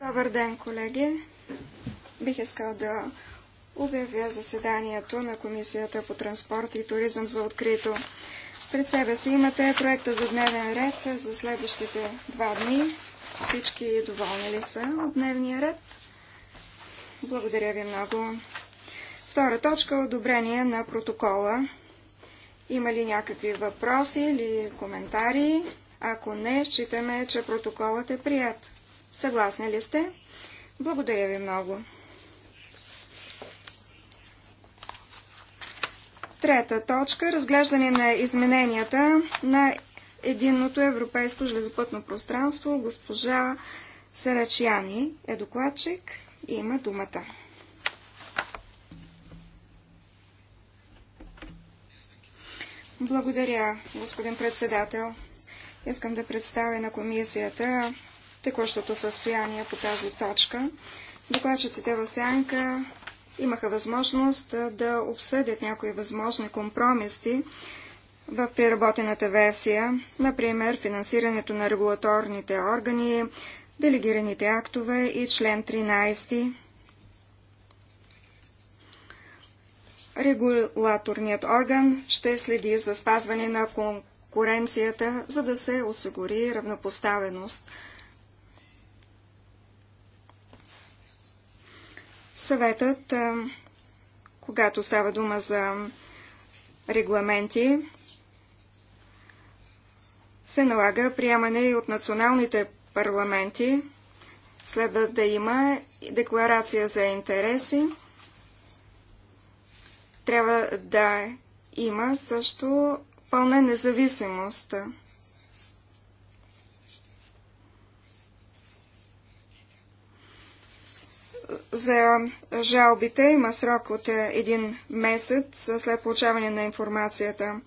Добър ден, колеги. Бих искал да обявя заседанието на Комисията по транспорт и туризъм за открито. Пред себе си имате проекта за дневен ред за следващите два дни. Всички доволни ли са от дневния ред? Благодаря ви много. Втора точка – одобрение на протокола. Има ли някакви въпроси или коментари? Ако не, считаме, че протоколът е прият. Съгласни ли сте? Благодаря ви много. Трета точка – разглеждане на измененията на Единното европейско железопътно пространство. Госпожа Сарачяни е докладчик и има думата. Благодаря, господин председател. Искам да представя на комисията текущото състояние по тази точка. Докладчиците в Сянка имаха възможност да обсъдят някои възможни компромиси в преработената версия, например финансирането на регулаторните органи, делегираните актове и член 13. Регулаторният орган ще следи за спазване на кон конкуренцията, за да се осигури равнопоставеност. Съветът, когато става дума за регламенти, се налага приемане и от националните парламенти. Следва да има декларация за интереси. Трябва да има също пълна е независимост. За жалбите има срок от е, един месец след получаване на информацията.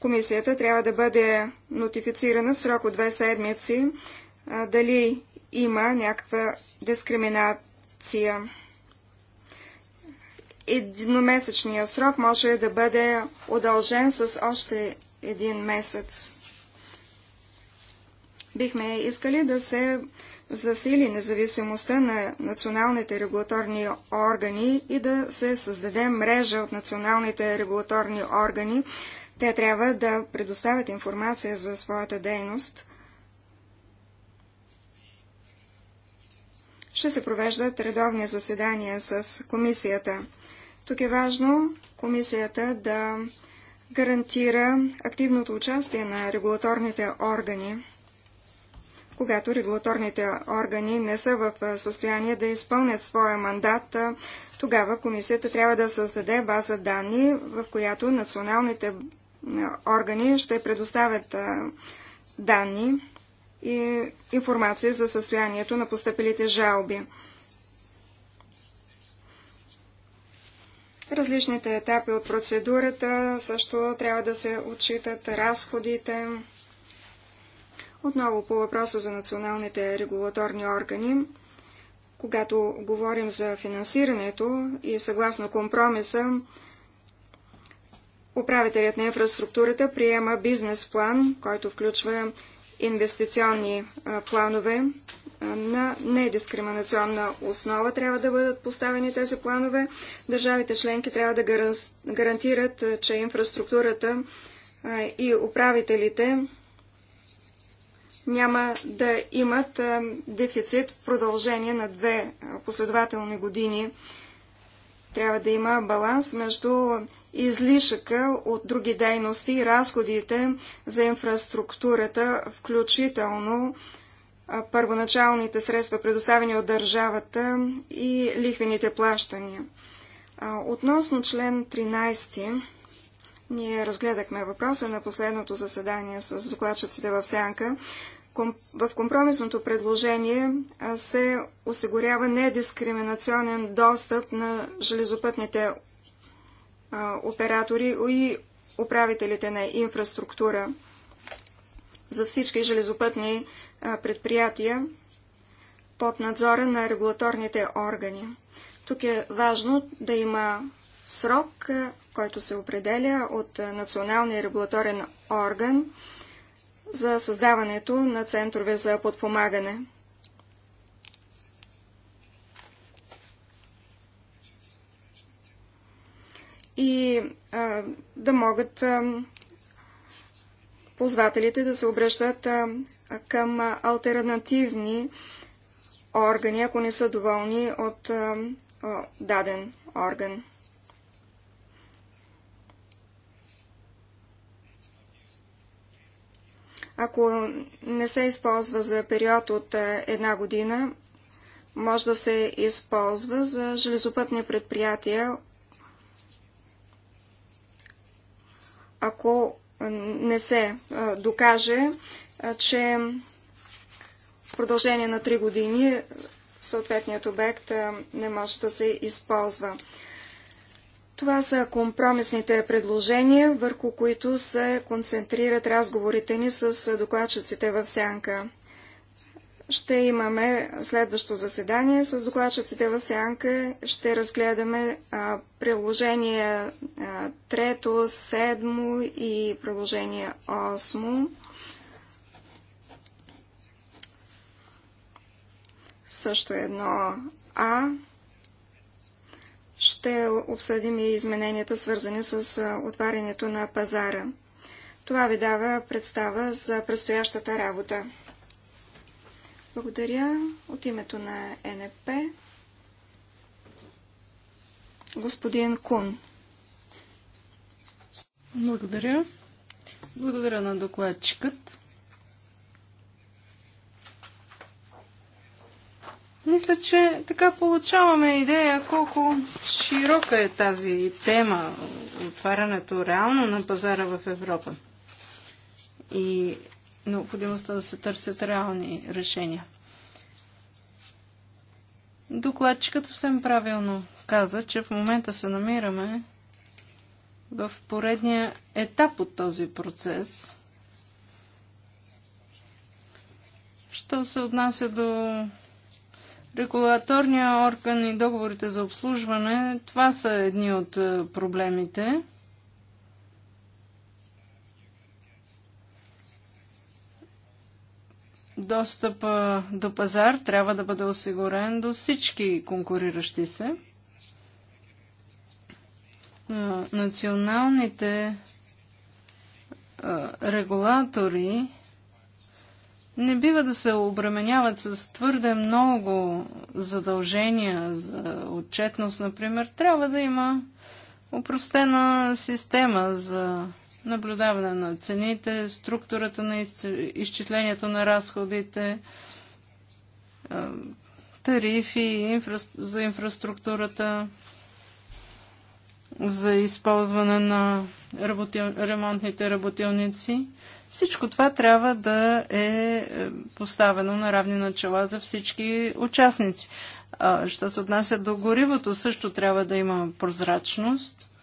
Комисията трябва да бъде нотифицирана в срок от две седмици дали има някаква дискриминация едномесечния срок може да бъде удължен с още един месец. Бихме искали да се засили независимостта на националните регулаторни органи и да се създаде мрежа от националните регулаторни органи. Те трябва да предоставят информация за своята дейност. Ще се провеждат редовни заседания с комисията. Тук е важно комисията да гарантира активното участие на регулаторните органи, когато регулаторните органи не са в състояние да изпълнят своя мандат, тогава комисията трябва да създаде база данни, в която националните органи ще предоставят данни и информация за състоянието на поступилите жалби. Различните етапи от процедурата също трябва да се отчитат разходите. Отново по въпроса за националните регулаторни органи, когато говорим за финансирането и съгласно компромиса, управителят на инфраструктурата приема бизнес план, който включва инвестиционни планове, на недискриминационна основа трябва да бъдат поставени тези планове. Държавите членки трябва да гарантират, че инфраструктурата и управителите няма да имат дефицит в продължение на две последователни години. Трябва да има баланс между излишъка от други дейности и разходите за инфраструктурата, включително първоначалните средства, предоставени от държавата и лихвените плащания. Относно член 13, ние разгледахме въпроса на последното заседание с докладчиците в Сянка. В компромисното предложение се осигурява недискриминационен достъп на железопътните оператори и управителите на инфраструктура за всички железопътни предприятия под надзора на регулаторните органи. Тук е важно да има срок, който се определя от Националния регулаторен орган за създаването на центрове за подпомагане. И а, да могат а, ползвателите да се обръщат към альтернативни органи, ако не са доволни от даден орган. Ако не се използва за период от една година, може да се използва за железопътни предприятия, ако не се докаже, че в продължение на 3 години е, съответният обект не може да се използва. Това са компромисните предложения, върху които се концентрират разговорите ни с докладчиците в сянка. Ще имаме следващо заседание с докладчиците в сянка. Ще разгледаме приложение 3, 7 и приложение 8. Също едно А. Ще обсъдим и измененията, свързани с отварянето на пазара. Това ви дава представа за предстоящата работа. Благодаря от името на НП. Господин Кун. Благодаря. Благодаря на докладчикът. Мисля, че така получаваме идея колко широка е тази тема, отварянето реално на пазара в Европа. И необходимостта да се търсят реални решения. Докладчикът съвсем правилно каза, че в момента се намираме в поредния етап от този процес. Що се отнася до регулаторния орган и договорите за обслужване, това са едни от е, проблемите. Достъп до пазар трябва да бъде осигурен до всички конкуриращи се. Националните регулатори не бива да се обременяват с твърде много задължения за отчетност, например. Трябва да има упростена система за наблюдаване на цените, структурата на изчислението на разходите, тарифи за инфраструктурата, за използване на ремонтните работилници. Всичко това трябва да е, е поставено на равни начала за всички участници. Що се отнася до горивото, също трябва да има прозрачност –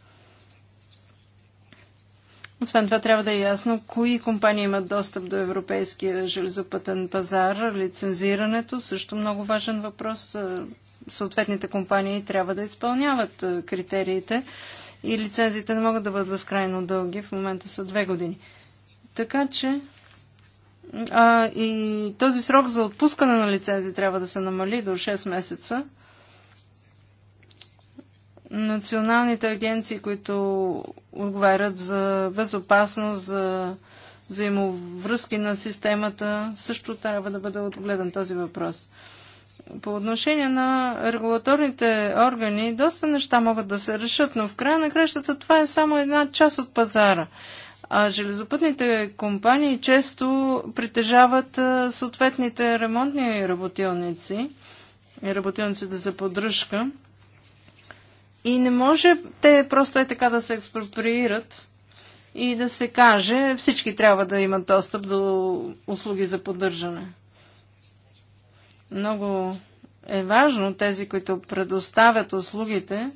освен това, трябва да е ясно кои компании имат достъп до европейския железопътен пазар. Лицензирането също много важен въпрос. Е, съответните компании трябва да изпълняват е, критериите и лицензиите не могат да бъдат безкрайно дълги. В момента са две години. Така че а, и този срок за отпускане на лицензи трябва да се намали до 6 месеца националните агенции, които отговарят за безопасност, за взаимовръзки на системата, също трябва да бъде отгледан този въпрос. По отношение на регулаторните органи, доста неща могат да се решат, но в края на кращата това е само една част от пазара. А железопътните компании често притежават съответните ремонтни работилници, работилниците за поддръжка. И не може те просто е така да се експроприират и да се каже всички трябва да имат достъп до услуги за поддържане. Много е важно тези, които предоставят услугите,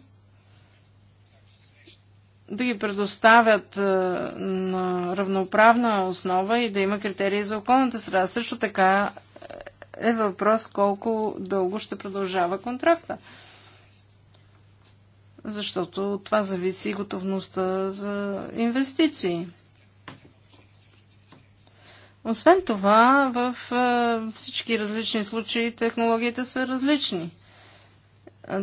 да ги предоставят е, на равноправна основа и да има критерии за околната среда. Също така е въпрос колко дълго ще продължава контракта защото от това зависи готовността за инвестиции. Освен това, в всички различни случаи технологиите са различни.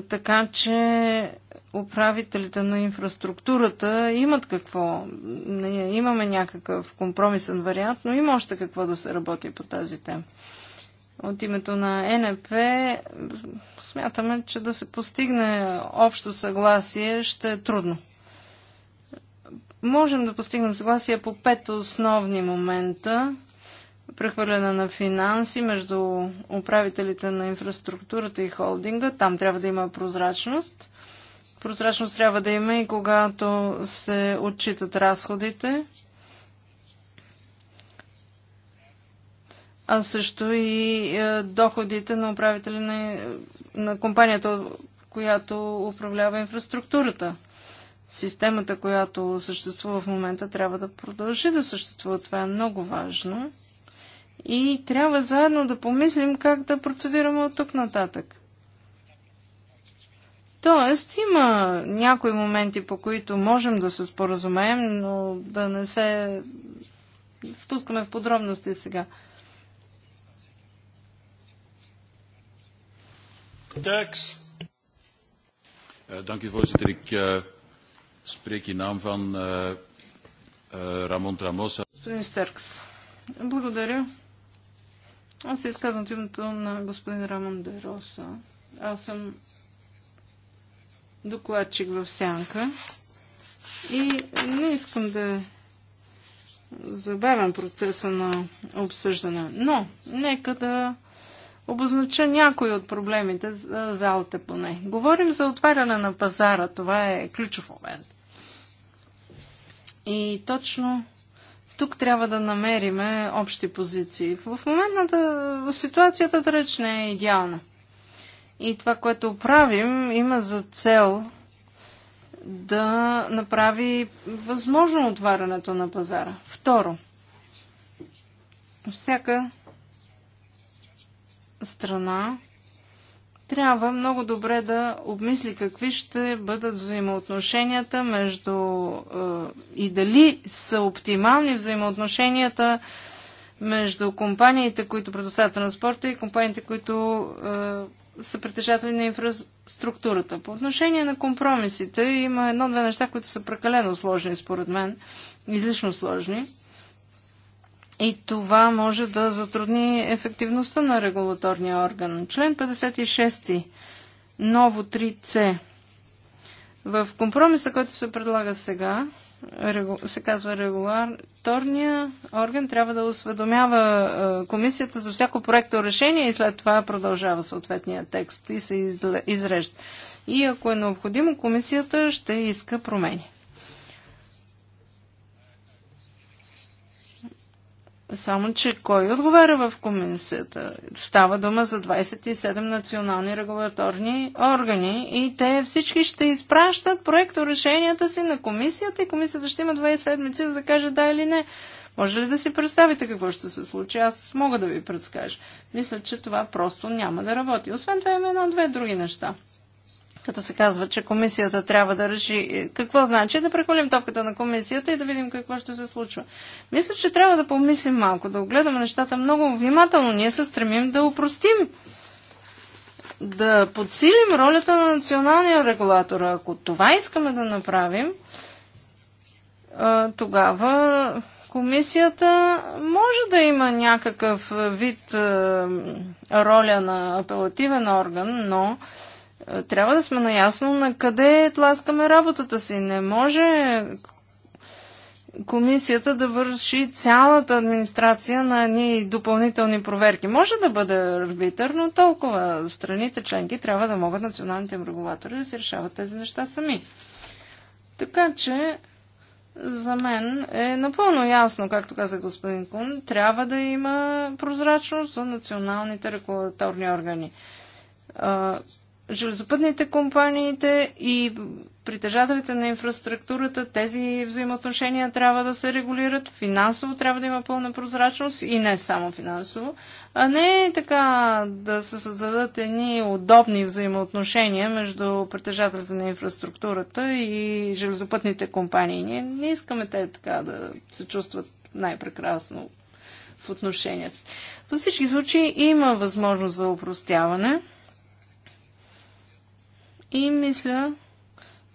Така че управителите на инфраструктурата имат какво. Имаме някакъв компромисен вариант, но има още какво да се работи по тази тема от името на НП смятаме, че да се постигне общо съгласие ще е трудно. Можем да постигнем съгласие по пет основни момента. Прехвърляне на финанси между управителите на инфраструктурата и холдинга. Там трябва да има прозрачност. Прозрачност трябва да има и когато се отчитат разходите. а също и е, доходите на управителя на, на компанията, която управлява инфраструктурата. Системата, която съществува в момента, трябва да продължи да съществува. Това е много важно. И трябва заедно да помислим как да процедираме от тук нататък. Тоест, има някои моменти, по които можем да се споразумеем, но да не се впускаме в подробности сега. Eh, dank u voorzitter. Ik eh, spreek in naam van eh, Ramon Tramosa. Господин Стеркс, благодаря. Аз се изказвам от името на господин Рамон Дероса. Аз съм докладчик в Сянка и не искам да забавям процеса на обсъждане. Но, нека да обознача някои от проблемите за залата поне. Говорим за отваряне на пазара. Това е ключов момент. И точно тук трябва да намерим общи позиции. В моментната ситуацията далеч не е идеална. И това, което правим, има за цел да направи възможно отварянето на пазара. Второ, всяка страна трябва много добре да обмисли какви ще бъдат взаимоотношенията между е, и дали са оптимални взаимоотношенията между компаниите, които предоставят транспорта и компаниите, които е, са притежатели на инфраструктурата. По отношение на компромисите има едно-две неща, които са прекалено сложни, според мен, излишно сложни. И това може да затрудни ефективността на регулаторния орган. Член 56. Ново 3C. В компромиса, който се предлага сега, се казва регулаторния орган трябва да осведомява е, комисията за всяко проекто решение и след това продължава съответния текст и се изрежда. И ако е необходимо, комисията ще иска промени. Само, че кой отговаря в комисията? Става дума за 27 национални регулаторни органи и те всички ще изпращат проекто решенията си на комисията и комисията ще има 2 седмици, за да каже да или не. Може ли да си представите какво ще се случи? Аз мога да ви предскажа. Мисля, че това просто няма да работи. Освен това има едно две други неща като се казва, че комисията трябва да реши. Е, какво значи да прехвърлим топката на комисията и да видим какво ще се случва? Мисля, че трябва да помислим малко, да огледаме нещата много внимателно. Ние се стремим да упростим, да подсилим ролята на националния регулатор. Ако това искаме да направим, е, тогава комисията може да има някакъв е, вид роля на апелативен орган, но е, трябва да сме наясно на къде тласкаме работата си. Не може комисията да върши цялата администрация на едни допълнителни проверки. Може да бъде арбитър, но толкова страните членки трябва да могат националните им регулатори да си решават тези неща сами. Така че, за мен е напълно ясно, както каза господин Кун, трябва да има прозрачност за националните регулаторни органи железопътните компаниите и притежателите на инфраструктурата, тези взаимоотношения трябва да се регулират, финансово трябва да има пълна прозрачност и не само финансово, а не е така да се създадат едни удобни взаимоотношения между притежателите на инфраструктурата и железопътните компании. Ние не искаме те така да се чувстват най-прекрасно в отношенията. Във всички случаи има възможност за упростяване. И мисля,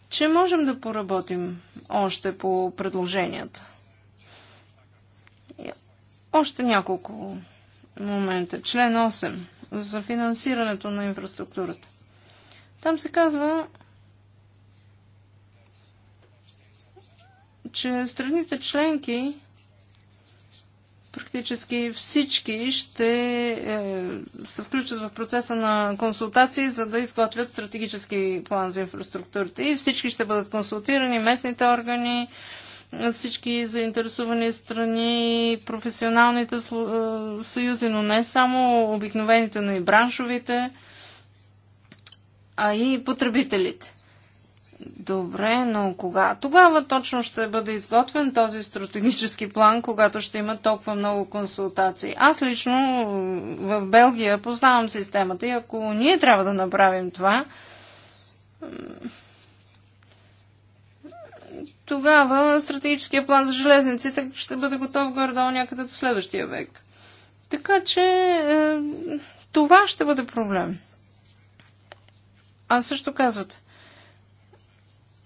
че можем да поработим още по предложенията. Още няколко момента. Член 8 за финансирането на инфраструктурата. Там се казва, че страните членки практически всички ще е, се включат в процеса на консултации, за да изготвят стратегически план за инфраструктурите. И всички ще бъдат консултирани, местните органи, всички заинтересовани страни, професионалните е, съюзи, но не само обикновените, но и браншовите, а и потребителите. Добре, но кога? Тогава точно ще бъде изготвен този стратегически план, когато ще има толкова много консултации. Аз лично в Белгия познавам системата и ако ние трябва да направим това, тогава стратегическия план за железниците ще бъде готов горе-долу някъде до следващия век. Така че е, това ще бъде проблем. А също казвате,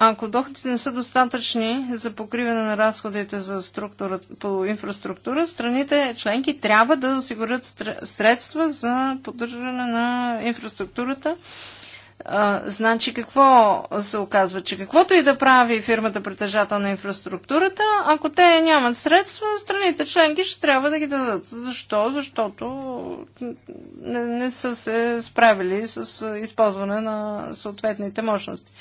ако доходите не са достатъчни за покриване на разходите за структура, по инфраструктура, страните членки трябва да осигурят средства за поддържане на инфраструктурата. А, значи какво се оказва? Че каквото и да прави фирмата притежател на инфраструктурата, ако те нямат средства, страните членки ще трябва да ги дадат. Защо? Защото не, не са се справили с използване на съответните мощности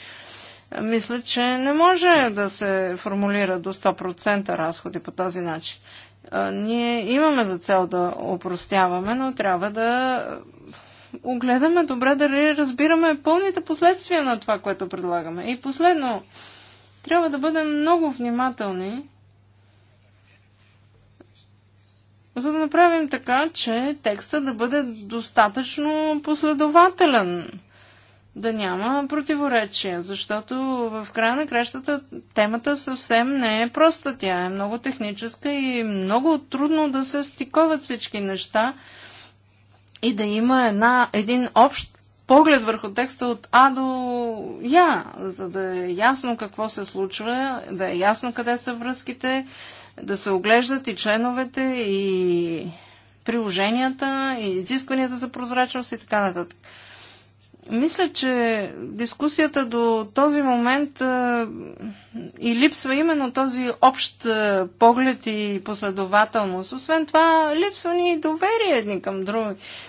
мисля, че не може да се формулира до 100% разходи по този начин. Ние имаме за цел да опростяваме, но трябва да огледаме добре, да разбираме пълните последствия на това, което предлагаме. И последно, трябва да бъдем много внимателни, за да направим така, че текста да бъде достатъчно последователен да няма противоречия, защото в края на кращата темата съвсем не е проста. Тя е много техническа и много трудно да се стиковат всички неща и да има една, един общ поглед върху текста от А до Я, за да е ясно какво се случва, да е ясно къде са връзките, да се оглеждат и членовете, и приложенията, и изискванията за прозрачност и така нататък. Мисля, че дискусията до този момент а, и липсва именно този общ а, поглед и последователност. Освен това, липсва ни и доверие едни към други.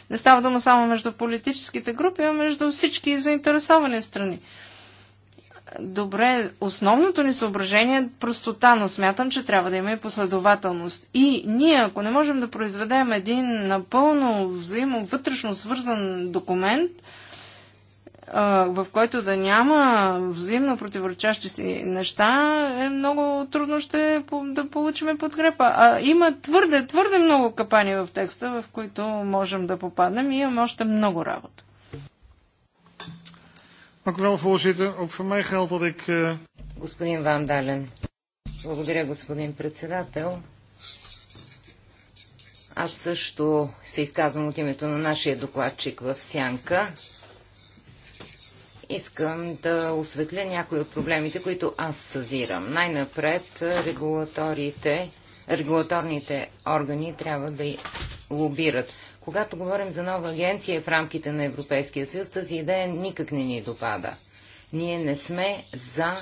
Не става дума само между политическите групи, а между всички заинтересовани страни. Добре, основното ни съображение е простота, но смятам, че трябва да има и последователност. И ние, ако не можем да произведем един напълно взаимовътрешно свързан документ, в който да няма взаимно противоречащи си неща, е много трудно ще да получим подкрепа. А има твърде, твърде много капани в текста, в които можем да попаднем и имаме още много работа. Eh, господин Ван Дален, благодаря господин председател. Аз също се изказвам от името на нашия докладчик в Сянка. Искам да осветля някои от проблемите, които аз съзирам. Най-напред регулаторите, регулаторните органи трябва да лобират. Когато говорим за нова агенция в рамките на Европейския съюз, тази идея никак не ни допада. Ние не сме за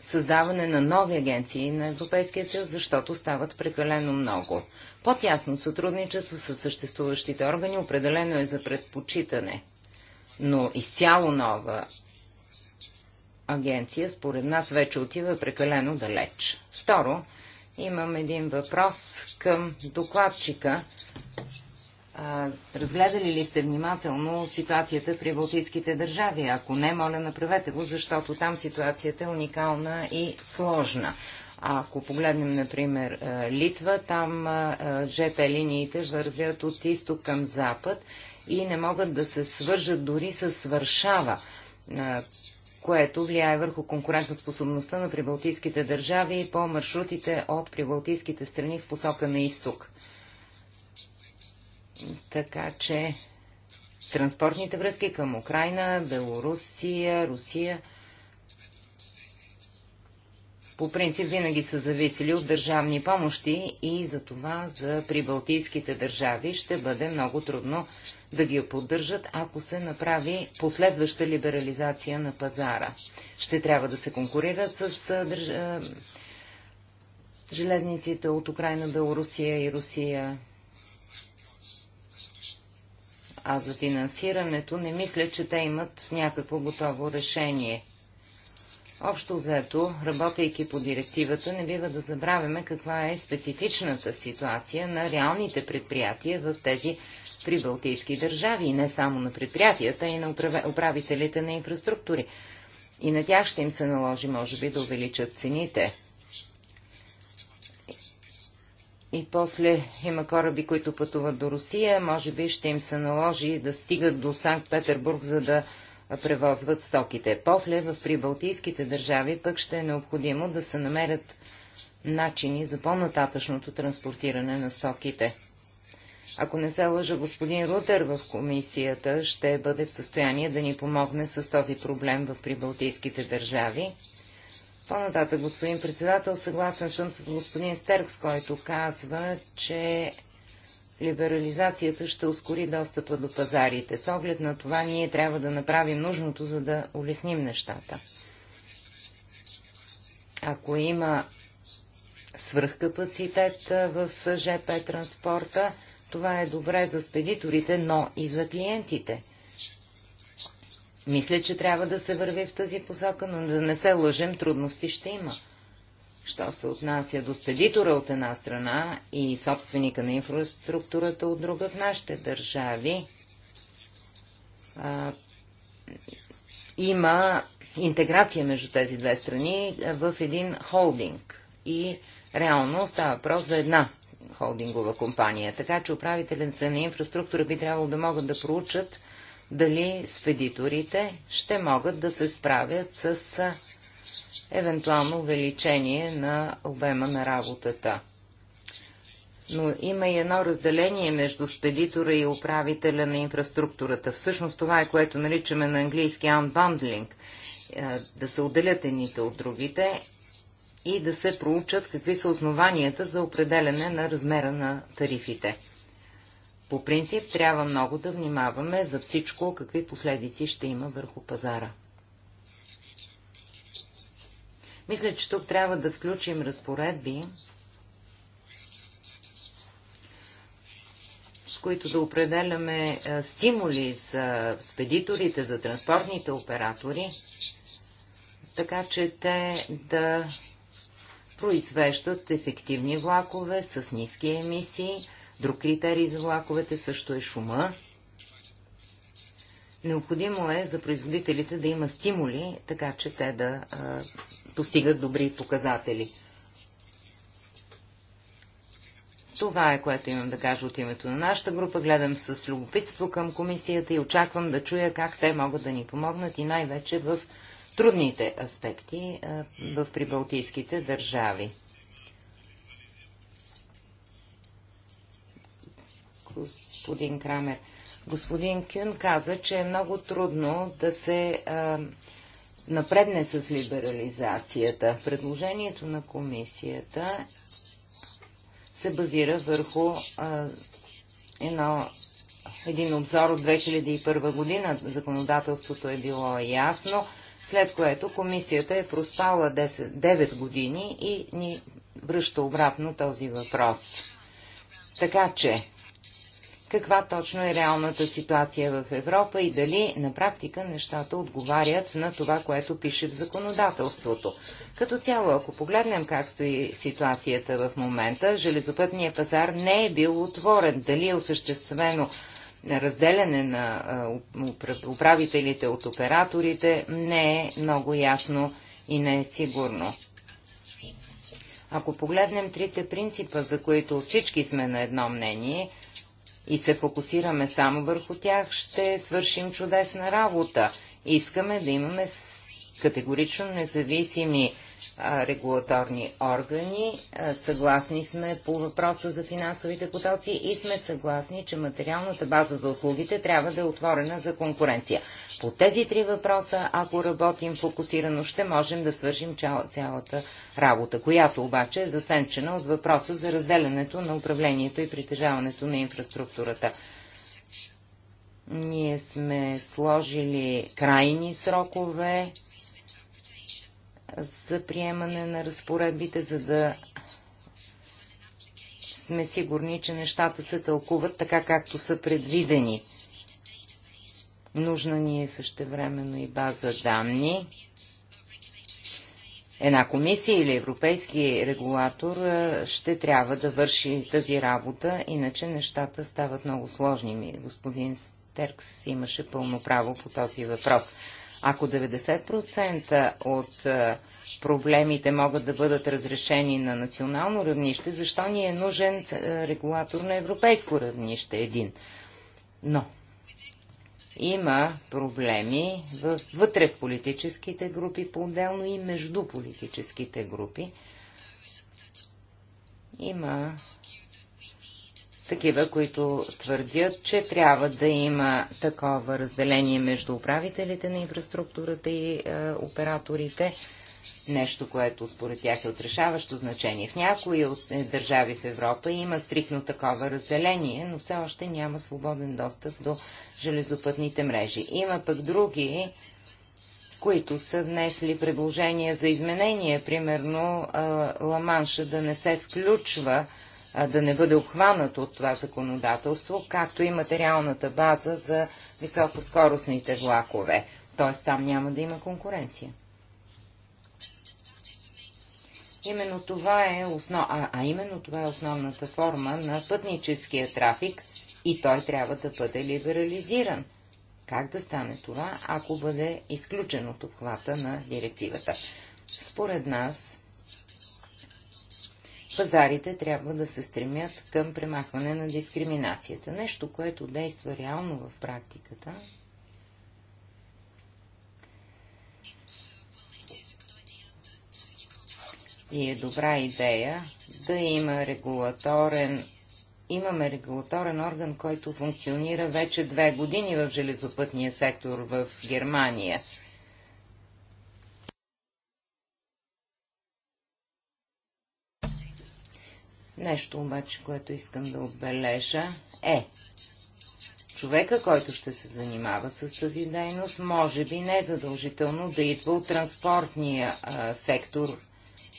създаване на нови агенции на Европейския съюз, защото стават прекалено много. По-тясно сътрудничество с съществуващите органи определено е за предпочитане – но изцяло нова агенция, според нас, вече отива прекалено далеч. Второ, имам един въпрос към докладчика. разгледали ли сте внимателно ситуацията при балтийските държави? Ако не, моля, направете го, защото там ситуацията е уникална и сложна. Ако погледнем, например, Литва, там ЖП линиите вървят от изток към запад и не могат да се свържат дори с Варшава, което влияе върху конкурентоспособността на прибалтийските държави по маршрутите от прибалтийските страни в посока на изток. Така че транспортните връзки към Украина, Белорусия, Русия – по принцип винаги са зависели от държавни помощи и за това за прибалтийските държави ще бъде много трудно да ги поддържат, ако се направи последваща либерализация на пазара. Ще трябва да се конкурират с държ... железниците от Украина, Белорусия и Русия. А за финансирането не мисля, че те имат някакво готово решение – Общо заето, работейки по директивата, не бива да забравяме каква е специфичната ситуация на реалните предприятия в тези прибалтийски държави, и не само на предприятията, и на управителите на инфраструктури. И на тях ще им се наложи, може би, да увеличат цените. И после има кораби, които пътуват до Русия, може би ще им се наложи да стигат до Санкт-Петербург, за да превозват стоките. После в прибалтийските държави пък ще е необходимо да се намерят начини за по-нататъчното транспортиране на стоките. Ако не се лъжа, господин Рутер в комисията ще бъде в състояние да ни помогне с този проблем в прибалтийските държави. По-нататък, господин председател, съгласен съм с господин Стеркс, който казва, че либерализацията ще ускори достъпа до пазарите. С оглед на това ние трябва да направим нужното, за да улесним нещата. Ако има свръхкапацитет в ЖП транспорта, това е добре за спедиторите, но и за клиентите. Мисля, че трябва да се върви в тази посока, но да не се лъжем, трудности ще има. Що се отнася до стедитора от една страна и собственика на инфраструктурата от друга в нашите държави, а, има интеграция между тези две страни в един холдинг. И реално става въпрос за една холдингова компания. Така че управителите на инфраструктура би трябвало да могат да проучат дали спедиторите ще могат да се справят с евентуално увеличение на обема на работата. Но има и едно разделение между спедитора и управителя на инфраструктурата. Всъщност това е, което наричаме на английски unbundling, е, да се отделят едните от другите и да се проучат какви са основанията за определене на размера на тарифите. По принцип трябва много да внимаваме за всичко, какви последици ще има върху пазара. Мисля, че тук трябва да включим разпоредби, с които да определяме е, стимули за спедиторите, за транспортните оператори, така че те да произвеждат ефективни влакове с ниски емисии. Друг критерий за влаковете също е шума. Необходимо е за производителите да има стимули, така че те да а, постигат добри показатели. Това е, което имам да кажа от името на нашата група. Гледам с любопитство към комисията и очаквам да чуя как те могат да ни помогнат и най-вече в трудните аспекти а, в прибалтийските държави. Господин Крамер, Господин Кюн каза, че е много трудно да се а, напредне с либерализацията. Предложението на комисията се базира върху а, едно, един обзор от 2001 година. Законодателството е било ясно, след което комисията е проспала 10, 9 години и ни връща обратно този въпрос. Така че каква точно е реалната ситуация в Европа и дали на практика нещата отговарят на това, което пише в законодателството. Като цяло, ако погледнем как стои ситуацията в момента, железопътният пазар не е бил отворен. Дали е осъществено разделяне на управителите от операторите не е много ясно и не е сигурно. Ако погледнем трите принципа, за които всички сме на едно мнение – и се фокусираме само върху тях, ще свършим чудесна работа. Искаме да имаме категорично независими регулаторни органи. Съгласни сме по въпроса за финансовите потоци и сме съгласни, че материалната база за услугите трябва да е отворена за конкуренция. По тези три въпроса, ако работим фокусирано, ще можем да свършим цялата работа, която обаче е засенчена от въпроса за разделянето на управлението и притежаването на инфраструктурата ние сме сложили крайни срокове за приемане на разпоредбите, за да сме сигурни, че нещата се тълкуват така, както са предвидени. Нужна ни е същевременно и база данни. Една комисия или европейски регулатор ще трябва да върши тази работа, иначе нещата стават много сложни. Господин Стеркс, имаше пълно право по този въпрос. Ако 90% от е, проблемите могат да бъдат разрешени на национално равнище, защо ни е нужен е, регулатор на европейско равнище един? Но има проблеми вътре в политическите групи, по-отделно и между политическите групи. Има такива, които твърдят, че трябва да има такова разделение между управителите на инфраструктурата и е, операторите. Нещо, което според тях е отрешаващо значение. В някои е, държави в Европа има стрикно такова разделение, но все още няма свободен достъп до железопътните мрежи. Има пък други, които са внесли предложения за изменение, примерно е, Ламанша да не се включва да не бъде обхванато от това законодателство, както и материалната база за високоскоростните влакове. Т.е. там няма да има конкуренция. Именно това е основ... а, а именно това е основната форма на пътническия трафик и той трябва да бъде либерализиран. Как да стане това, ако бъде изключен от обхвата на директивата? Според нас пазарите трябва да се стремят към премахване на дискриминацията. Нещо, което действа реално в практиката. И е добра идея да има регулаторен имаме регулаторен орган, който функционира вече две години в железопътния сектор в Германия. Нещо обаче, което искам да отбележа е, човека, който ще се занимава с тази дейност, може би не е задължително да идва от транспортния а, сектор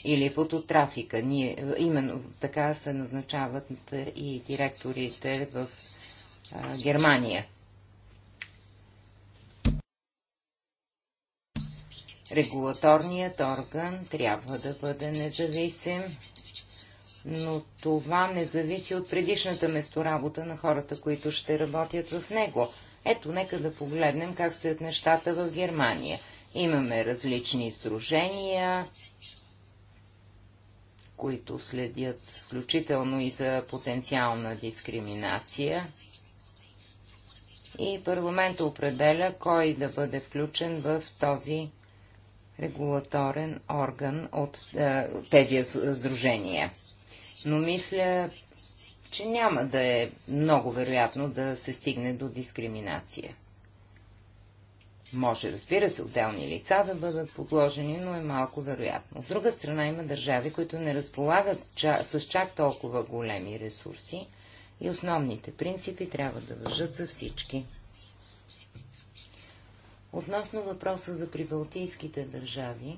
или от трафика. Ние, именно така се назначават и директорите в а, Германия. Регулаторният орган трябва да бъде независим но това не зависи от предишната месторабота на хората, които ще работят в него. Ето, нека да погледнем как стоят нещата в Германия. Имаме различни сружения, които следят включително и за потенциална дискриминация. И парламентът определя кой да бъде включен в този регулаторен орган от е, тези сдружения но мисля, че няма да е много вероятно да се стигне до дискриминация. Може, разбира се, отделни лица да бъдат подложени, но е малко вероятно. От друга страна има държави, които не разполагат с чак толкова големи ресурси и основните принципи трябва да въжат за всички. Относно въпроса за прибалтийските държави,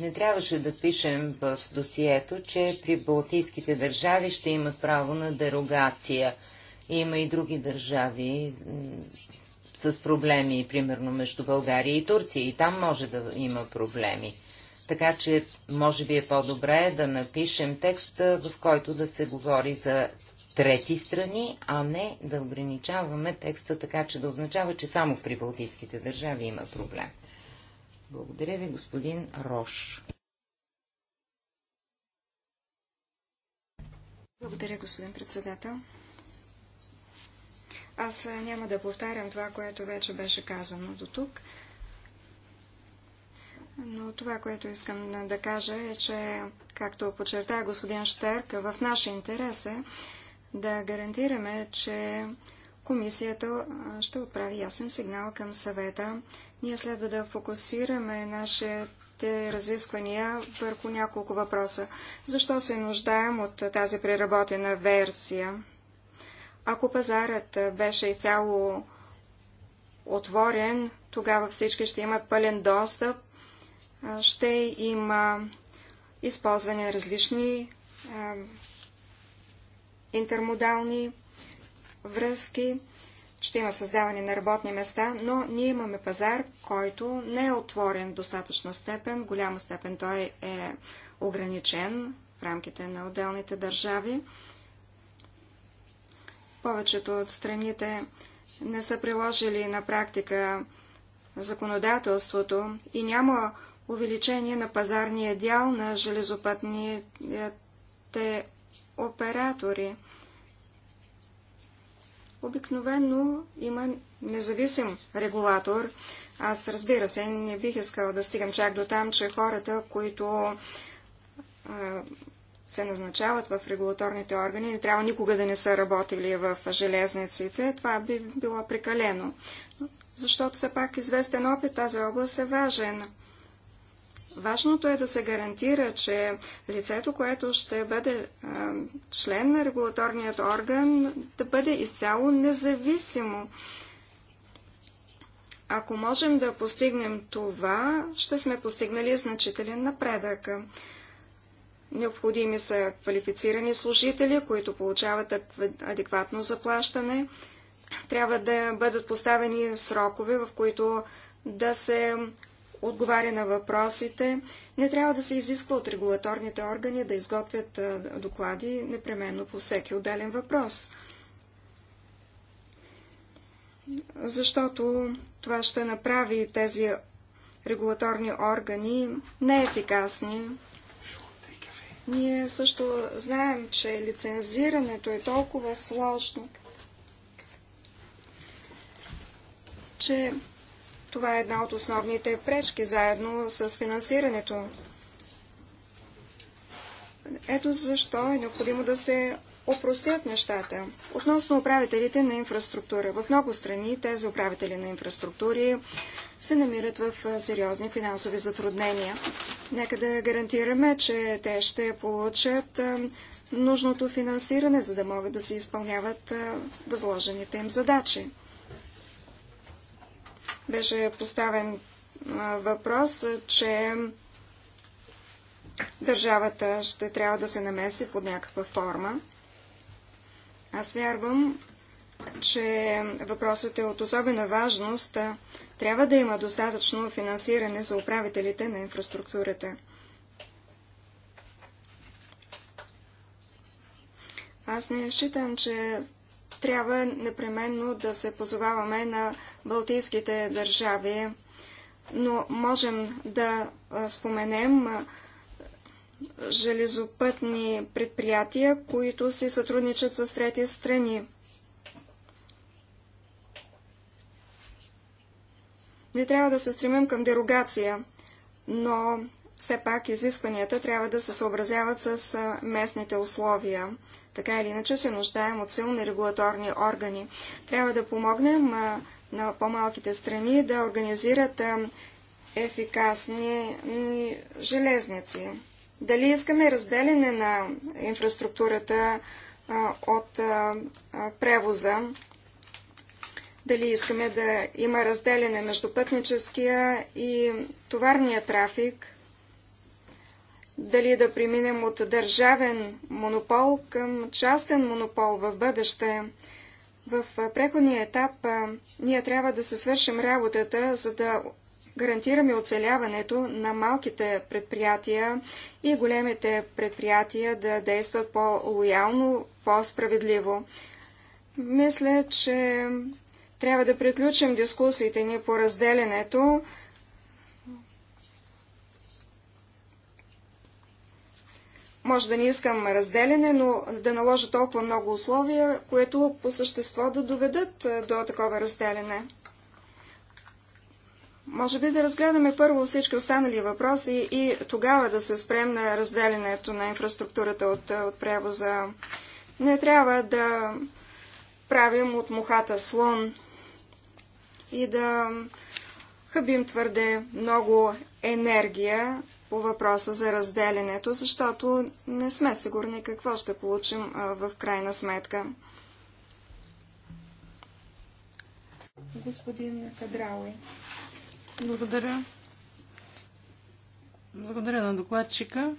Не трябваше да пишем в досието, че при балтийските държави ще имат право на дерогация. Има и други държави с проблеми, примерно между България и Турция. И там може да има проблеми. Така че, може би е по-добре да напишем текст, в който да се говори за трети страни, а не да ограничаваме текста така, че да означава, че само в прибалтийските държави има проблем. Благодаря ви, господин Рош. Благодаря, господин председател. Аз няма да повтарям това, което вече беше казано до тук. Но това, което искам да кажа е, че, както подчерта господин Штерк, в наш интерес е да гарантираме, че комисията ще отправи ясен сигнал към съвета. Ние следва да фокусираме нашите разисквания върху няколко въпроса. Защо се нуждаем от тази преработена версия? Ако пазарът беше изцяло отворен, тогава всички ще имат пълен достъп, ще има използване на различни интермодални връзки, ще има създаване на работни места, но ние имаме пазар, който не е отворен в достатъчна степен. В голяма степен той е ограничен в рамките на отделните държави. Повечето от страните не са приложили на практика законодателството и няма увеличение на пазарния дял на железопътните оператори обикновено има независим регулатор. Аз, разбира се, не бих искала да стигам чак до там, че хората, които се назначават в регулаторните органи, не трябва никога да не са работили в железниците. Това би било прекалено. Защото все пак известен опит тази област е важен. Важното е да се гарантира, че лицето, което ще бъде а, член на регулаторният орган, да бъде изцяло независимо. Ако можем да постигнем това, ще сме постигнали значителен напредък. Необходими са квалифицирани служители, които получават адекватно заплащане. Трябва да бъдат поставени срокове, в които да се отговаря на въпросите. Не трябва да се изисква от регулаторните органи да изготвят доклади непременно по всеки отделен въпрос. Защото това ще направи тези регулаторни органи неефикасни. Ние също знаем, че лицензирането е толкова сложно, че това е една от основните пречки, заедно с финансирането. Ето защо е необходимо да се опростят нещата. Относно управителите на инфраструктура. В много страни тези управители на инфраструктури се намират в сериозни финансови затруднения. Нека да гарантираме, че те ще получат нужното финансиране, за да могат да се изпълняват възложените им задачи. Беше поставен въпрос, че държавата ще трябва да се намеси под някаква форма. Аз вярвам, че въпросът е от особена важност. Трябва да има достатъчно финансиране за управителите на инфраструктурата. Аз не считам, че трябва непременно да се позоваваме на балтийските държави, но можем да споменем железопътни предприятия, които си сътрудничат с трети страни. Не трябва да се стремим към дерогация, но все пак изискванията трябва да се съобразяват с местните условия така или иначе се нуждаем от силни регулаторни органи. Трябва да помогнем на по-малките страни да организират ефикасни железници. Дали искаме разделяне на инфраструктурата от превоза, дали искаме да има разделене между пътническия и товарния трафик – дали да преминем от държавен монопол към частен монопол в бъдеще. В преходния етап ние трябва да се свършим работата, за да гарантираме оцеляването на малките предприятия и големите предприятия да действат по-лоялно, по-справедливо. Мисля, че трябва да приключим дискусиите ни по разделянето Може да не искам разделяне, но да наложа толкова много условия, които по същество да доведат е, до такова разделяне. Може би да разгледаме първо всички останали въпроси и тогава да се спрем на разделянето на инфраструктурата от, е, от превоза. Не трябва да правим от мухата слон и да хъбим твърде много енергия по въпроса за разделянето, защото не сме сигурни какво ще получим в крайна сметка. Господин Кадрауи. Благодаря. Благодаря на докладчика.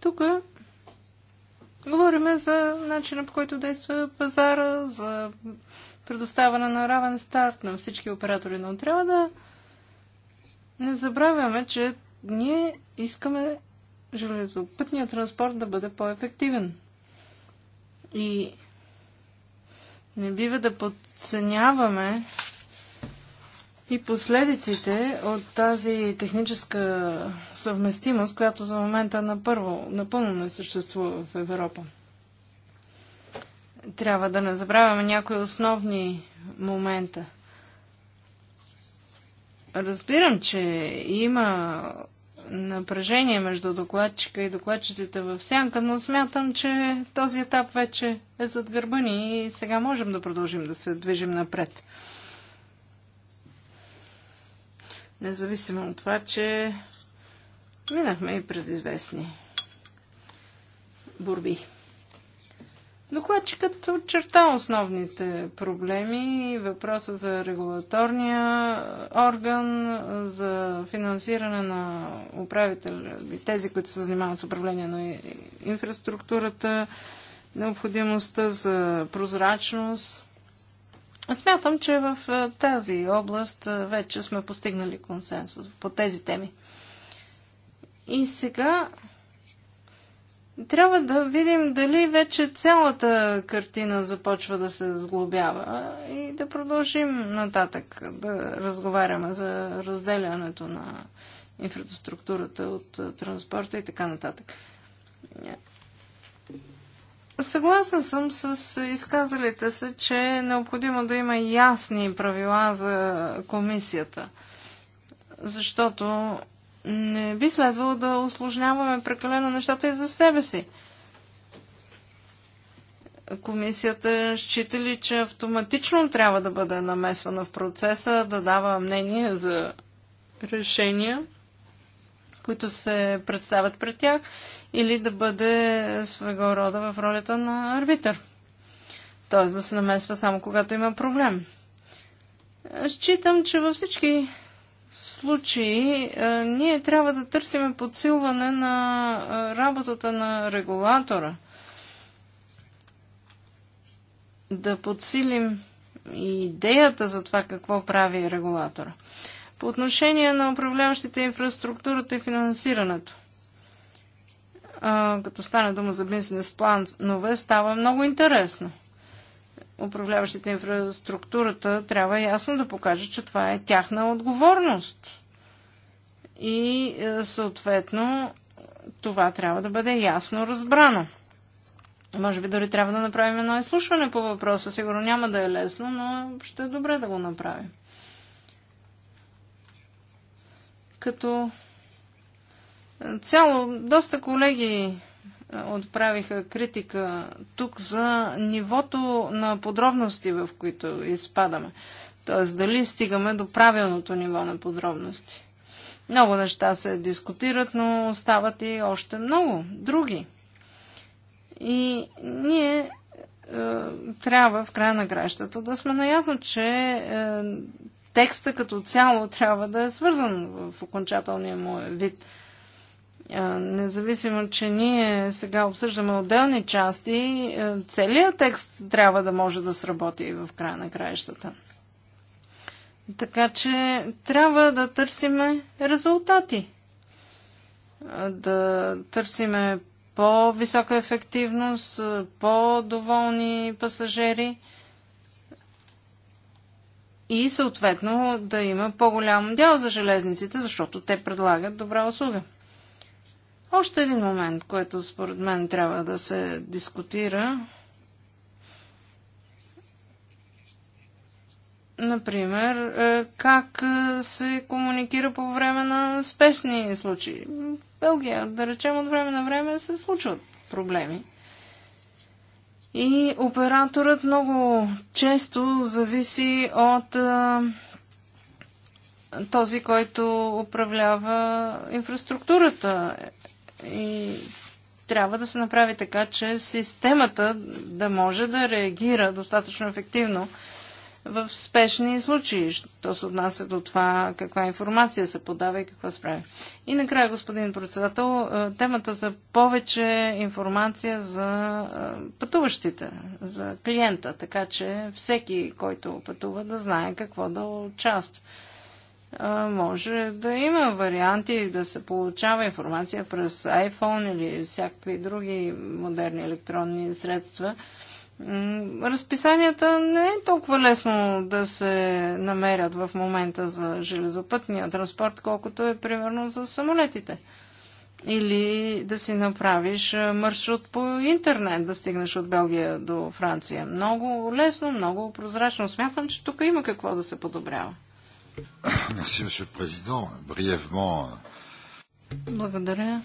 Тук говорим за начина по който действа пазара, за предоставяне на равен старт на всички оператори, но трябва да не забравяме, че ние искаме железопътния транспорт да бъде по-ефективен. И не бива да подценяваме и последиците от тази техническа съвместимост, която за момента напърво, напълно не съществува в Европа. Трябва да не забравяме някои основни момента – Разбирам, че има напрежение между докладчика и докладчиците в сянка, но смятам, че този етап вече е зад гърба ни и сега можем да продължим да се движим напред. Независимо от това, че минахме и през известни борби. Докладчикът очерта основните проблеми, въпроса за регулаторния орган, за финансиране на управители, тези, които се занимават с управление на инфраструктурата, необходимостта за прозрачност. Смятам, че в тази област вече сме постигнали консенсус по тези теми. И сега трябва да видим дали вече цялата картина започва да се сглобява и да продължим нататък да разговаряме за разделянето на инфраструктурата от транспорта и така нататък. Съгласен съм с изказалите се, че е необходимо да има ясни правила за комисията, защото не би следвало да осложняваме прекалено нещата и за себе си. Комисията счита ли, че автоматично трябва да бъде намесвана в процеса, да дава мнение за решения, които се представят пред тях, или да бъде своего рода в ролята на арбитър. Тоест да се намесва само когато има проблем. Считам, че във всички случаи е, ние трябва да търсим подсилване на е, работата на регулатора. Да подсилим идеята за това какво прави регулатора. По отношение на управляващите инфраструктурата и финансирането, като стане дума за бизнес планове, става много интересно – управляващите инфраструктурата трябва ясно да покаже, че това е тяхна отговорност. И е, съответно това трябва да бъде ясно разбрано. Може би дори трябва да направим едно изслушване по въпроса. Сигурно няма да е лесно, но ще е добре да го направим. Като цяло, доста колеги е, отправиха критика тук за нивото на подробности, в които изпадаме. Тоест, дали стигаме до правилното ниво на подробности. Много неща се дискутират, но остават и още много други. И ние е, трябва в края на кращата да сме наясно, че е, текста като цяло трябва да е свързан в окончателния му вид – Независимо, че ние сега обсъждаме отделни части, е, целият текст трябва да може да сработи в края на краищата. Така че трябва да търсиме резултати. Да търсиме по-висока ефективност, по-доволни пасажери и съответно да има по-голям дял за железниците, защото те предлагат добра услуга. Още един момент, който според мен трябва да се дискутира. Например, е, как е, се комуникира по време на спешни случаи. В Белгия, да речем, от време на време се случват проблеми. И операторът много често зависи от а, е, този, който управлява инфраструктурата. И трябва да се направи така, че системата да може да реагира достатъчно ефективно в спешни случаи, То се отнася до това каква информация се подава и какво се прави. И накрая, господин председател, е, темата за повече информация за е, пътуващите, за клиента, така че всеки, който пътува, да знае какво да участва може да има варианти да се получава информация през iPhone или всякакви други модерни електронни средства. Разписанията не е толкова лесно да се намерят в момента за железопътния транспорт, колкото е примерно за самолетите. Или да си направиш маршрут по интернет, да стигнеш от Белгия до Франция. Много лесно, много прозрачно. Смятам, че тук има какво да се подобрява. Merci, monsieur le président. Brièvement. Euh, Благодаря.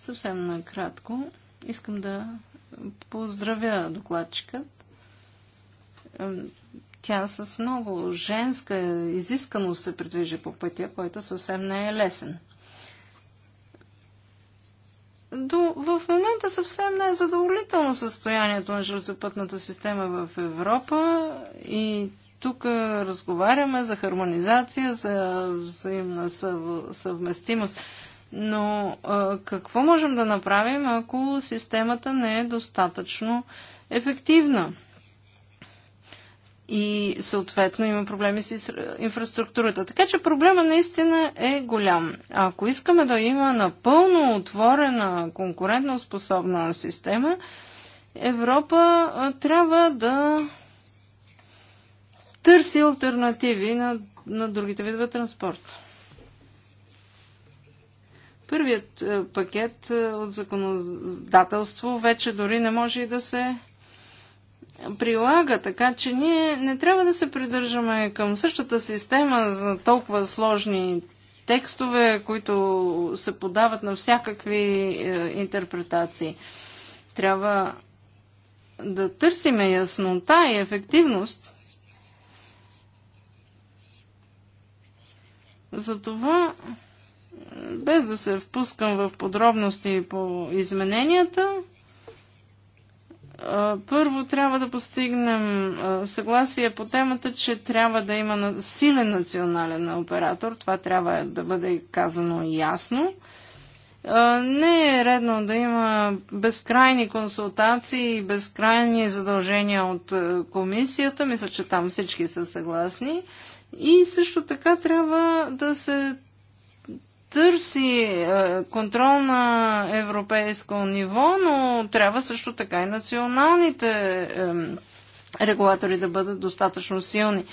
Съвсем накратко. Искам да поздравя докладчикът. Тя с много женска изисканост се придвижи по пътя, който съвсем не е лесен. До, в момента съвсем не е задоволително състоянието на железопътната система в Европа и тук разговаряме за хармонизация, за взаимна съвместимост. Но какво можем да направим, ако системата не е достатъчно ефективна? и съответно има проблеми с инфраструктурата. Така че проблема наистина е голям. Ако искаме да има напълно отворена конкурентно способна система, Европа трябва да търси альтернативи на, на другите видове транспорт. Първият е, пакет е, от законодателство вече дори не може и да се прилага, така че ние не трябва да се придържаме към същата система за толкова сложни текстове, които се подават на всякакви е, интерпретации. Трябва да търсиме яснота и ефективност Затова, без да се впускам в подробности по измененията, първо трябва да постигнем съгласие по темата, че трябва да има силен национален оператор. Това трябва да бъде казано ясно. Не е редно да има безкрайни консултации и безкрайни задължения от комисията. Мисля, че там всички са съгласни. И също така трябва да се търси е, контрол на европейско ниво, но трябва също така и националните е, регулатори да бъдат достатъчно силни.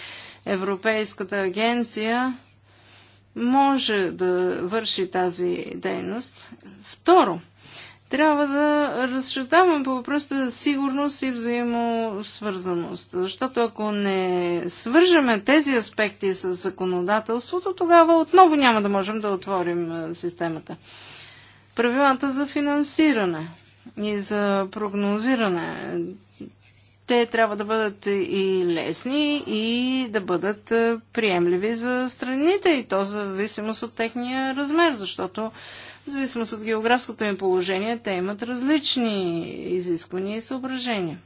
Европейската агенция може да върши тази дейност. Второ, трябва да разсъждаваме по въпросите за сигурност и взаимосвързаност. Защото ако не свържеме тези аспекти с законодателството, тогава отново няма да можем да отворим е, системата. Правилата за финансиране и за прогнозиране, те трябва да бъдат и лесни, и да бъдат е, приемливи за страните, и то зависимост от техния размер, защото в зависимост от географското им положение, те имат различни изисквания и съображения.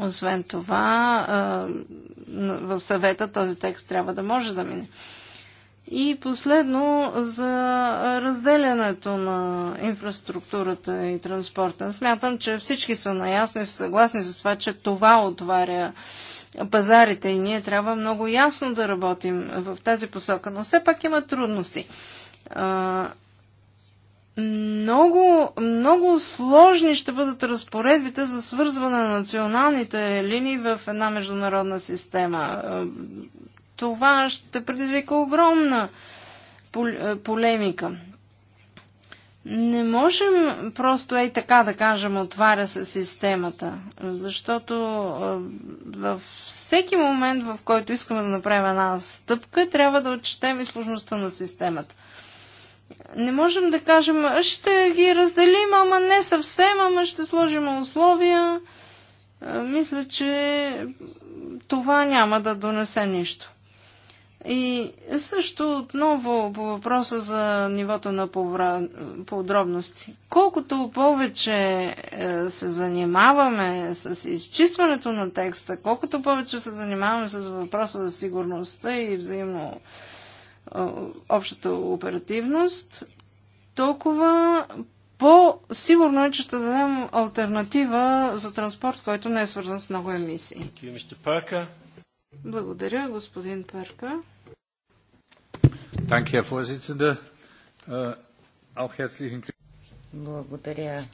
Освен това, в съвета този текст трябва да може да мине. И последно, за разделянето на инфраструктурата и транспорта. Смятам, че всички са наясни и са съгласни за това, че това отваря пазарите и ние трябва много ясно да работим в тази посока, но все пак има трудности. Много, много сложни ще бъдат разпоредбите за свързване на националните линии в една международна система. Това ще предизвика огромна е, полемика. Не можем просто ей така да кажем отваря се системата, защото е, във всеки момент, в който искаме да направим една стъпка, трябва да отчетем и сложността на системата не можем да кажем, ще ги разделим, ама не съвсем, ама ще сложим условия. Мисля, че това няма да донесе нищо. И също отново по въпроса за нивото на подробности. Колкото повече е, се занимаваме с изчистването на текста, колкото повече се занимаваме с въпроса за сигурността и взаимно общата оперативност, толкова по-сигурно е, че ще дадем альтернатива за транспорт, който не е свързан с много емисии. Благодаря, господин Перка. Äh, Благодаря,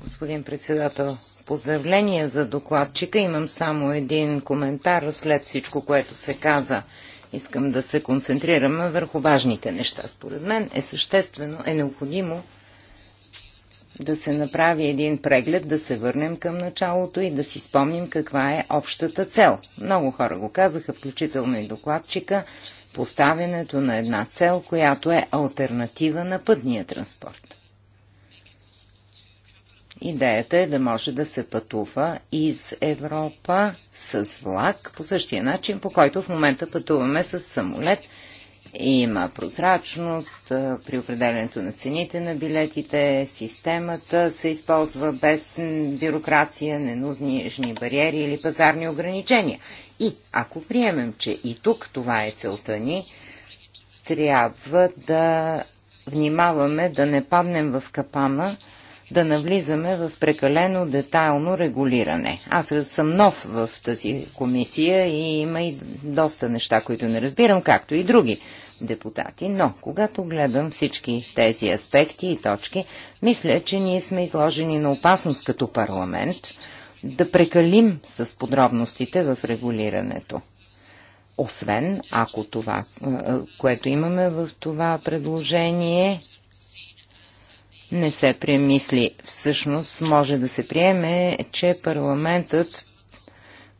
господин председател. Поздравление за докладчика. Имам само един коментар след всичко, което се каза. Искам да се концентрираме върху важните неща. Според мен е съществено, е необходимо да се направи един преглед, да се върнем към началото и да си спомним каква е общата цел. Много хора го казаха, включително и докладчика, поставянето на една цел, която е альтернатива на пътния транспорт. Идеята е да може да се пътува из Европа с влак по същия начин, по който в момента пътуваме с самолет. Има прозрачност при определенето на цените на билетите, системата се използва без бюрокрация, ненужни бариери или пазарни ограничения. И ако приемем, че и тук това е целта ни, трябва да внимаваме да не паднем в капана, да навлизаме в прекалено детайлно регулиране. Аз съм нов в тази комисия и има и доста неща, които не разбирам, както и други депутати. Но, когато гледам всички тези аспекти и точки, мисля, че ние сме изложени на опасност като парламент да прекалим с подробностите в регулирането освен ако това, е, е, което имаме в това предложение, не се премисли. Всъщност може да се приеме, че парламентът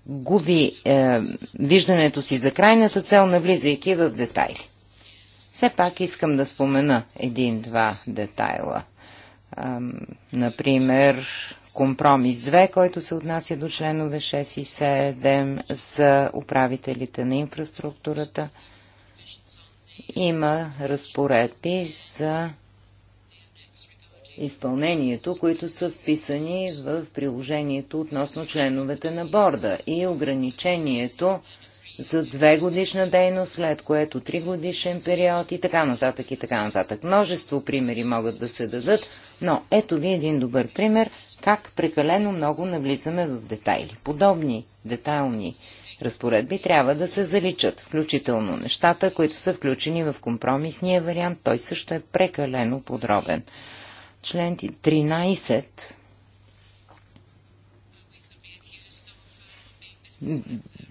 губи е, виждането си за крайната цел, навлизайки в детайли. Все пак искам да спомена един-два детайла. Е, например, компромис 2, който се отнася до членове 6 и 7 за управителите на инфраструктурата. Има разпоредби за изпълнението, които са вписани в приложението относно членовете на борда и ограничението за две годишна дейност, след което три годишен период и така нататък и така нататък. Множество примери могат да се дадат, но ето ви един добър пример как прекалено много навлизаме в детайли. Подобни детайлни разпоредби трябва да се заличат, включително нещата, които са включени в компромисния вариант. Той също е прекалено подробен. Член 13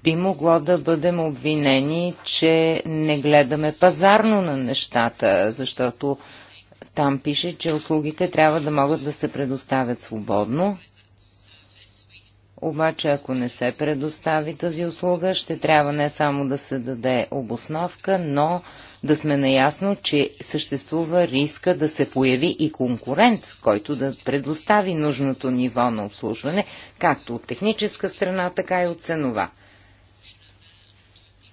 би могло да бъдем обвинени, че не гледаме пазарно на нещата, защото там пише, че услугите трябва да могат да се предоставят свободно. Обаче, ако не се предостави тази услуга, ще трябва не само да се даде обосновка, но да сме наясно, че съществува риска да се появи и конкурент, който да предостави нужното ниво на обслужване, както от техническа страна, така и от ценова.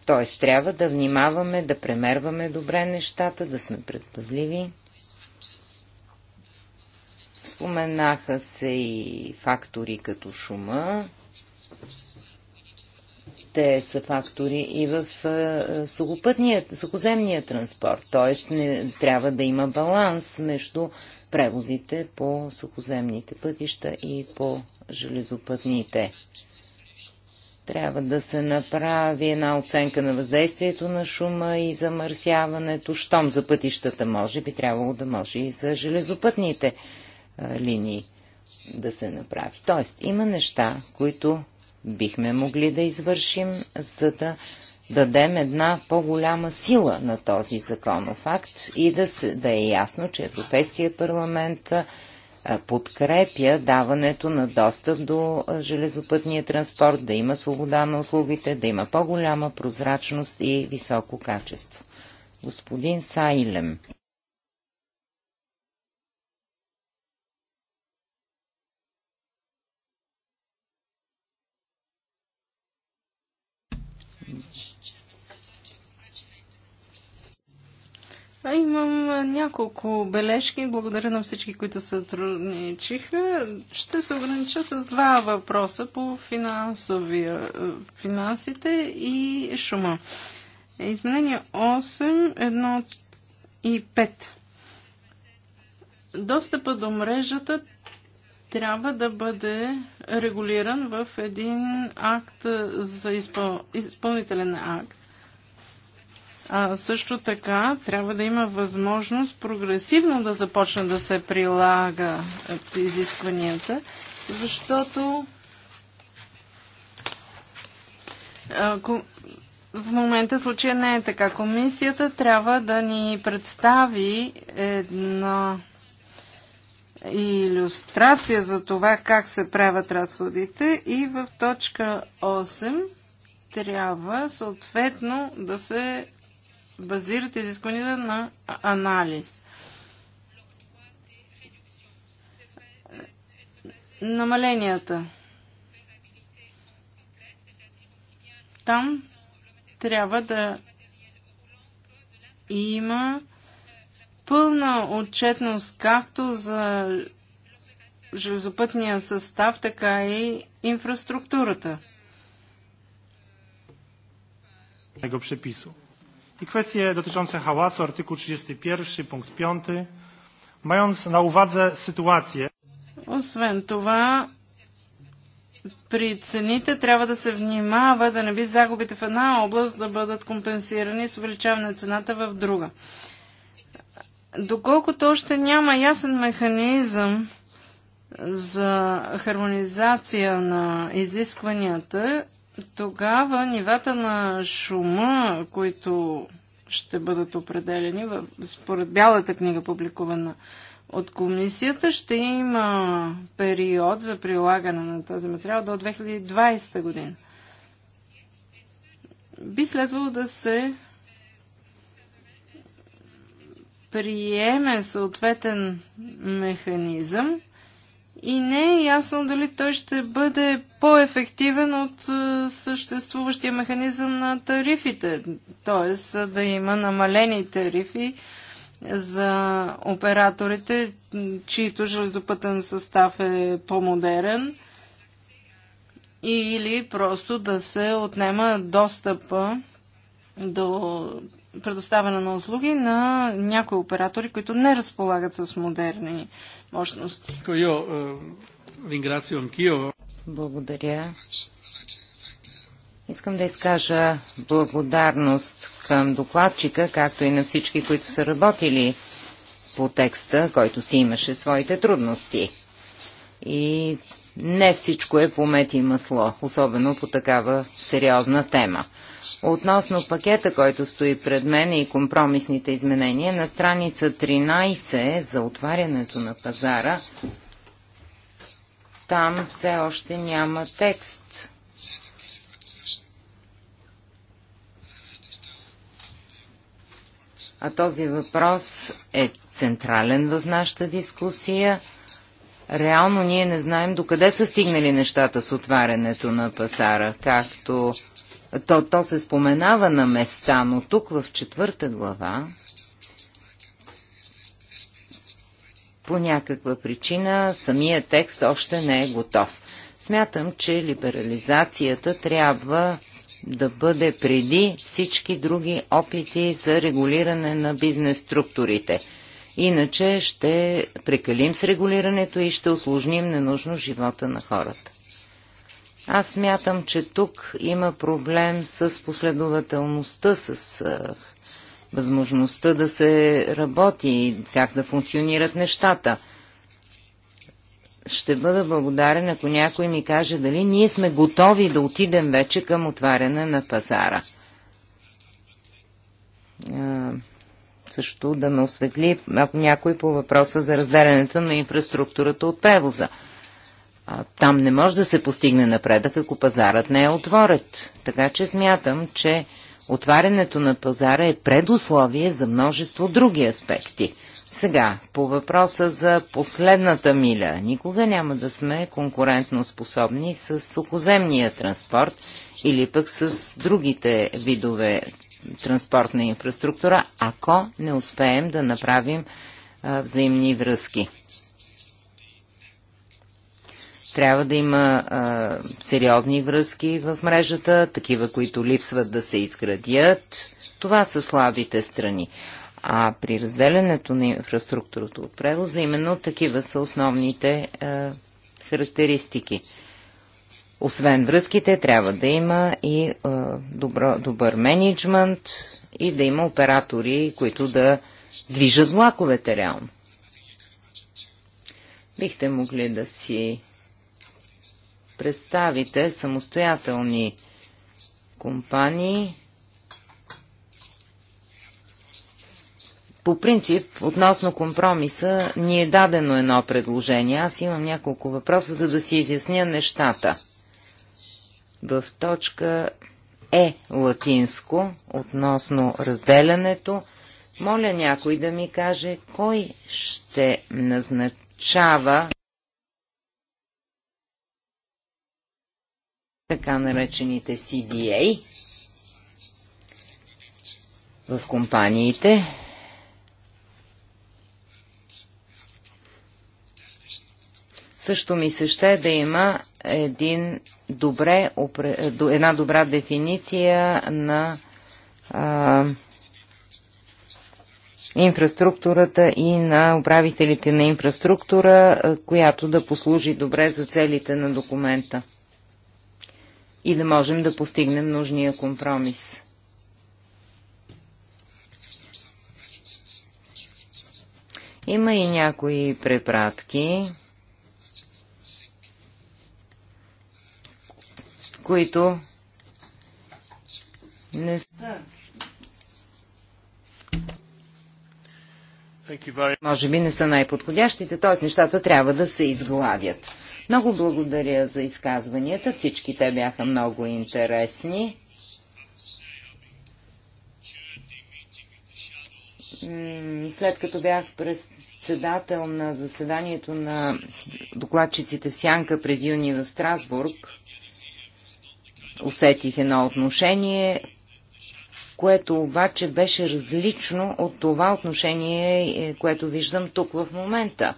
Тоест, трябва да внимаваме, да премерваме добре нещата, да сме предпазливи. Споменаха се и фактори като шума, те са фактори и в сухоземния транспорт, т.е. не трябва да има баланс между превозите по сухоземните пътища и по железопътните. Трябва да се направи една оценка на въздействието на шума и замърсяването, щом за пътищата може, би трябвало да може и за железопътните а, линии да се направи. Тоест, има неща, които бихме могли да извършим, за да дадем една по-голяма сила на този законов акт и да, се, да е ясно, че Европейския парламент подкрепя даването на достъп до железопътния транспорт, да има свобода на услугите, да има по-голяма прозрачност и високо качество. Господин Сайлем. А имам няколко бележки. Благодаря на всички, които сътрудничиха. Ще се огранича с два въпроса по финансовия, финансите и шума. Изменение 8, 1 и 5. Достъпа до мрежата трябва да бъде регулиран в един акт за изпъл... изпълнителен акт а, също така трябва да има възможност прогресивно да започне да се прилага е, изискванията, защото ако в момента случая не е така. Комисията трябва да ни представи една иллюстрация за това как се правят разходите и в точка 8 трябва съответно да се базират изискванията на анализ. Намаленията. Там трябва да има пълна отчетност както за железопътния състав, така и инфраструктурата. Tego przepisu i kwestie dotyczące hałasu, artykuł 31, punkt 5, mając na uwadze sytuację. Освен това, при цените трябва да се внимава да не би загубите в една област да бъдат компенсирани с увеличаване цената в друга. Доколкото още няма ясен механизъм за хармонизация на изискванията, тогава нивата на шума, които ще бъдат определени според Бялата книга, публикувана от комисията, ще има период за прилагане на този материал до 2020 година. Би следвало да се приеме съответен механизъм, и не е ясно дали той ще бъде по-ефективен от е, съществуващия механизъм на тарифите, т.е. да има намалени тарифи за операторите, чието железопътен състав е по-модерен или просто да се отнема достъпа до предоставяне на услуги на някои оператори, които не разполагат с модерни мощности. Е, Благодаря. Искам да изкажа благодарност към докладчика, както и на всички, които са работили по текста, който си имаше своите трудности. И не всичко е по мет и масло, особено по такава сериозна тема. Относно пакета, който стои пред мен и компромисните изменения, на страница 13 за отварянето на пазара, там все още няма текст. А този въпрос е централен в нашата дискусия. Реално ние не знаем докъде са стигнали нещата с отварянето на пазара, както то, то се споменава на места, но тук в четвърта глава по някаква причина самия текст още не е готов. Смятам, че либерализацията трябва да бъде преди всички други опити за регулиране на бизнес структурите. Иначе ще прекалим с регулирането и ще осложним ненужно живота на хората. Аз смятам, че тук има проблем с последователността, с а, възможността да се работи и как да функционират нещата. Ще бъда благодарен, ако някой ми каже дали ние сме готови да отидем вече към отваряне на пазара. А, също да ме осветли ако някой по въпроса за разделянето на инфраструктурата от превоза там не може да се постигне напредък, ако пазарът не е отворен. Така че смятам, че отварянето на пазара е предусловие за множество други аспекти. Сега, по въпроса за последната миля. Никога няма да сме конкурентно способни с сухоземния транспорт или пък с другите видове транспортна инфраструктура, ако не успеем да направим а, взаимни връзки. Трябва да има а, сериозни връзки в мрежата, такива, които липсват да се изградят. Това са слабите страни. А при разделянето на инфраструктурата от превоза, именно такива са основните а, характеристики. Освен връзките, трябва да има и а, добро, добър менеджмент и да има оператори, които да движат влаковете реално. Бихте могли да си представите самостоятелни компании. По принцип, относно компромиса, ни е дадено едно предложение. Аз имам няколко въпроса, за да си изясня нещата. В точка Е латинско, относно разделянето, моля някой да ми каже, кой ще назначава така наречените CDA в компаниите. Също ми се ще да има един добре, една добра дефиниция на а, инфраструктурата и на управителите на инфраструктура, която да послужи добре за целите на документа и да можем да постигнем нужния компромис. Има и някои препратки, които не са. Може би не са най-подходящите, т.е. нещата трябва да се изгладят. Много благодаря за изказванията. Всички те бяха много интересни. След като бях председател на заседанието на докладчиците в Сянка през юни в Страсбург, усетих едно отношение, което обаче беше различно от това отношение, е, което виждам тук в момента.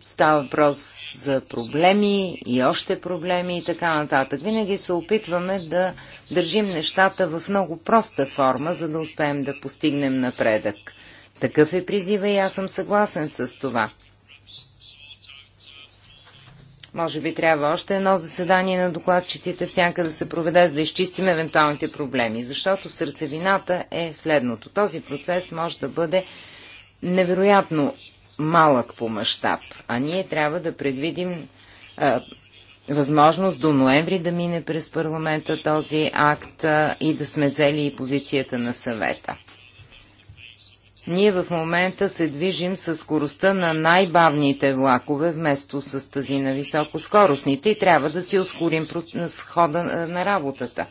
Става въпрос за проблеми и още проблеми и така нататък. Винаги се опитваме да държим нещата в много проста форма, за да успеем да постигнем напредък. Такъв е призива и аз съм съгласен с това. Може би трябва още едно заседание на докладчиците всяка да се проведе, за да изчистим евентуалните проблеми, защото сърцевината е следното. Този процес може да бъде невероятно малък по мащаб, а ние трябва да предвидим а, възможност до ноември да мине през парламента този акт а, и да сме взели и позицията на съвета. Ние в момента се движим с скоростта на най-бавните влакове, вместо с тази на високоскоростните и трябва да си ускорим схода на работата.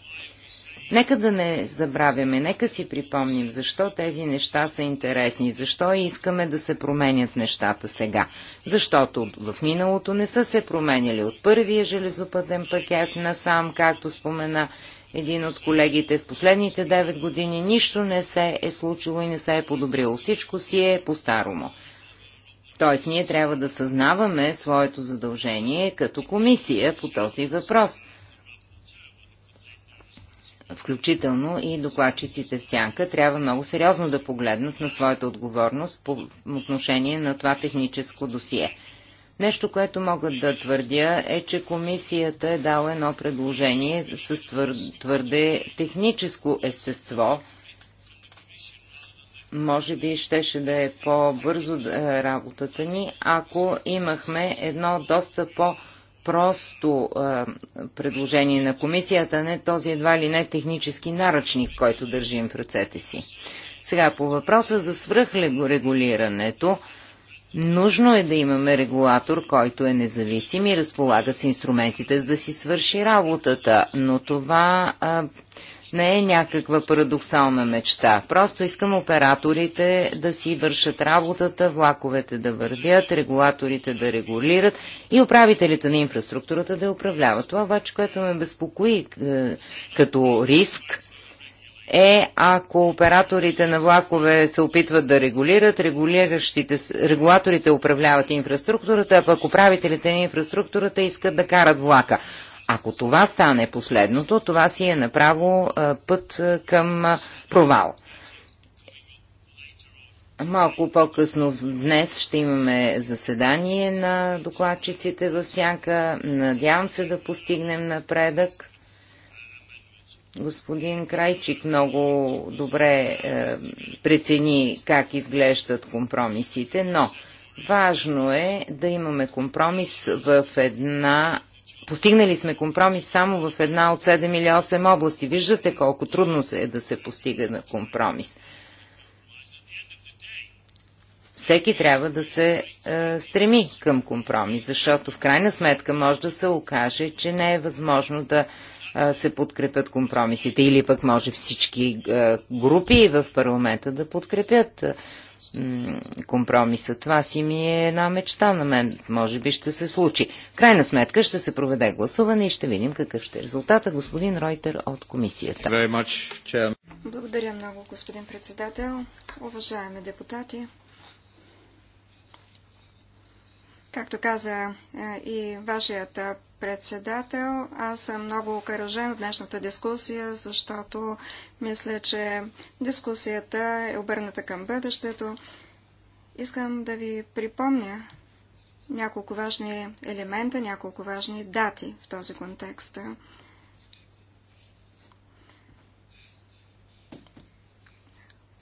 Нека да не забравяме, нека си припомним защо тези неща са интересни, защо искаме да се променят нещата сега. Защото в миналото не са се променяли от първия железопътен пакет насам, както спомена един от колегите, в последните 9 години нищо не се е случило и не се е подобрило. Всичко си е по-старому. Тоест, ние трябва да съзнаваме своето задължение като комисия по този въпрос – включително и докладчиците в сянка, трябва много сериозно да погледнат на своята отговорност по отношение на това техническо досие. Нещо, което мога да твърдя е, че комисията е дала едно предложение с твърде техническо естество. Може би щеше да е по-бързо работата ни, ако имахме едно доста по- просто е, предложение на комисията, не този едва ли не технически наръчник, който държим в ръцете си. Сега по въпроса за свръхрегулирането, нужно е да имаме регулатор, който е независим и разполага с инструментите, за да си свърши работата, но това а, не е някаква парадоксална мечта. Просто искам операторите да си вършат работата, влаковете да вървят, регулаторите да регулират и управителите на инфраструктурата да управляват. Това обаче, което ме безпокои е, като риск, е ако операторите на влакове се опитват да регулират, регулиращите, регулаторите управляват инфраструктурата, а пък управителите на инфраструктурата искат да карат влака. Ако това стане последното, това си е направо път към провал. Малко по-късно днес ще имаме заседание на докладчиците в Сянка. Надявам се да постигнем напредък. Господин Крайчик много добре е, прецени как изглеждат компромисите, но важно е да имаме компромис в една Постигнали сме компромис само в една от 7 или 8 области. Виждате колко трудно се е да се постига на компромис. Всеки трябва да се е, стреми към компромис, защото в крайна сметка може да се окаже, че не е възможно да е, се подкрепят компромисите или пък може всички е, групи в парламента да подкрепят е, компромиса. Това си ми е една мечта на мен. Може би ще се случи. крайна сметка ще се проведе гласуване и ще видим какъв ще е резултата. Господин Ройтер от комисията. Благодаря много, господин председател. Уважаеми депутати, както каза е, и вашият председател. Аз съм много окоръжен в днешната дискусия, защото мисля, че дискусията е обърната към бъдещето. Искам да ви припомня няколко важни елемента, няколко важни дати в този контекст.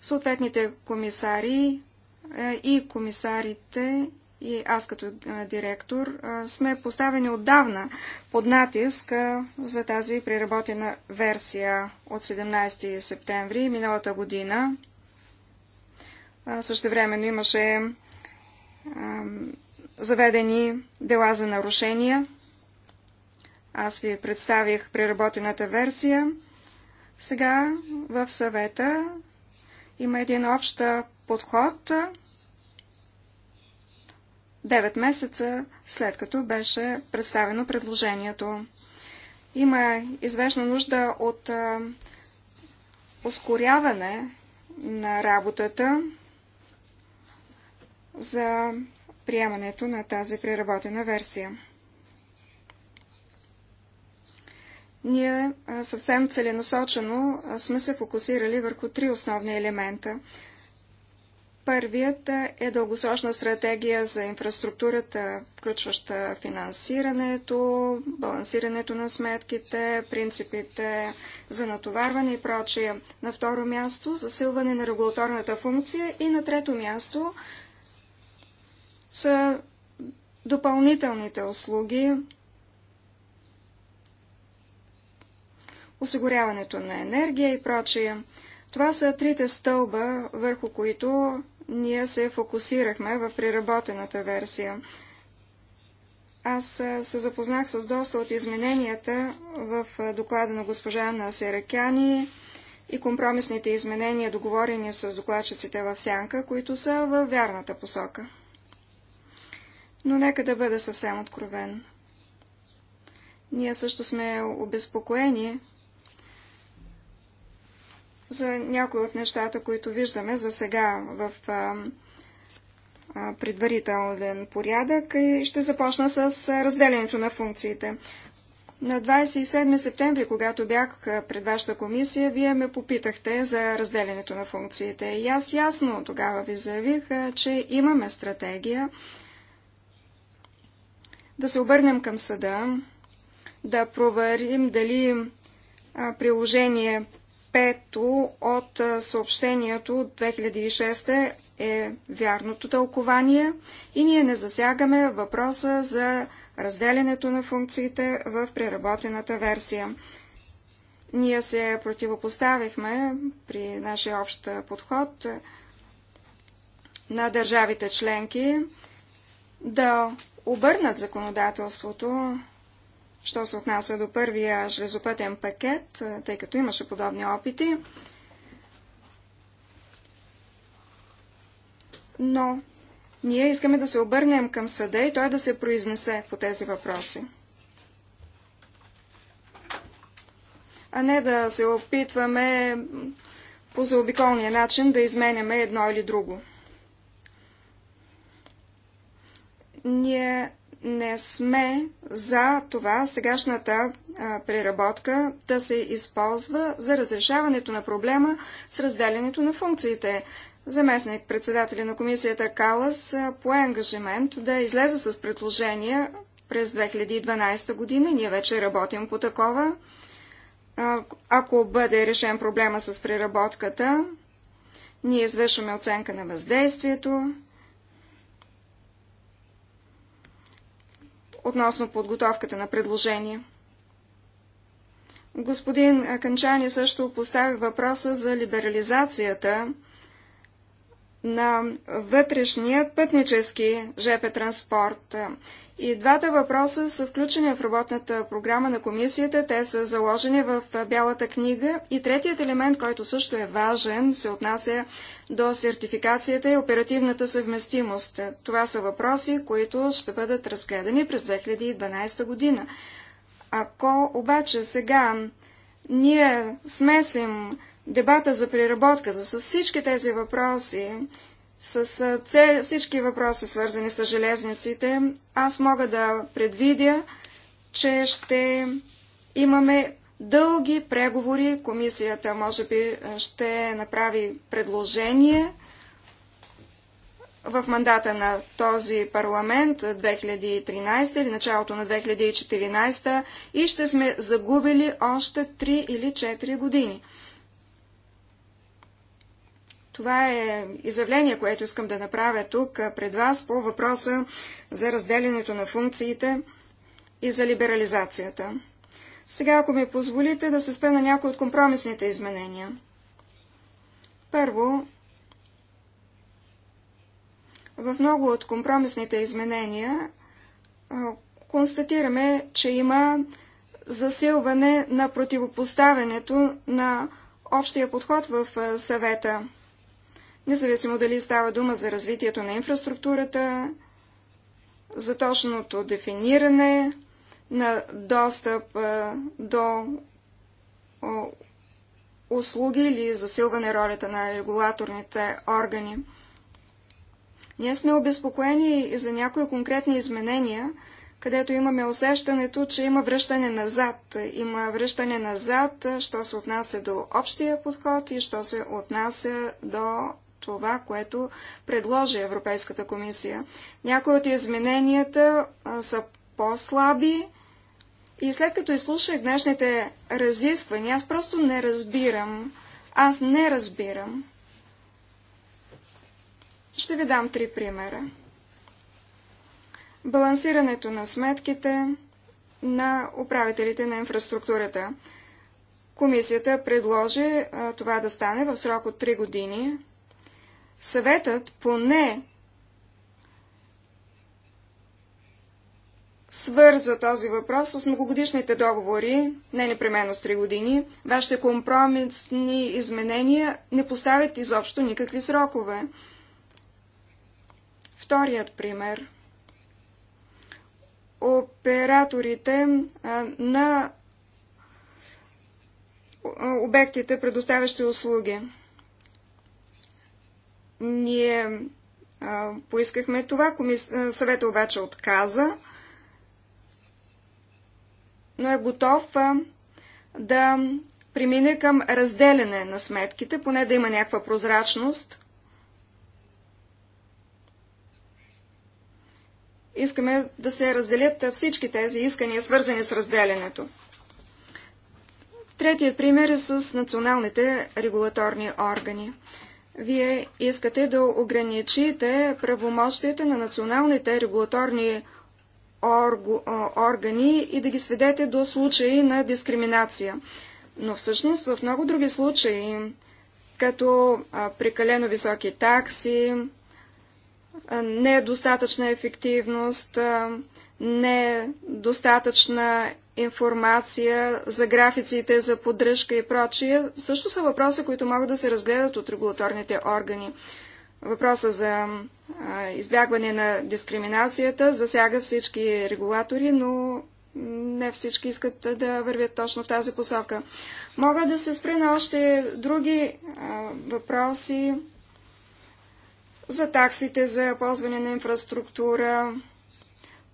Съответните комисари е, и комисарите и аз като директор сме поставени отдавна под натиск за тази преработена версия от 17 септември миналата година. Също времено имаше заведени дела за нарушения. Аз ви представих преработената версия. Сега в съвета има един общ подход – 9 месеца след като беше представено предложението. Има известна нужда от а, ускоряване на работата за приемането на тази преработена версия. Ние съвсем целенасочено сме се фокусирали върху три основни елемента. Първият е дългосрочна стратегия за инфраструктурата, включваща финансирането, балансирането на сметките, принципите за натоварване и прочие. На второ място засилване на регулаторната функция и на трето място са допълнителните услуги, осигуряването на енергия и прочие. Това са трите стълба, върху които ние се фокусирахме в преработената версия. Аз се запознах с доста от измененията в доклада на госпожа Серакяни и компромисните изменения, договорени с докладчиците в Сянка, които са във вярната посока. Но нека да бъда съвсем откровен. Ние също сме обезпокоени за някои от нещата, които виждаме за сега в предварителен порядък и ще започна с разделянето на функциите. На 27 септември, когато бях пред вашата комисия, вие ме попитахте за разделянето на функциите. И аз ясно тогава ви заявих, че имаме стратегия да се обърнем към съда, да проверим дали приложение пето от съобщението от 2006 е вярното тълкование и ние не засягаме въпроса за разделянето на функциите в преработената версия. Ние се противопоставихме при нашия общ подход на държавите членки да обърнат законодателството що се отнася до първия железопътен пакет, тъй като имаше подобни опити. Но ние искаме да се обърнем към съда и той да се произнесе по тези въпроси. А не да се опитваме по заобиколния начин да изменяме едно или друго. Ние не сме за това сегашната а, преработка да се използва за разрешаването на проблема с разделянето на функциите. Заместник председателя на комисията Калас пое ангажимент да излезе с предложения през 2012 година. Ние вече работим по такова. А, ако бъде решен проблема с преработката, ние извършваме оценка на въздействието, относно подготовката на предложения. Господин Канчани също постави въпроса за либерализацията на вътрешния пътнически ЖП транспорт. И двата въпроса са включени в работната програма на комисията, те са заложени в Бялата книга. И третият елемент, който също е важен, се отнася до сертификацията и оперативната съвместимост. Това са въпроси, които ще бъдат разгледани през 2012 година. Ако обаче сега ние смесим дебата за преработката, с всички тези въпроси, с цел, всички въпроси, свързани с железниците, аз мога да предвидя, че ще имаме дълги преговори. Комисията, може би, ще направи предложение в мандата на този парламент 2013 или началото на 2014 и ще сме загубили още 3 или 4 години. Това е изявление, което искам да направя тук пред вас по въпроса за разделянето на функциите и за либерализацията. Сега, ако ми позволите, да се спе на някои от компромисните изменения. Първо, в много от компромисните изменения констатираме, че има засилване на противопоставянето на общия подход в съвета независимо дали става дума за развитието на инфраструктурата, за точното дефиниране на достъп до услуги или засилване ролята на регулаторните органи. Ние сме обезпокоени и за някои конкретни изменения, където имаме усещането, че има връщане назад. Има връщане назад, що се отнася до общия подход и що се отнася до това, което предложи Европейската комисия. Някои от измененията са по-слаби и след като изслушах днешните разисквания, аз просто не разбирам. Аз не разбирам. Ще ви дам три примера. Балансирането на сметките на управителите на инфраструктурата. Комисията предложи а, това да стане в срок от 3 години съветът поне свърза този въпрос с многогодишните договори, не непременно с 3 години. Вашите компромисни изменения не поставят изобщо никакви срокове. Вторият пример. Операторите на обектите, предоставящи услуги. Ние а, поискахме това, комис... съвета обаче отказа, но е готов а, да премине към разделяне на сметките, поне да има някаква прозрачност. Искаме да се разделят всички тези искания, свързани с разделянето. Третият пример е с националните регулаторни органи. Вие искате да ограничите правомощията на националните регулаторни органи и да ги сведете до случаи на дискриминация. Но всъщност в много други случаи, като прекалено високи такси, недостатъчна ефективност, недостатъчна информация за графиците, за поддръжка и прочие, също са въпроси, които могат да се разгледат от регулаторните органи. Въпроса за избягване на дискриминацията засяга всички регулатори, но не всички искат да вървят точно в тази посока. Мога да се спра на още други въпроси за таксите за ползване на инфраструктура,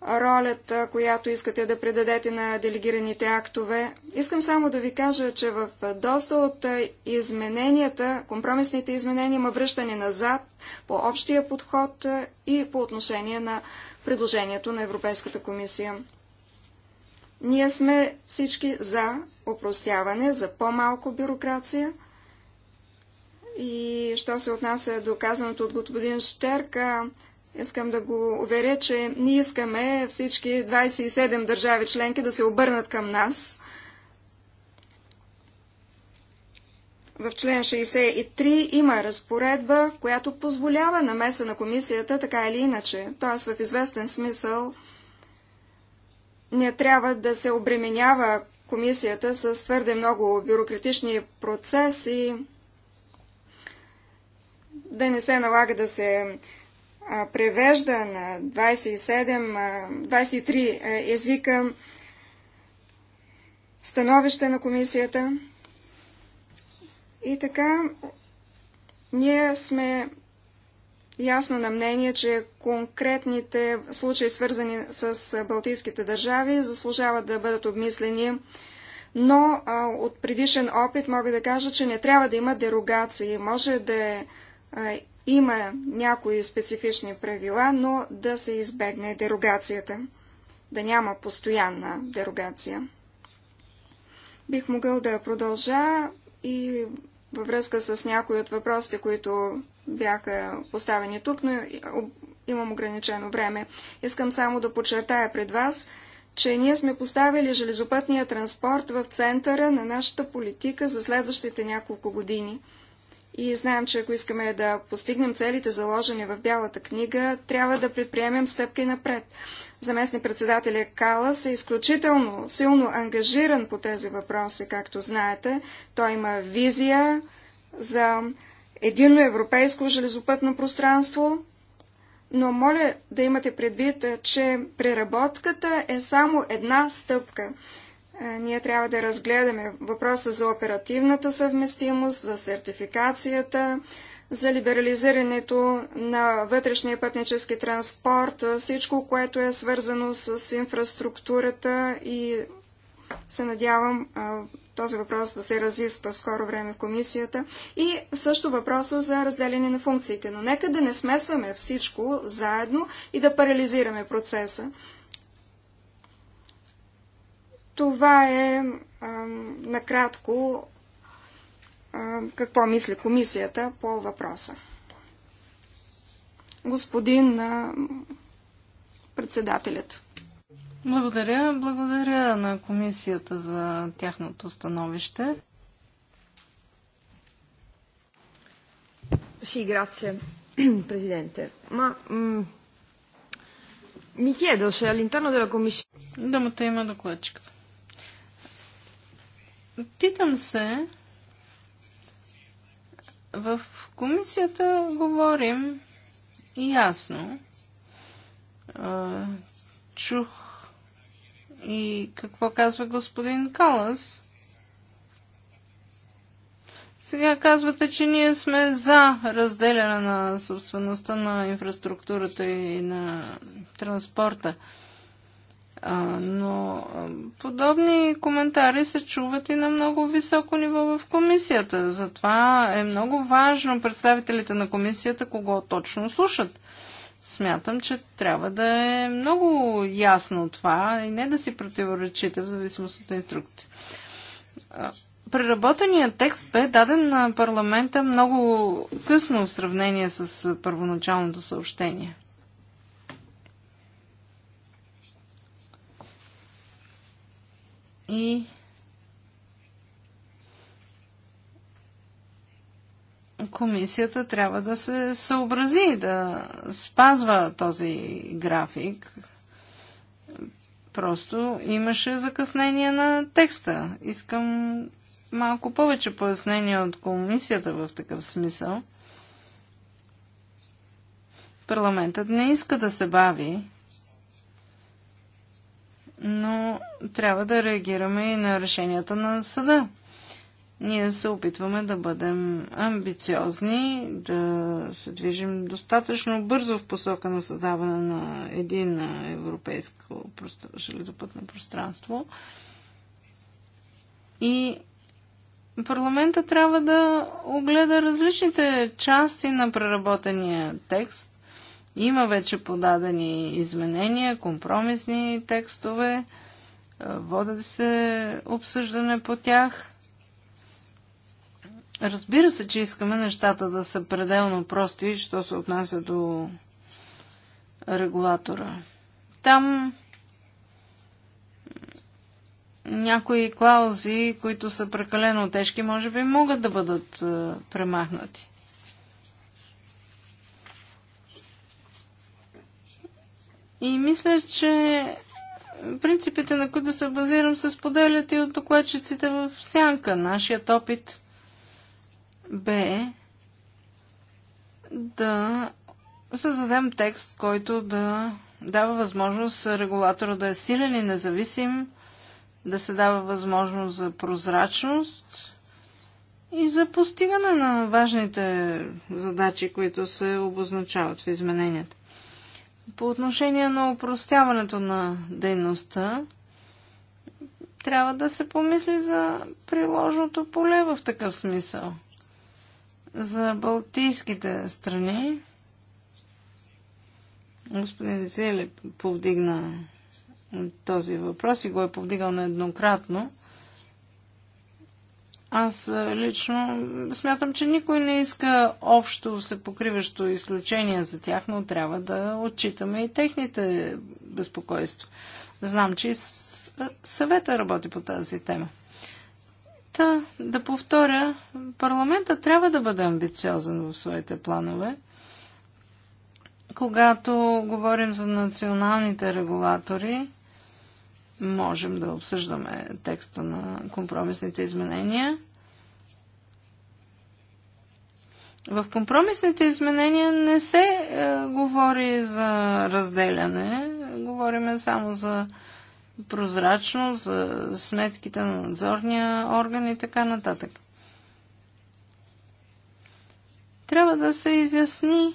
ролята, която искате да предадете на делегираните актове. Искам само да ви кажа, че в доста от измененията, компромисните изменения има връщане назад по общия подход и по отношение на предложението на Европейската комисия. Ние сме всички за упростяване, за по-малко бюрокрация. И що се отнася до казаното от господин Штерка, Искам да го уверя, че ние искаме всички 27 държави членки да се обърнат към нас. В член 63 има разпоредба, която позволява намеса на комисията така или иначе. Т.е. в известен смисъл не трябва да се обременява комисията с твърде много бюрократични процеси, да не се налага да се превежда на 27, 23 езика становище на комисията. И така, ние сме ясно на мнение, че конкретните случаи, свързани с балтийските държави, заслужават да бъдат обмислени, но а, от предишен опит мога да кажа, че не трябва да има дерогации. Може да е, а, има някои специфични правила, но да се избегне дерогацията, да няма постоянна дерогация. Бих могъл да продължа и във връзка с някои от въпросите, които бяха поставени тук, но имам ограничено време. Искам само да подчертая пред вас, че ние сме поставили железопътния транспорт в центъра на нашата политика за следващите няколко години – и знаем, че ако искаме да постигнем целите заложени в Бялата книга, трябва да предприемем стъпки напред. Заместни председателя Калас е изключително силно ангажиран по тези въпроси, както знаете. Той има визия за единно европейско железопътно пространство, но моля да имате предвид, че преработката е само една стъпка ние трябва да разгледаме въпроса за оперативната съвместимост, за сертификацията, за либерализирането на вътрешния пътнически транспорт, всичко, което е свързано с инфраструктурата и се надявам този въпрос да се разисква в скоро време в комисията. И също въпроса за разделение на функциите. Но нека да не смесваме всичко заедно и да парализираме процеса. Това е а, накратко а, какво мисли комисията по въпроса. Господин а, председателят. Благодаря. Благодаря на комисията за тяхното становище. Sì, grazie Presidente. Ma mh, mi chiedo se all'interno della Commissione... Дамата има докладчиката. Питам се, в комисията говорим ясно. Чух и какво казва господин Калас. Сега казвате, че ние сме за разделяне на собствеността на инфраструктурата и на транспорта но подобни коментари се чуват и на много високо ниво в комисията. Затова е много важно представителите на комисията кого точно слушат. Смятам, че трябва да е много ясно това и не да си противоречите в зависимост от инструкции. Преработеният текст бе даден на парламента много късно в сравнение с първоначалното съобщение. и комисията трябва да се съобрази, да спазва този график. Просто имаше закъснение на текста. Искам малко повече пояснение от комисията в такъв смисъл. Парламентът не иска да се бави но трябва да реагираме и на решенията на съда. Ние се опитваме да бъдем амбициозни, да се движим достатъчно бързо в посока на създаване на един европейско железопътно пространство. И парламента трябва да огледа различните части на преработения текст има вече подадени изменения, компромисни текстове, е, водят се обсъждане по тях. Разбира се, че искаме нещата да са пределно прости, що се отнася до регулатора. Там някои клаузи, които са прекалено тежки, може би могат да бъдат е, премахнати. И мисля, че принципите, на които се базирам, се споделят и от докладчиците в сянка. Нашият опит бе да създадем текст, който да дава възможност регулатора да е силен и независим, да се дава възможност за прозрачност и за постигане на важните задачи, които се обозначават в измененията. По отношение на упростяването на дейността, трябва да се помисли за приложното поле в такъв смисъл. За балтийските страни, господин Зелеп повдигна този въпрос и го е повдигал нееднократно. Аз лично смятам, че никой не иска общо се покриващо изключение за тях, но трябва да отчитаме и техните безпокойства. Знам, че и съвета работи по тази тема. Та, да повторя, парламента трябва да бъде амбициозен в своите планове. Когато говорим за националните регулатори, можем да обсъждаме текста на компромисните изменения. В компромисните изменения не се е, говори за разделяне, говориме само за прозрачно, за сметките на надзорния орган и така нататък. Трябва да се изясни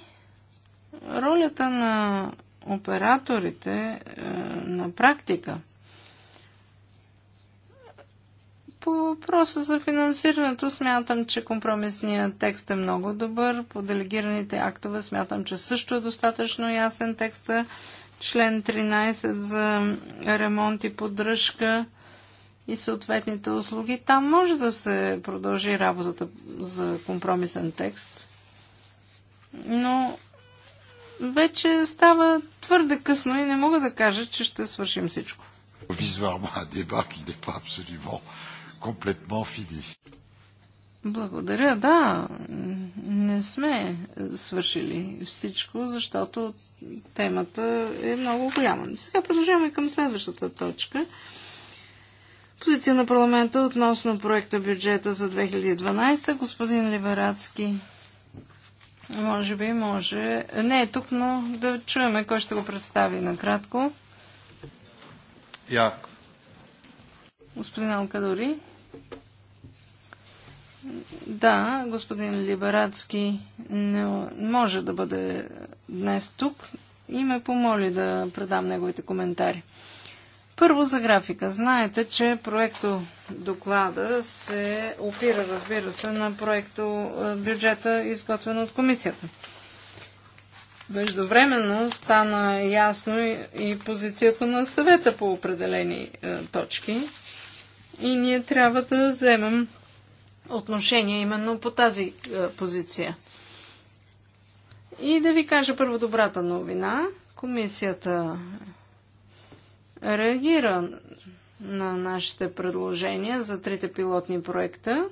ролята на операторите е, на практика – По въпроса за финансирането смятам, че компромисният текст е много добър. По делегираните актове смятам, че също е достатъчно ясен текста. Член 13 за ремонт и поддръжка и съответните услуги. Там може да се продължи работата за компромисен текст. Но вече става твърде късно и не мога да кажа, че ще свършим всичко Визуално дебак и qui абсолютно complètement fini. Благодаря, да. Не сме свършили всичко, защото темата е много голяма. Сега продължаваме към следващата точка. Позиция на парламента относно проекта бюджета за 2012. Господин Либерацки, може би може. Не е тук, но да чуеме кой ще го представи накратко. Як. Господин Алкадори. Да, господин Либерацки не може да бъде днес тук и ме помоли да предам неговите коментари. Първо за графика. Знаете, че проекто доклада се опира, разбира се, на проекто е, бюджета, изготвен от комисията. Междувременно стана ясно и позицията на съвета по определени е, точки и ние трябва да вземем отношение именно по тази е, позиция. И да ви кажа първо добрата новина. Комисията реагира на нашите предложения за трите пилотни проекта.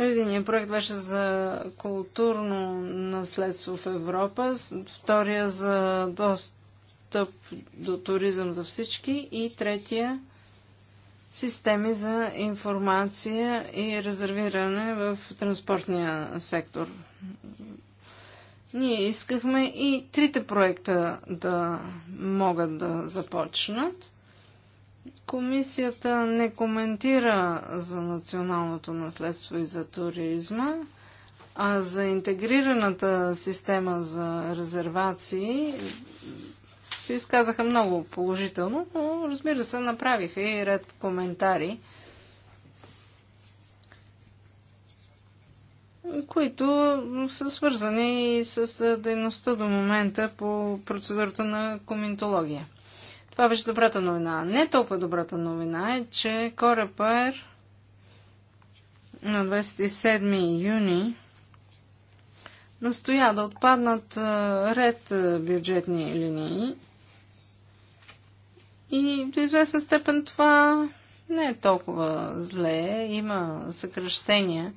Единият проект беше за културно наследство в Европа, втория за доста достъп до туризъм за всички и третия системи за информация и резервиране в транспортния сектор. Ние искахме и трите проекта да могат да започнат. Комисията не коментира за националното наследство и за туризма, а за интегрираната система за резервации се изказаха много положително, но разбира се, направиха и ред коментари, които са свързани и с дейността до момента по процедурата на коментология. Това беше добрата новина. Не толкова добрата новина е, че Корепер на 27 юни настоя да отпаднат ред бюджетни линии и до известна степен това не е толкова зле. Има съкръщения,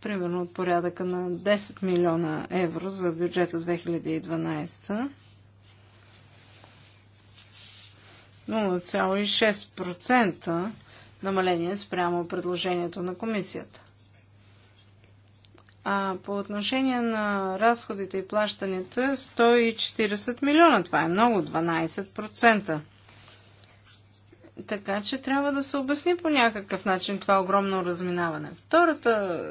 примерно от порядъка на 10 милиона евро за бюджета 2012. 0,6% намаление спрямо предложението на комисията. А по отношение на разходите и плащанията 140 милиона. Това е много, 12%. Така че трябва да се обясни по някакъв начин това огромно разминаване. Втората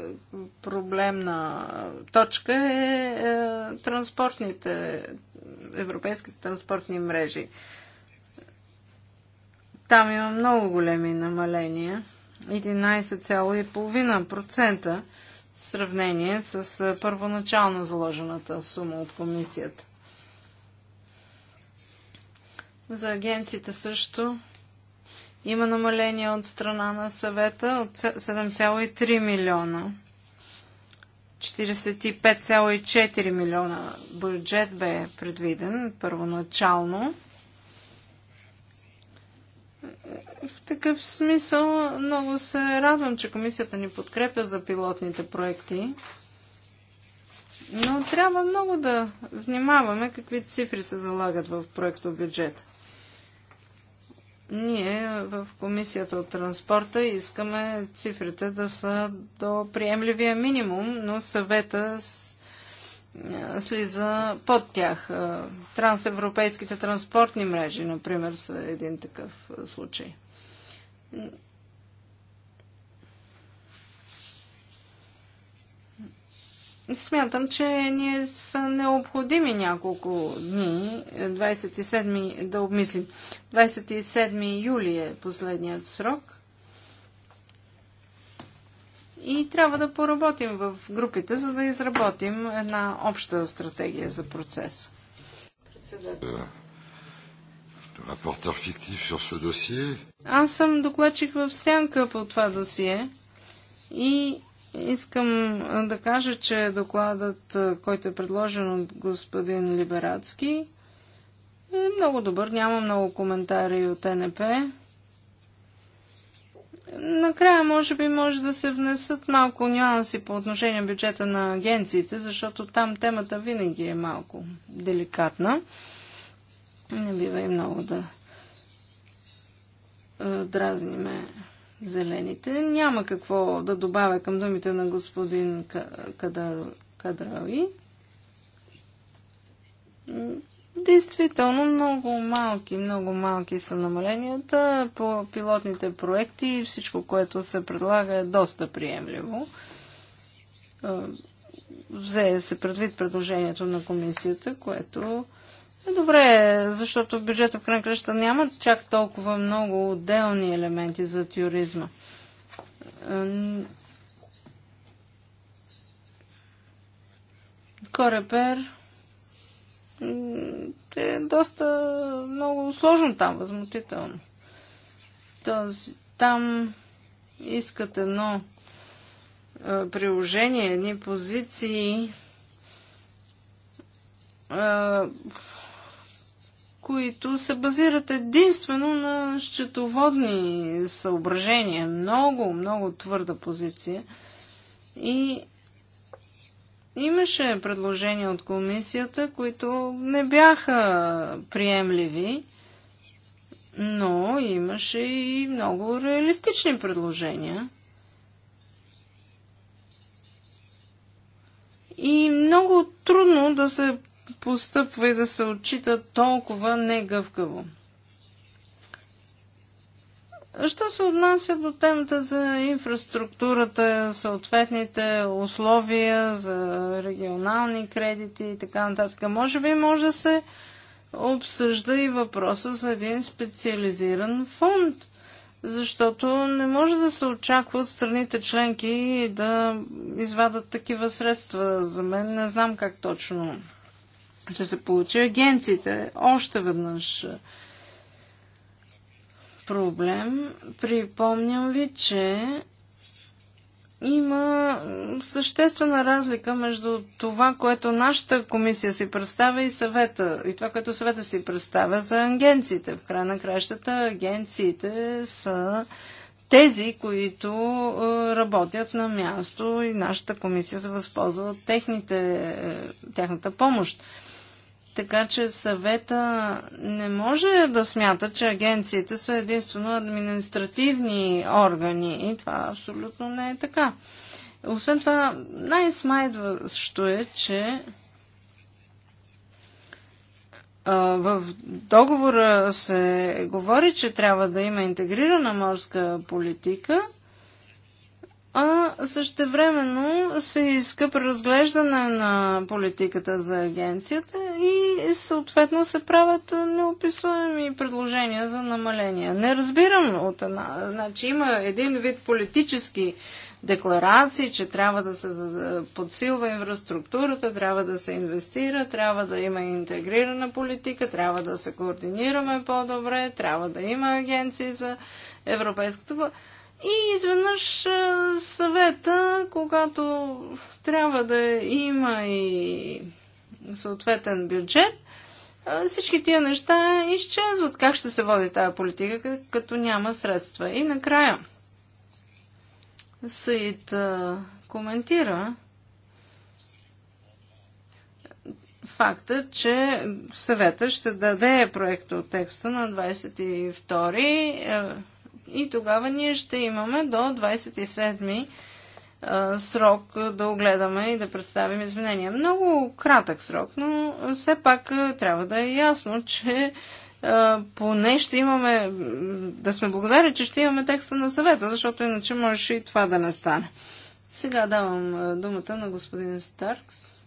проблемна точка е, е транспортните, европейските транспортни мрежи. Там има много големи намаления. 11,5% в сравнение с първоначално заложената сума от комисията. За агенциите също има намаление от страна на съвета от 7,3 милиона. 45,4 милиона бюджет бе предвиден първоначално. В такъв смисъл много се радвам, че комисията ни подкрепя за пилотните проекти. Но трябва много да внимаваме какви цифри се залагат в проекто бюджет. Ние в комисията от транспорта искаме цифрите да са до приемливия минимум, но съвета е, слиза под тях. Е, трансевропейските транспортни мрежи, например, са един такъв е, случай. Смятам, че ние са необходими няколко дни, 27 да обмислим. 27 юли е последният срок и трябва да поработим в групите, за да изработим една обща стратегия за процес. Председател. Е, фиктив Аз съм докладчик в сянка по това досие и искам да кажа, че докладът, е, който е предложен от господин Либерацки, е много добър. Няма много коментари от НП. Накрая, може би, може да се внесат малко нюанси по отношение на бюджета на агенциите, защото там темата винаги е малко деликатна. Не бива и много да е, дразниме зелените. Няма какво да добавя към думите на господин Кадрави. Действително много малки, много малки са намаленията. По пилотните проекти всичко, което се предлага е доста приемливо. Взе се предвид предложението на комисията, което е добре, защото в бюджета в крайна кръща няма чак толкова много отделни елементи за теоризма. Корепер е доста много сложно там, възмутително. Този, там искат едно е, приложение, едни позиции, е, които се базират единствено на счетоводни съображения. Много, много твърда позиция. И Имаше предложения от комисията, които не бяха приемливи, но имаше и много реалистични предложения. И много трудно да се постъпва и да се отчита толкова негъвкаво. Що се отнася до темата за инфраструктурата, съответните условия за регионални кредити и така нататък, може би може да се обсъжда и въпроса за един специализиран фонд, защото не може да се очаква от страните членки да извадат такива средства. За мен не знам как точно ще се получи. Агенциите още веднъж проблем. Припомням ви, че има съществена разлика между това, което нашата комисия си представя и съвета, и това, което съвета си представя за агенциите. В край на кращата агенциите са тези, които е, работят на място и нашата комисия се възползва от техните, е, тяхната помощ. Така че съвета не може да смята, че агенциите са единствено административни органи и това абсолютно не е така. Освен това, най-смайдващо е, че в договора се говори, че трябва да има интегрирана морска политика – а също времено се иска преразглеждане на политиката за агенцията и съответно се правят неописуеми предложения за намаления. Не разбирам от една... Значи има един вид политически декларации, че трябва да се подсилва инфраструктурата, трябва да се инвестира, трябва да има интегрирана политика, трябва да се координираме по-добре, трябва да има агенции за европейската и изведнъж съвета, когато трябва да има и съответен бюджет, всички тия неща изчезват. Как ще се води тая политика, като няма средства? И накрая Саид коментира факта, че съвета ще даде проекто от текста на 22 и тогава ние ще имаме до 27-ми срок да огледаме и да представим изменения. Много кратък срок, но все пак трябва да е ясно, че поне ще имаме, да сме благодарни, че ще имаме текста на съвета, защото иначе можеше и това да не стане. Сега давам думата на господин Старкс.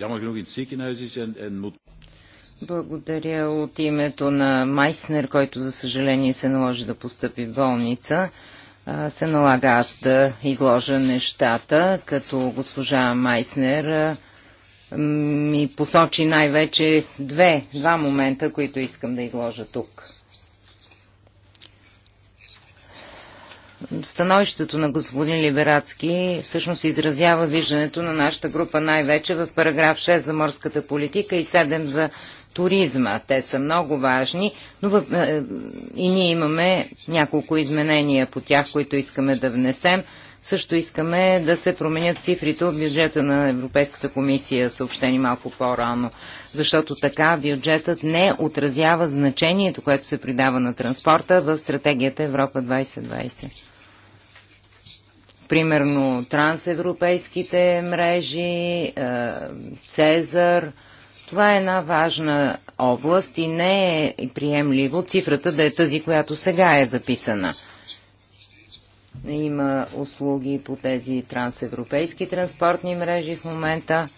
jammer genoeg in het ziekenhuis is en, en moet... Благодаря от името на Майснер, който за съжаление се наложи да постъпи в болница. Се налага аз да изложа нещата, като госпожа Майснер ми посочи най-вече две, два момента, които искам да изложа тук. Становището на господин Либерацки всъщност изразява виждането на нашата група най-вече в параграф 6 за морската политика и 7 за туризма. Те са много важни, но в... Е, и ние имаме няколко изменения по тях, които искаме да внесем. Също искаме да се променят цифрите от бюджета на Европейската комисия, съобщени малко по-рано, защото така бюджетът не отразява значението, което се придава на транспорта в стратегията Европа 2020 примерно трансевропейските мрежи, е, Цезар. Това е една важна област и не е приемливо цифрата да е тази, която сега е записана. Има услуги по тези трансевропейски транспортни мрежи в момента.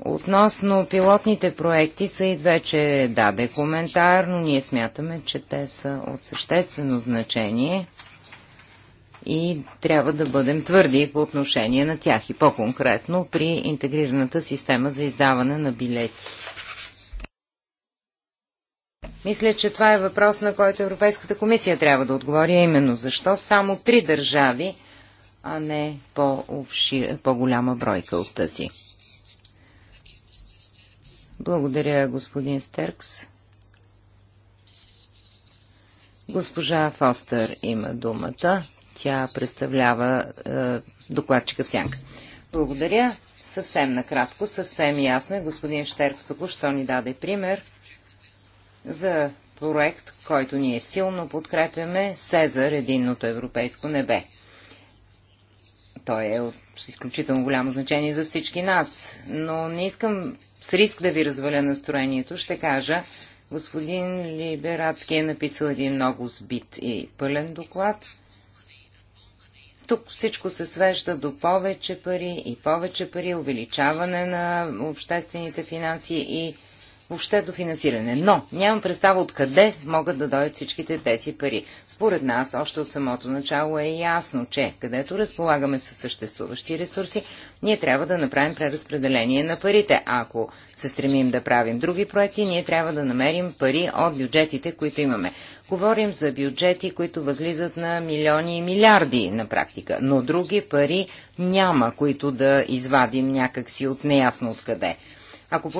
Относно пилотните проекти, са и вече даде коментар, но ние смятаме, че те са от съществено значение – и трябва да бъдем твърди по отношение на тях и по-конкретно при интегрираната система за издаване на билети. Мисля, че това е въпрос, на който Европейската комисия трябва да отговори, а именно защо само три държави, а не по-голяма по бройка от тази. Благодаря, господин Стеркс. Госпожа Фостер има думата. Тя представлява е, докладчика в сянка. Благодаря. Съвсем накратко, съвсем ясно е. Господин Штеркс току-що ни даде пример за проект, който ние силно подкрепяме, Сезар, единното европейско небе. Той е от изключително голямо значение за всички нас, но не искам с риск да ви разваля настроението. Ще кажа, господин Либерацки е написал един много сбит и пълен доклад. Тук всичко се свежда до повече пари и повече пари, увеличаване на обществените финанси и въобще до финансиране. Но нямам представа откъде могат да дойдат всичките тези пари. Според нас, още от самото начало е ясно, че където разполагаме с съществуващи ресурси, ние трябва да направим преразпределение на парите. А ако се стремим да правим други проекти, ние трябва да намерим пари от бюджетите, които имаме. Говорим за бюджети, които възлизат на милиони и милиарди на практика, но други пари няма, които да извадим някакси от неясно откъде. Ако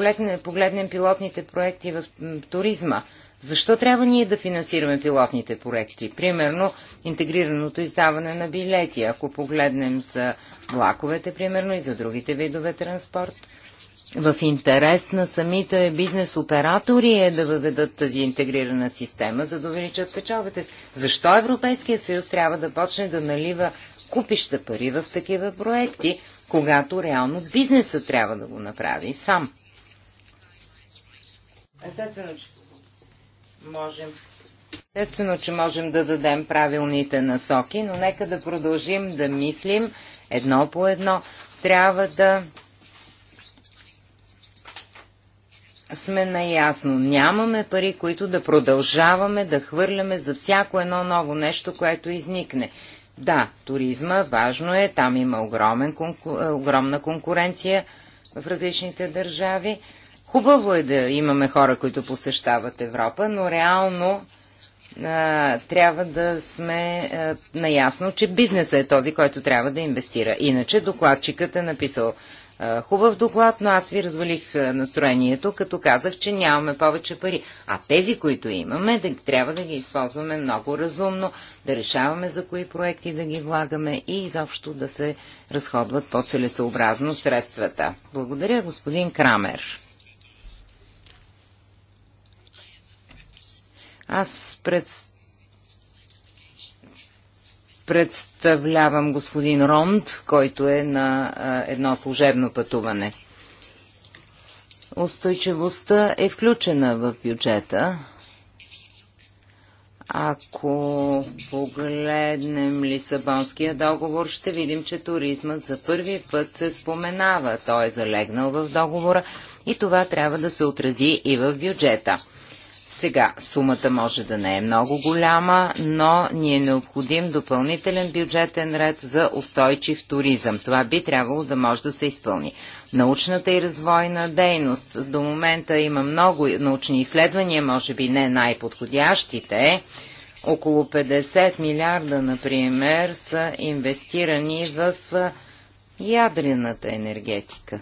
погледнем пилотните проекти в туризма, защо трябва ние да финансираме пилотните проекти? Примерно, интегрираното издаване на билети, ако погледнем за влаковете, примерно, и за другите видове транспорт. В интерес на самите бизнес оператори е да въведат тази интегрирана система, за да увеличат печалбите. Защо Европейския съюз трябва да почне да налива купища пари в такива проекти, когато реално бизнесът трябва да го направи сам? Естествено, че можем. Естествено, че можем да дадем правилните насоки, но нека да продължим да мислим едно по едно. Трябва да сме наясно. Нямаме пари, които да продължаваме да хвърляме за всяко едно ново нещо, което изникне. Да, туризма важно е, там има огромен, конку... огромна конкуренция в различните държави, Хубаво е да имаме хора, които посещават Европа, но реално а, трябва да сме а, наясно, че бизнесът е този, който трябва да инвестира. Иначе докладчикът е написал а, хубав доклад, но аз ви развалих настроението, като казах, че нямаме повече пари. А тези, които имаме, да, трябва да ги използваме много разумно, да решаваме за кои проекти да ги влагаме и изобщо да се разходват по-целесообразно средствата. Благодаря, господин Крамер. Аз пред... представлявам господин Ронд, който е на а, едно служебно пътуване. Устойчивостта е включена в бюджета. Ако погледнем Лисабонския договор, ще видим, че туризмът за първи път се споменава. Той е залегнал в договора и това трябва да се отрази и в бюджета. Сега сумата може да не е много голяма, но ни е необходим допълнителен бюджетен ред за устойчив туризъм. Това би трябвало да може да се изпълни. Научната и развойна дейност. До момента има много научни изследвания, може би не най-подходящите. Около 50 милиарда, например, са инвестирани в ядрената енергетика.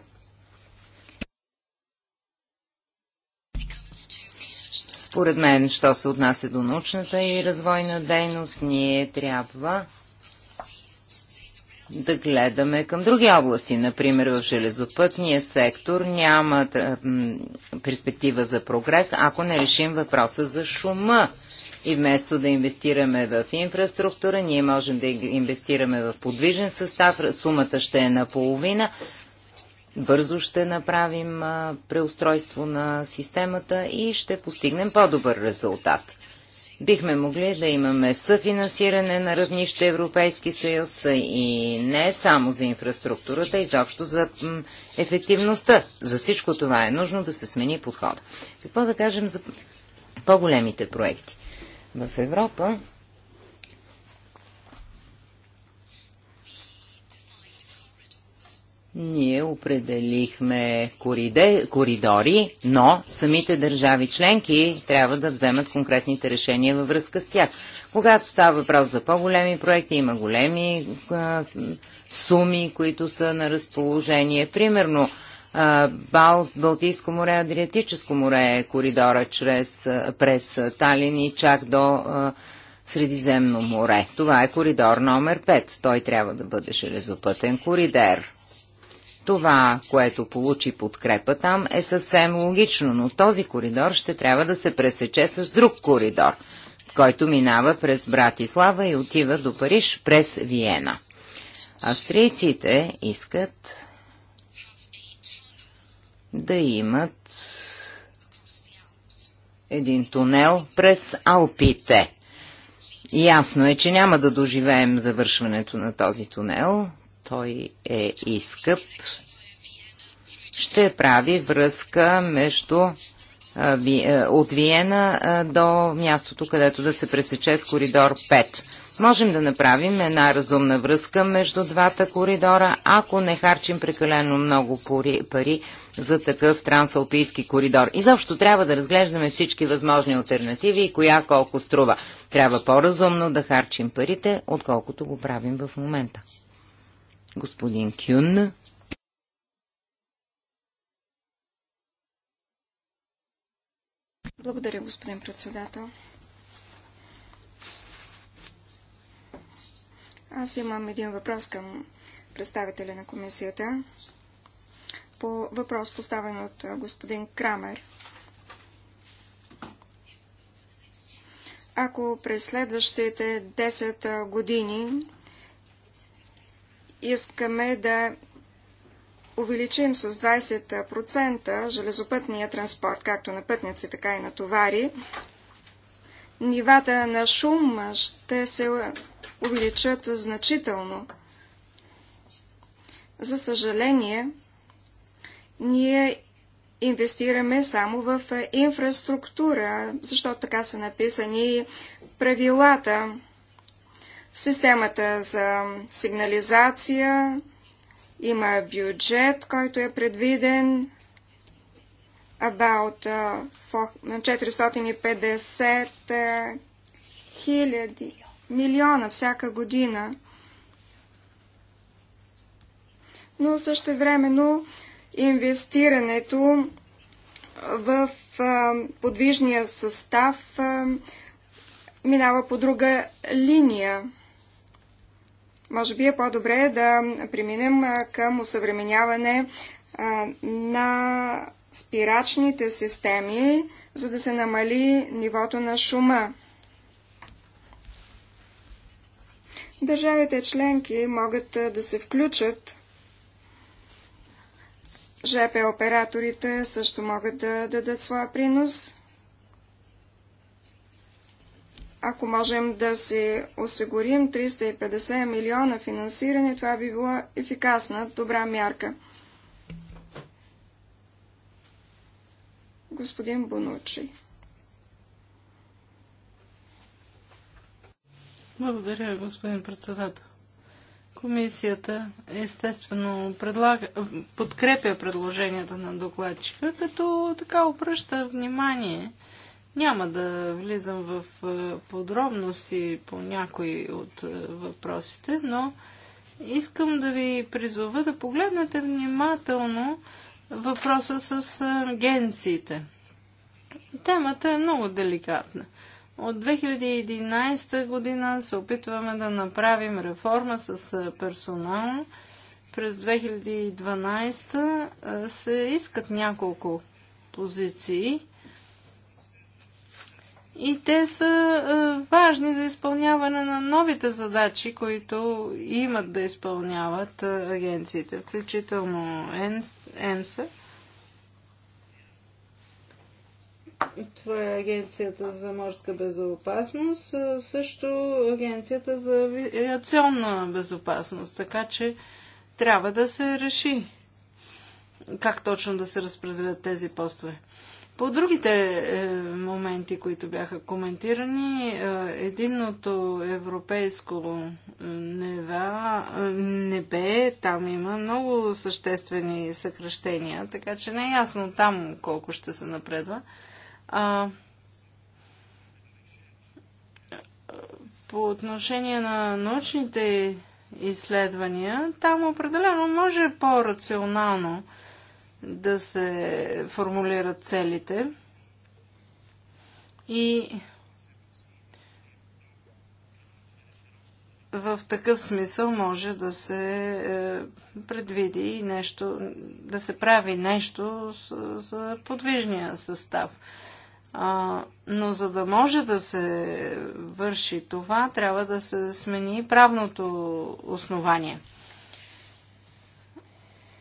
Според мен, що се отнася до научната и развойна дейност, ние трябва да гледаме към други области. Например, в железопътния сектор няма перспектива за прогрес, ако не решим въпроса за шума. И вместо да инвестираме в инфраструктура, ние можем да инвестираме в подвижен състав, сумата ще е наполовина, бързо ще направим преустройство на системата и ще постигнем по-добър резултат. Бихме могли да имаме съфинансиране на равнище Европейски съюз и не само за инфраструктурата, изобщо за ефективността. За всичко това е нужно да се смени подхода. Какво да кажем за по-големите проекти? В Европа Ние определихме кориде, коридори, но самите държави членки трябва да вземат конкретните решения във връзка с тях. Когато става въпрос за по-големи проекти, има големи а, суми, които са на разположение. Примерно, а, Бал, Балтийско море, Адриатическо море е коридора чрез, през Талин и чак до а, Средиземно море. Това е коридор номер 5. Той трябва да бъде железопътен коридор. Това, което получи подкрепа там, е съвсем логично, но този коридор ще трябва да се пресече с друг коридор, който минава през Братислава и отива до Париж през Виена. Австрийците искат да имат един тунел през Алпите. Ясно е, че няма да доживеем завършването на този тунел, той е и скъп, ще прави връзка между от Виена до мястото, където да се пресече с коридор 5. Можем да направим една разумна връзка между двата коридора, ако не харчим прекалено много пари за такъв трансалпийски коридор. Изобщо трябва да разглеждаме всички възможни альтернативи и коя колко струва. Трябва по-разумно да харчим парите, отколкото го правим в момента господин Кюн. Благодаря, господин председател. Аз имам един въпрос към представителя на комисията по въпрос поставен от господин Крамер. Ако през следващите 10 години искаме да увеличим с 20% железопътния транспорт, както на пътници, така и на товари, нивата на шум ще се увеличат значително. За съжаление, ние инвестираме само в инфраструктура, защото така са написани правилата. Системата за сигнализация има бюджет, който е предвиден about 450 хиляди милиона всяка година. Но също времено инвестирането в подвижния състав минава по друга линия. Може би е по-добре да преминем към осъвременяване на спирачните системи, за да се намали нивото на шума. Държавите членки могат да се включат. ЖП операторите също могат да дадат своя принос ако можем да си осигурим 350 милиона финансиране, това би била ефикасна, добра мярка. Господин Бонучи. Благодаря, господин председател. Комисията естествено предлага, подкрепя предложенията на докладчика, като така обръща внимание – няма да влизам в е, подробности по някои от е, въпросите, но искам да ви призова да погледнете внимателно въпроса с агенциите. Темата е много деликатна. От 2011 година се опитваме да направим реформа с е, персонал. През 2012 се искат няколко позиции и те са е, важни за изпълняване на новите задачи, които имат да изпълняват е, агенциите, включително ЕМСА. Това е Агенцията за морска безопасност, е, също Агенцията за авиационна безопасност, така че трябва да се реши как точно да се разпределят тези постове. По другите е, моменти, които бяха коментирани, е, единното европейско е, нева, е, небе, там има много съществени съкръщения, така че не е ясно там колко ще се напредва. А, по отношение на научните изследвания, там определено може по-рационално да се формулират целите. И в такъв смисъл може да се е, предвиди нещо, да се прави нещо за подвижния състав. Но за да може да се върши това, трябва да се смени правното основание.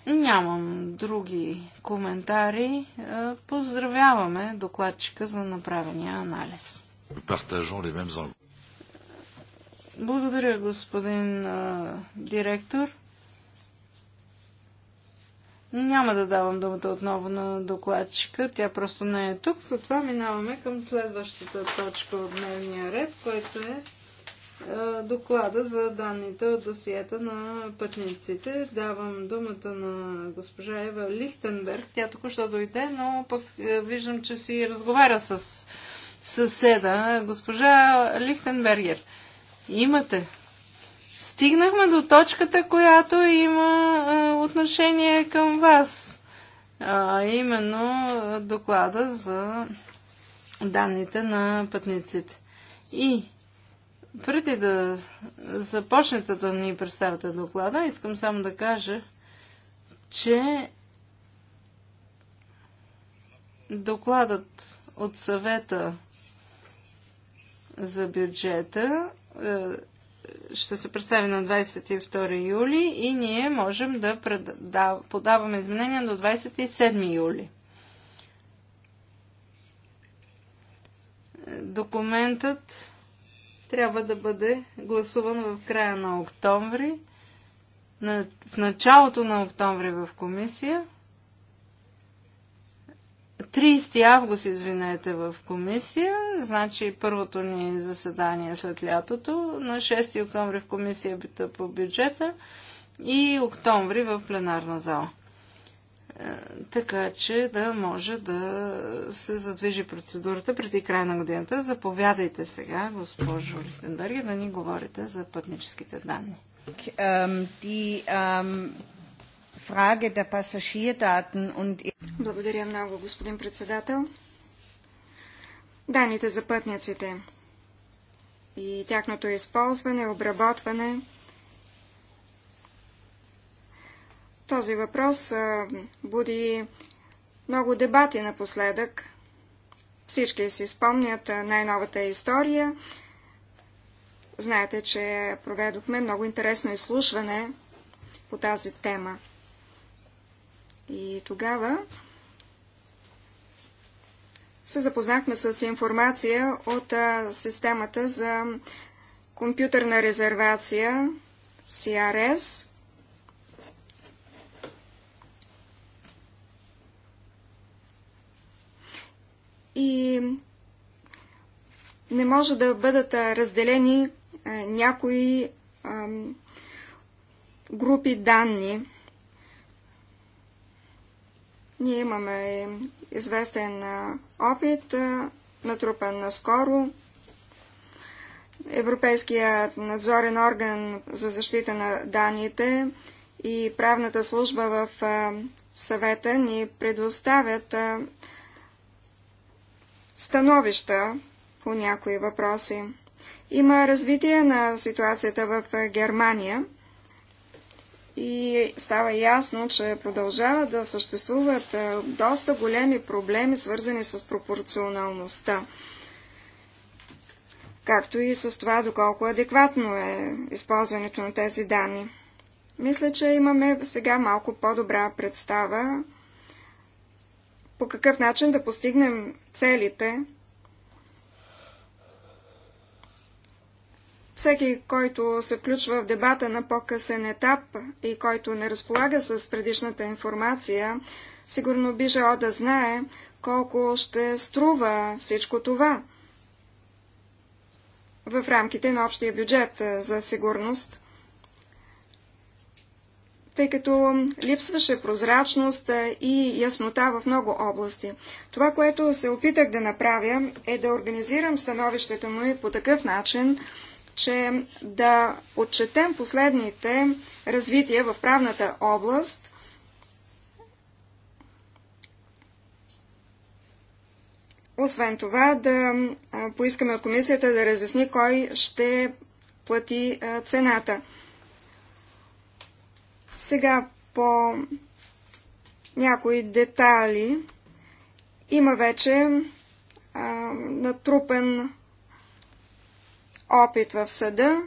Нямам други коментари. Е, поздравяваме докладчика за направения анализ. Благодаря, господин а, е, директор. Няма да давам думата отново на докладчика. Тя просто не е тук. Затова минаваме към следващата точка от дневния ред, което е е, доклада за данните от досиета на пътниците. Давам думата на госпожа Ева Лихтенберг. Тя току-що дойде, но пък е, виждам, че си разговаря с съседа. Госпожа Лихтенбергер, имате. Стигнахме до точката, която има е, отношение към вас. А, именно доклада за данните на пътниците. И преди да започнете да ни представите доклада, искам само да кажа, че докладът от съвета за бюджета е, ще се представи на 22 юли и ние можем да подаваме изменения до 27 юли. Документът трябва да бъде гласуван в края на октомври, на, в началото на октомври в комисия, 30 август, извинете, в комисия, значи първото ни заседание след лятото, на 6 октомври в комисията е по бюджета и октомври в пленарна зала. Е, така че да може да се задвижи процедурата преди края на годината. Заповядайте сега, госпожо Лихтенберги, да ни говорите за пътническите данни. Благодаря много, господин председател. Данните за пътниците и тяхното използване, обработване – Този въпрос буди много дебати напоследък. Всички си спомнят най-новата история. Знаете, че проведохме много интересно изслушване по тази тема. И тогава се запознахме с информация от системата за компютърна резервация CRS, и не може да бъдат разделени някои групи данни. Ние имаме известен опит, натрупан наскоро. Европейският надзорен орган за защита на данните и правната служба в съвета ни предоставят становища по някои въпроси. Има развитие на ситуацията в Германия и става ясно, че продължават да съществуват доста големи проблеми, свързани с пропорционалността както и с това, доколко адекватно е използването на тези данни. Мисля, че имаме сега малко по-добра представа по какъв начин да постигнем целите. Всеки, който се включва в дебата на по-късен етап и който не разполага с предишната информация, сигурно би желал да знае колко ще струва всичко това в рамките на общия бюджет за сигурност тъй като липсваше прозрачност и яснота в много области. Това, което се опитах да направя, е да организирам становището му по такъв начин, че да отчетем последните развития в правната област – Освен това, да поискаме от комисията да разясни кой ще плати цената. Сега по някои детайли има вече а, натрупен опит в съда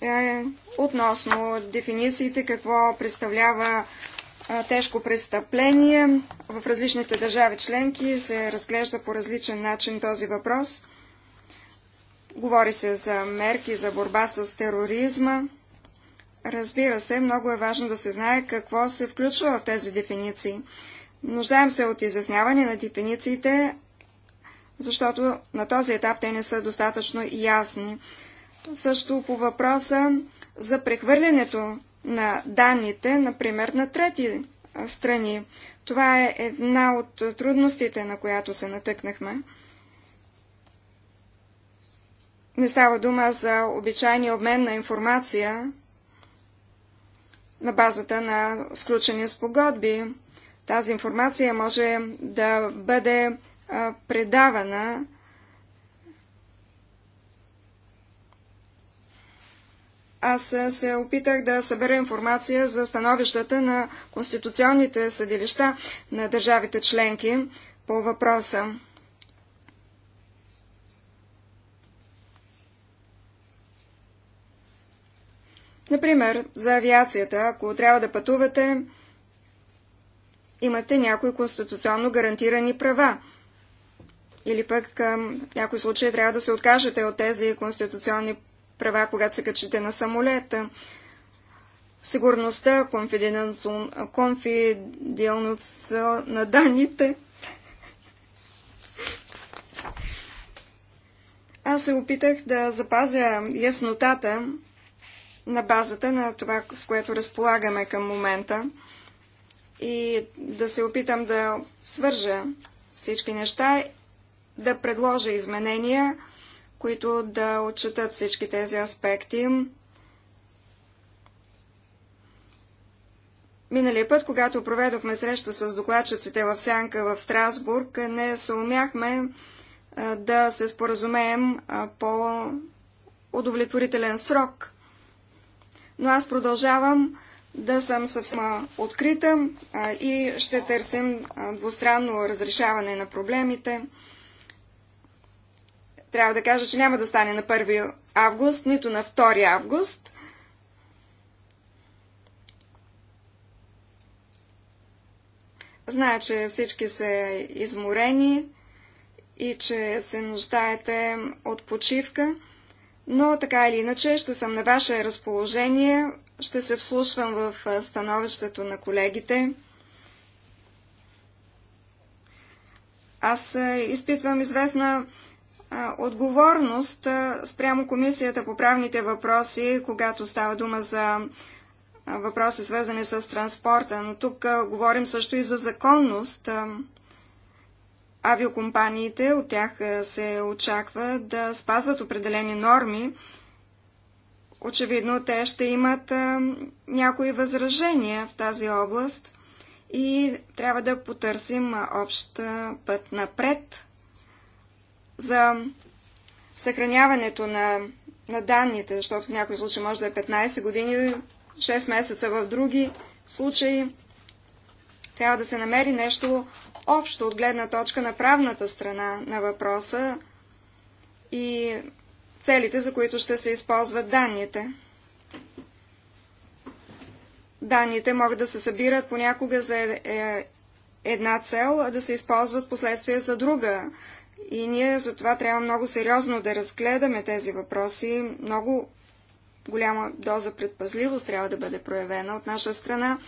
е, относно дефинициите, какво представлява а, тежко престъпление. В различните държави членки се разглежда по различен начин този въпрос. Говори се за мерки за борба с тероризма. Разбира се, много е важно да се знае какво се включва в тези дефиниции. Нуждаем се от изясняване на дефинициите, защото на този етап те не са достатъчно ясни. Също по въпроса за прехвърлянето на данните, например, на трети страни. Това е една от трудностите, на която се натъкнахме. Не става дума за обичайния обмен на информация, на базата на сключени спогодби. Тази информация може да бъде предавана Аз се опитах да събера информация за становищата на конституционните съдилища на държавите членки по въпроса. Например, за авиацията, ако трябва да пътувате, имате някои конституционно гарантирани права. Или пък към някои случаи трябва да се откажете от тези конституционни права, когато се качите на самолета. Сигурността, конфиденциалността на данните. Аз се опитах да запазя яснотата на базата на това, с което разполагаме към момента и да се опитам да свържа всички неща, да предложа изменения, които да отчитат всички тези аспекти. Миналия път, когато проведохме среща с докладчиците в Сянка в Страсбург, не съумяхме да се споразумеем по удовлетворителен срок – но аз продължавам да съм съвсем открита и ще търсим двустранно разрешаване на проблемите. Трябва да кажа, че няма да стане на 1 август, нито на 2 август. Зная, че всички са изморени и че се нуждаете от почивка но така или иначе ще съм на ваше разположение, ще се вслушвам в становището на колегите. Аз изпитвам известна а, отговорност а, спрямо Комисията по правните въпроси, когато става дума за а, въпроси свързани с транспорта, но тук говорим също и за законност авиокомпаниите, от тях е, се очаква да спазват определени норми. Очевидно, те ще имат а, е, някои възражения в тази област и трябва да потърсим е, общ път напред за съхраняването на, на данните, защото в някои случаи може да е 15 години, 6 месеца в други случаи. Трябва да се намери нещо общо от гледна точка на правната страна на въпроса и целите, за които ще се използват данните. Данните могат да се събират понякога за е, е, една цел, а да се използват последствия за друга. И ние за това трябва много сериозно да разгледаме тези въпроси. Много голяма доза предпазливост трябва да бъде проявена от наша страна.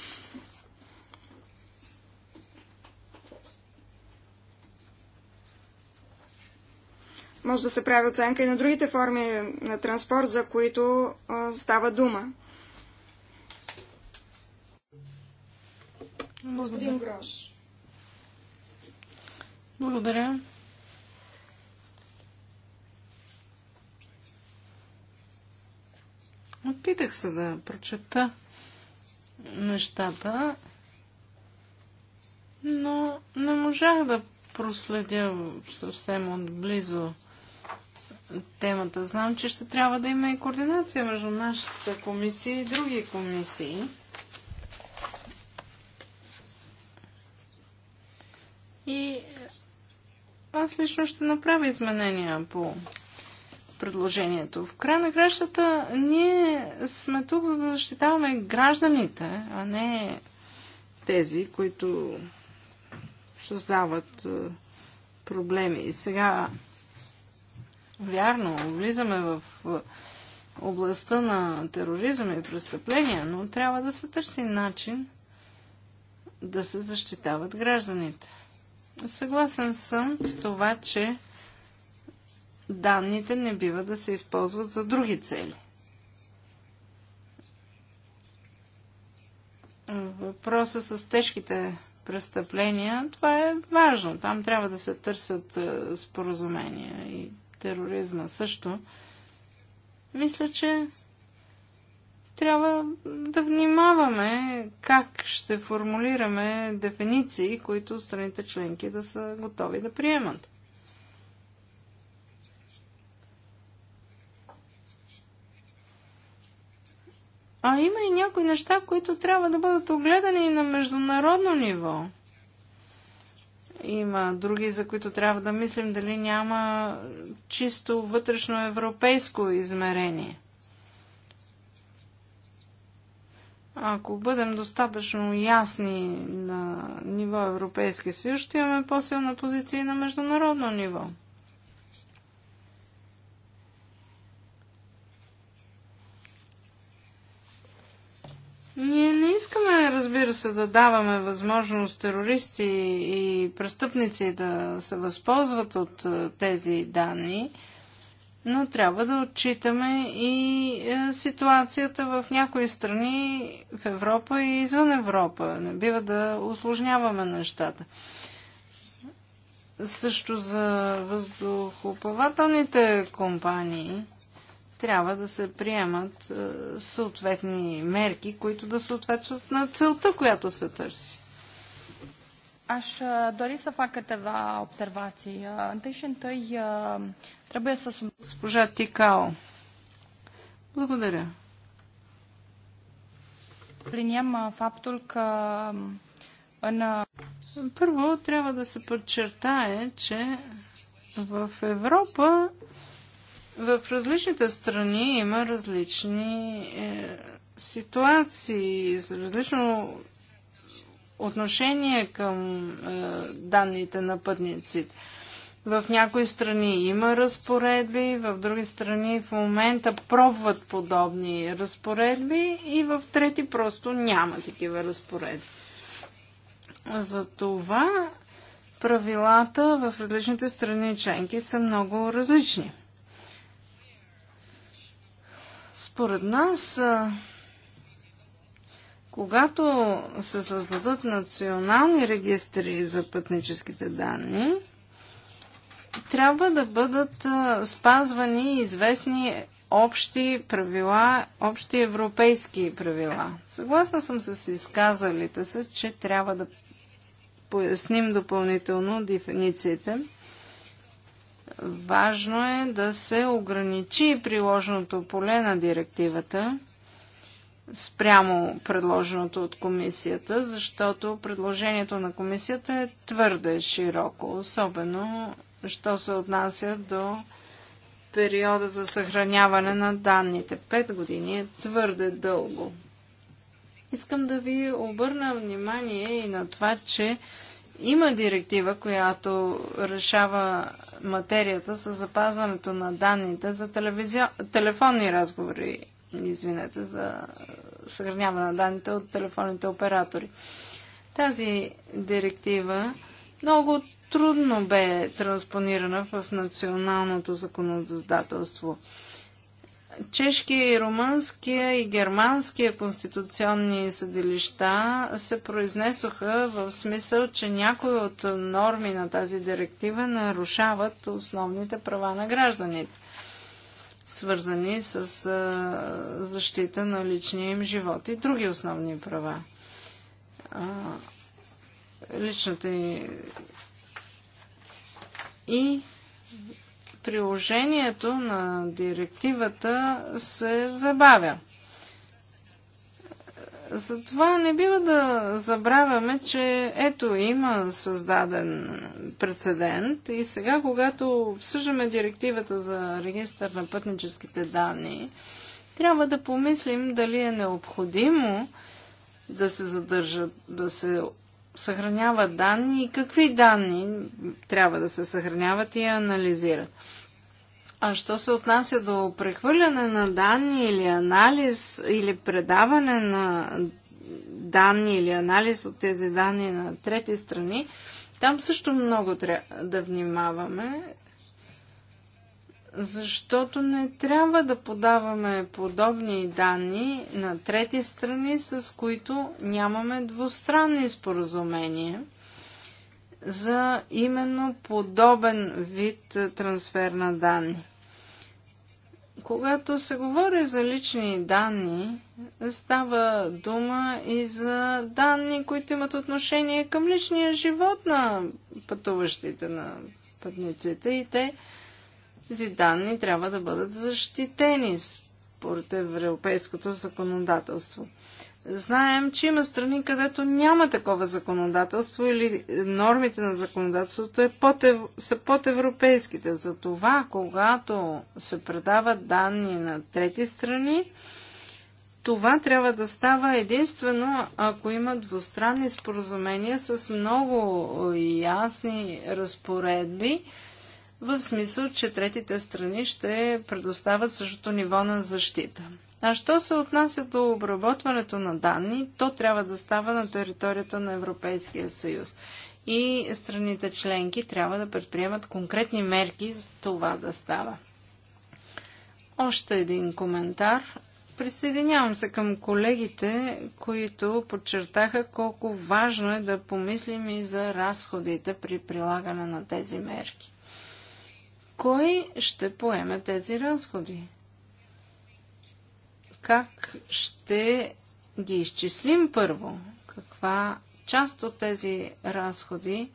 може да се прави оценка и на другите форми на транспорт, за които става дума. Господин Грош. Благодаря. Опитах се да прочета нещата, но не можах да проследя съвсем отблизо темата. Знам, че ще трябва да има и координация между нашата комисия и други комисии. И аз лично ще направя изменения по предложението. В край на кращата ние сме тук, за да защитаваме гражданите, а не тези, които създават проблеми. Сега Вярно, влизаме в областта на тероризъм и престъпления, но трябва да се търси начин да се защитават гражданите. Съгласен съм с това, че данните не бива да се използват за други цели. Въпроса с тежките престъпления, това е важно. Там трябва да се търсят е, споразумения и тероризма също, мисля, че трябва да внимаваме как ще формулираме дефиниции, които страните членки да са готови да приемат. А има и някои неща, които трябва да бъдат огледани на международно ниво. Има други, за които трябва да мислим дали няма чисто вътрешно европейско измерение. Ако бъдем достатъчно ясни на ниво Европейски съюз, ще имаме по-силна позиция и на международно ниво. Ние не искаме, разбира се, да даваме възможност терористи и престъпници да се възползват от е, тези данни, но трябва да отчитаме и е, ситуацията в някои страни в Европа и извън Европа. Не бива да осложняваме нещата. Също за въздухоплавателните компании – трябва да се приемат е, съответни мерки, които да съответстват на целта, която се търси. Aș dori е, să fac câteva observații. Е, întâi și întâi trebuie să... Госпожа Тикао. Благодаря. Pliniem faptul că în... Първо трябва да се подчертае, че в Европа в различните страни има различни е, ситуации, различно отношение към е, данните на пътниците. В някои страни има разпоредби, в други страни в момента пробват подобни разпоредби и в трети просто няма такива разпоредби. Затова правилата в различните страни членки са много различни. Според нас, когато се създадат национални регистри за пътническите данни, трябва да бъдат спазвани известни общи правила, общи европейски правила. Съгласна съм с изказалите се, че трябва да поясним допълнително дефинициите Важно е да се ограничи приложеното поле на директивата спрямо предложеното от комисията, защото предложението на комисията е твърде широко, особено що се отнася до периода за съхраняване на данните. Пет години е твърде дълго. Искам да ви обърна внимание и на това, че има директива, която решава материята с запазването на данните за телевизио... телефонни разговори, извинете, за съхраняване на данните от телефонните оператори. Тази директива много трудно бе транспонирана в националното законодателство чешкия и румънския и германския конституционни съдилища се произнесоха в смисъл, че някои от норми на тази директива нарушават основните права на гражданите, свързани с защита на личния им живот и други основни права. личната и приложението на директивата се забавя. Затова не бива да забравяме, че ето има създаден прецедент и сега, когато обсъждаме директивата за регистър на пътническите данни, трябва да помислим дали е необходимо да се задържат, да се съхранява данни и какви данни трябва да се съхраняват и анализират. А що се отнася до прехвърляне на данни или анализ или предаване на данни или анализ от тези данни на трети страни, там също много трябва да внимаваме защото не трябва да подаваме подобни данни на трети страни, с които нямаме двустранни споразумения за именно подобен вид трансфер на данни. Когато се говори за лични данни, става дума и за данни, които имат отношение към личния живот на пътуващите, на пътниците и те тези данни трябва да бъдат защитени според европейското законодателство. Знаем, че има страни, където няма такова законодателство или нормите на законодателството е под, са под европейските. Затова, когато се предават данни на трети страни, това трябва да става единствено, ако има двустранни споразумения с много ясни разпоредби, в смисъл, че третите страни ще предоставят същото ниво на защита. А що се отнася до обработването на данни, то трябва да става на територията на Европейския съюз. И страните членки трябва да предприемат конкретни мерки за това да става. Още един коментар. Присъединявам се към колегите, които подчертаха колко важно е да помислим и за разходите при прилагане на тези мерки. Кой ще поеме тези разходи? Как ще ги изчислим първо? Каква част от тези разходи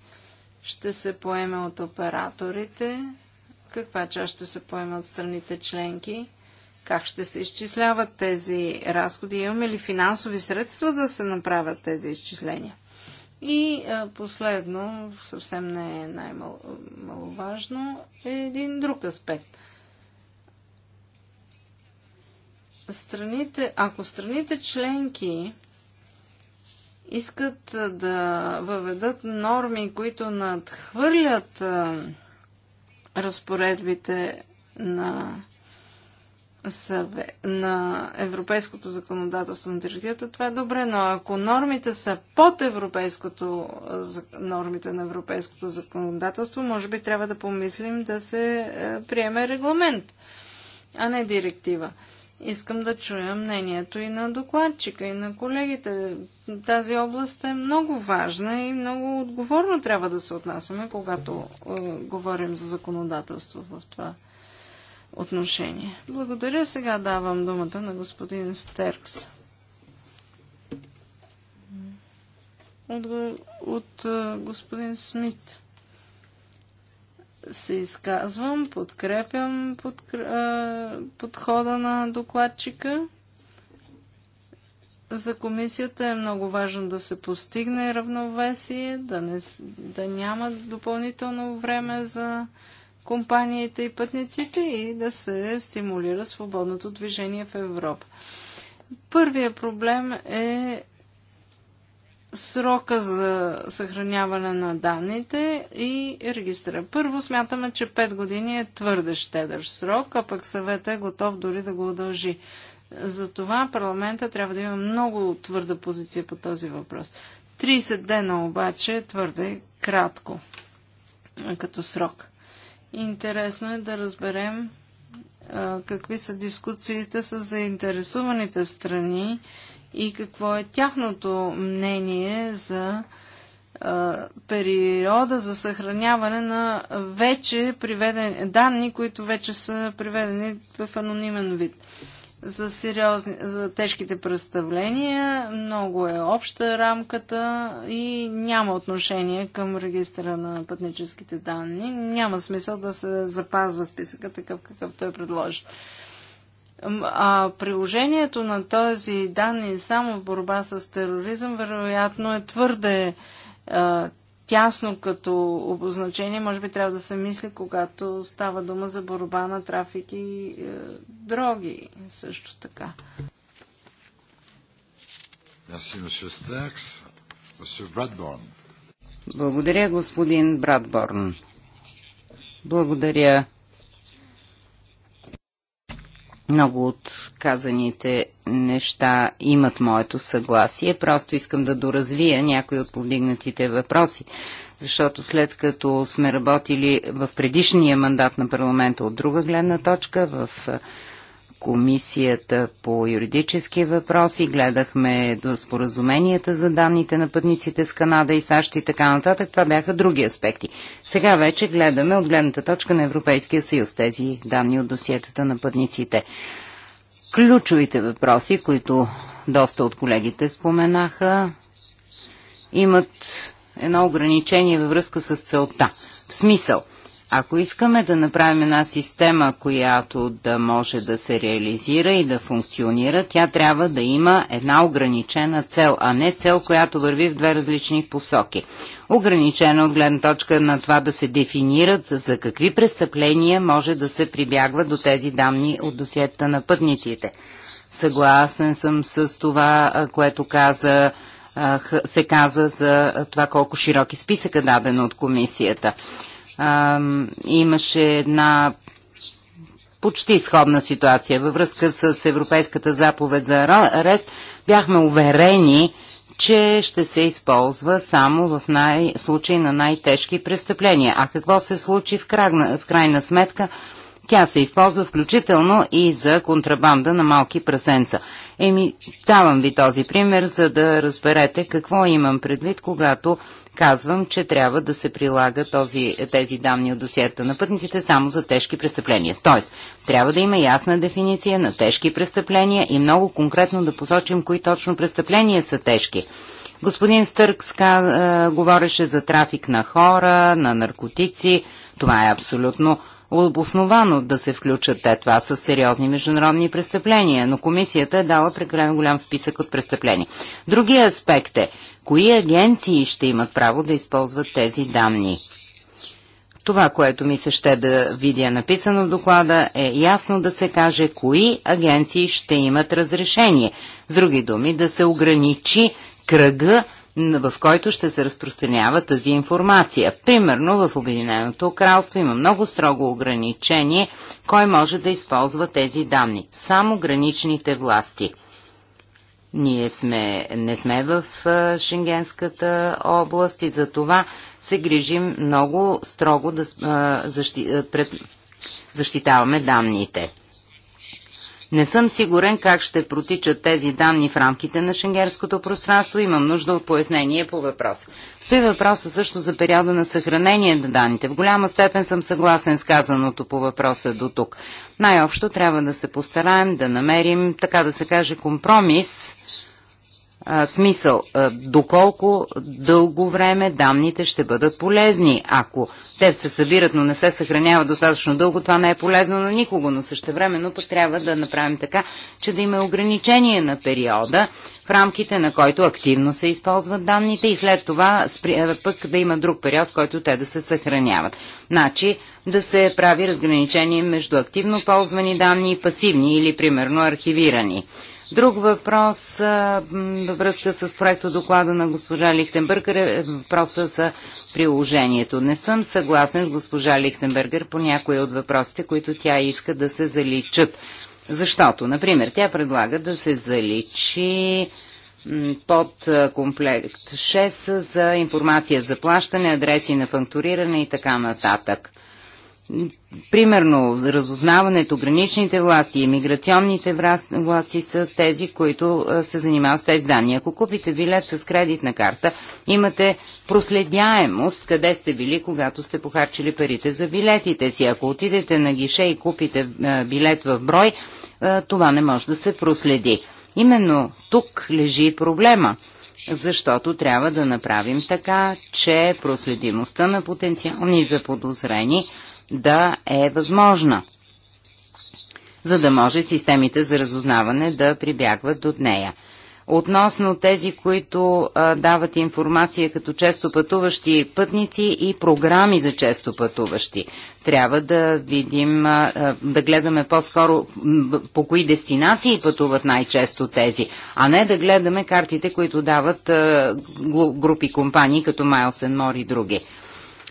ще се поеме от операторите? Каква част ще се поеме от страните членки? Как ще се изчисляват тези разходи? Имаме ли финансови средства да се направят тези изчисления? И последно, съвсем не е най-маловажно, е един друг аспект. Страните, ако страните членки искат да въведат норми, които надхвърлят разпоредбите на на европейското законодателство на директивата, това е добре, но ако нормите са под европейското, нормите на европейското законодателство, може би трябва да помислим да се приеме регламент, а не директива. Искам да чуя мнението и на докладчика, и на колегите. Тази област е много важна и много отговорно трябва да се отнасяме, когато е, говорим за законодателство в това отношение. Благодаря. Сега давам думата на господин Стеркс. От, от господин Смит се изказвам, подкрепям подкр... подхода на докладчика. За комисията е много важно да се постигне равновесие, да, не, да няма допълнително време за компаниите и пътниците и да се стимулира свободното движение в Европа. Първият проблем е срока за съхраняване на данните и регистра. Първо смятаме, че 5 години е твърде щедър срок, а пък съветът е готов дори да го удължи. Затова парламента трябва да има много твърда позиция по този въпрос. 30 дена обаче е твърде кратко като срок. Интересно е да разберем а, какви са дискусиите с заинтересуваните страни и какво е тяхното мнение за а, периода за съхраняване на вече приведени данни, които вече са приведени в анонимен вид за, сериозни, за тежките представления. Много е обща рамката и няма отношение към регистъра на пътническите данни. Няма смисъл да се запазва списъка такъв, какъв той е предложи. А приложението на този данни само в борба с тероризъм, вероятно е твърде тясно като обозначение, може би трябва да се мисли, когато става дума за борба на трафик и е, дроги също така. Благодаря, господин Брадборн. Благодаря, много от казаните неща имат моето съгласие, просто искам да доразвия някои от повдигнатите въпроси, защото след като сме работили в предишния мандат на парламента от друга гледна точка, в Комисията по юридически въпроси, гледахме до споразуменията за данните на пътниците с Канада и САЩ и така нататък. Това бяха други аспекти. Сега вече гледаме от гледната точка на Европейския съюз тези данни от досиетата на пътниците. Ключовите въпроси, които доста от колегите споменаха, имат едно ограничение във връзка с целта. В смисъл – ако искаме да направим една система, която да може да се реализира и да функционира, тя трябва да има една ограничена цел, а не цел, която върви в две различни посоки. Ограничена от гледна точка на това да се дефинират за какви престъпления може да се прибягва до тези данни от досиета на пътниците. Съгласен съм с това, което каза се каза за това колко широки е списъка дадено от комисията а, имаше една почти сходна ситуация във връзка с Европейската заповед за арест. Бяхме уверени, че ще се използва само в, най, случай на най-тежки престъпления. А какво се случи в, крайна, в крайна сметка? Тя се използва включително и за контрабанда на малки прасенца. Еми, давам ви този пример, за да разберете какво имам предвид, когато казвам, че трябва да се прилага този, тези данни от досиета на пътниците само за тежки престъпления. Тоест, трябва да има ясна дефиниция на тежки престъпления и много конкретно да посочим кои точно престъпления са тежки. Господин Стъркс ка, е, говореше за трафик на хора, на наркотици. Това е абсолютно обосновано да се включат те. Това са сериозни международни престъпления, но комисията е дала прекалено голям списък от престъпления. Другия аспект е, кои агенции ще имат право да използват тези данни? Това, което ми се ще да видя написано в доклада, е ясно да се каже кои агенции ще имат разрешение. С други думи, да се ограничи кръга в който ще се разпространява тази информация. Примерно в Обединеното кралство има много строго ограничение кой може да използва тези данни. Само граничните власти. Ние сме, не сме в Шенгенската област и за това се грижим много строго да защи, пред, защитаваме данните. Не съм сигурен как ще протичат тези данни в рамките на шенгерското пространство. Имам нужда от пояснение по въпроса. Стои въпроса също за периода на съхранение на данните. В голяма степен съм съгласен с казаното по въпроса до тук. Най-общо трябва да се постараем да намерим, така да се каже, компромис в смисъл, доколко дълго време данните ще бъдат полезни. Ако те се събират, но не се съхраняват достатъчно дълго, това не е полезно на никого, но същевременно пък трябва да направим така, че да има ограничение на периода, в рамките на който активно се използват данните и след това пък да има друг период, в който те да се съхраняват. Значи да се прави разграничение между активно ползвани данни и пасивни или примерно архивирани. Друг въпрос във връзка с проекта доклада на госпожа Лихтенбъргер е въпроса за приложението. Не съм съгласен с госпожа Лихтенбъргер по някои от въпросите, които тя иска да се заличат. Защото, например, тя предлага да се заличи под комплект 6 за информация за плащане, адреси на фактуриране и така нататък. Примерно, разузнаването, граничните власти, миграционните власти са тези, които се занимават с тези данни. Ако купите билет с кредитна карта, имате проследяемост къде сте били, когато сте похарчили парите за билетите си. Ако отидете на гише и купите билет в брой, това не може да се проследи. Именно тук лежи проблема защото трябва да направим така, че проследимостта на потенциални заподозрени да е възможна, за да може системите за разузнаване да прибягват до нея. Относно тези, които а, дават информация като често пътуващи пътници и програми за често пътуващи, трябва да видим, а, да гледаме по-скоро по кои дестинации пътуват най-често тези, а не да гледаме картите, които дават а, групи компании като Майлсен Мор и други.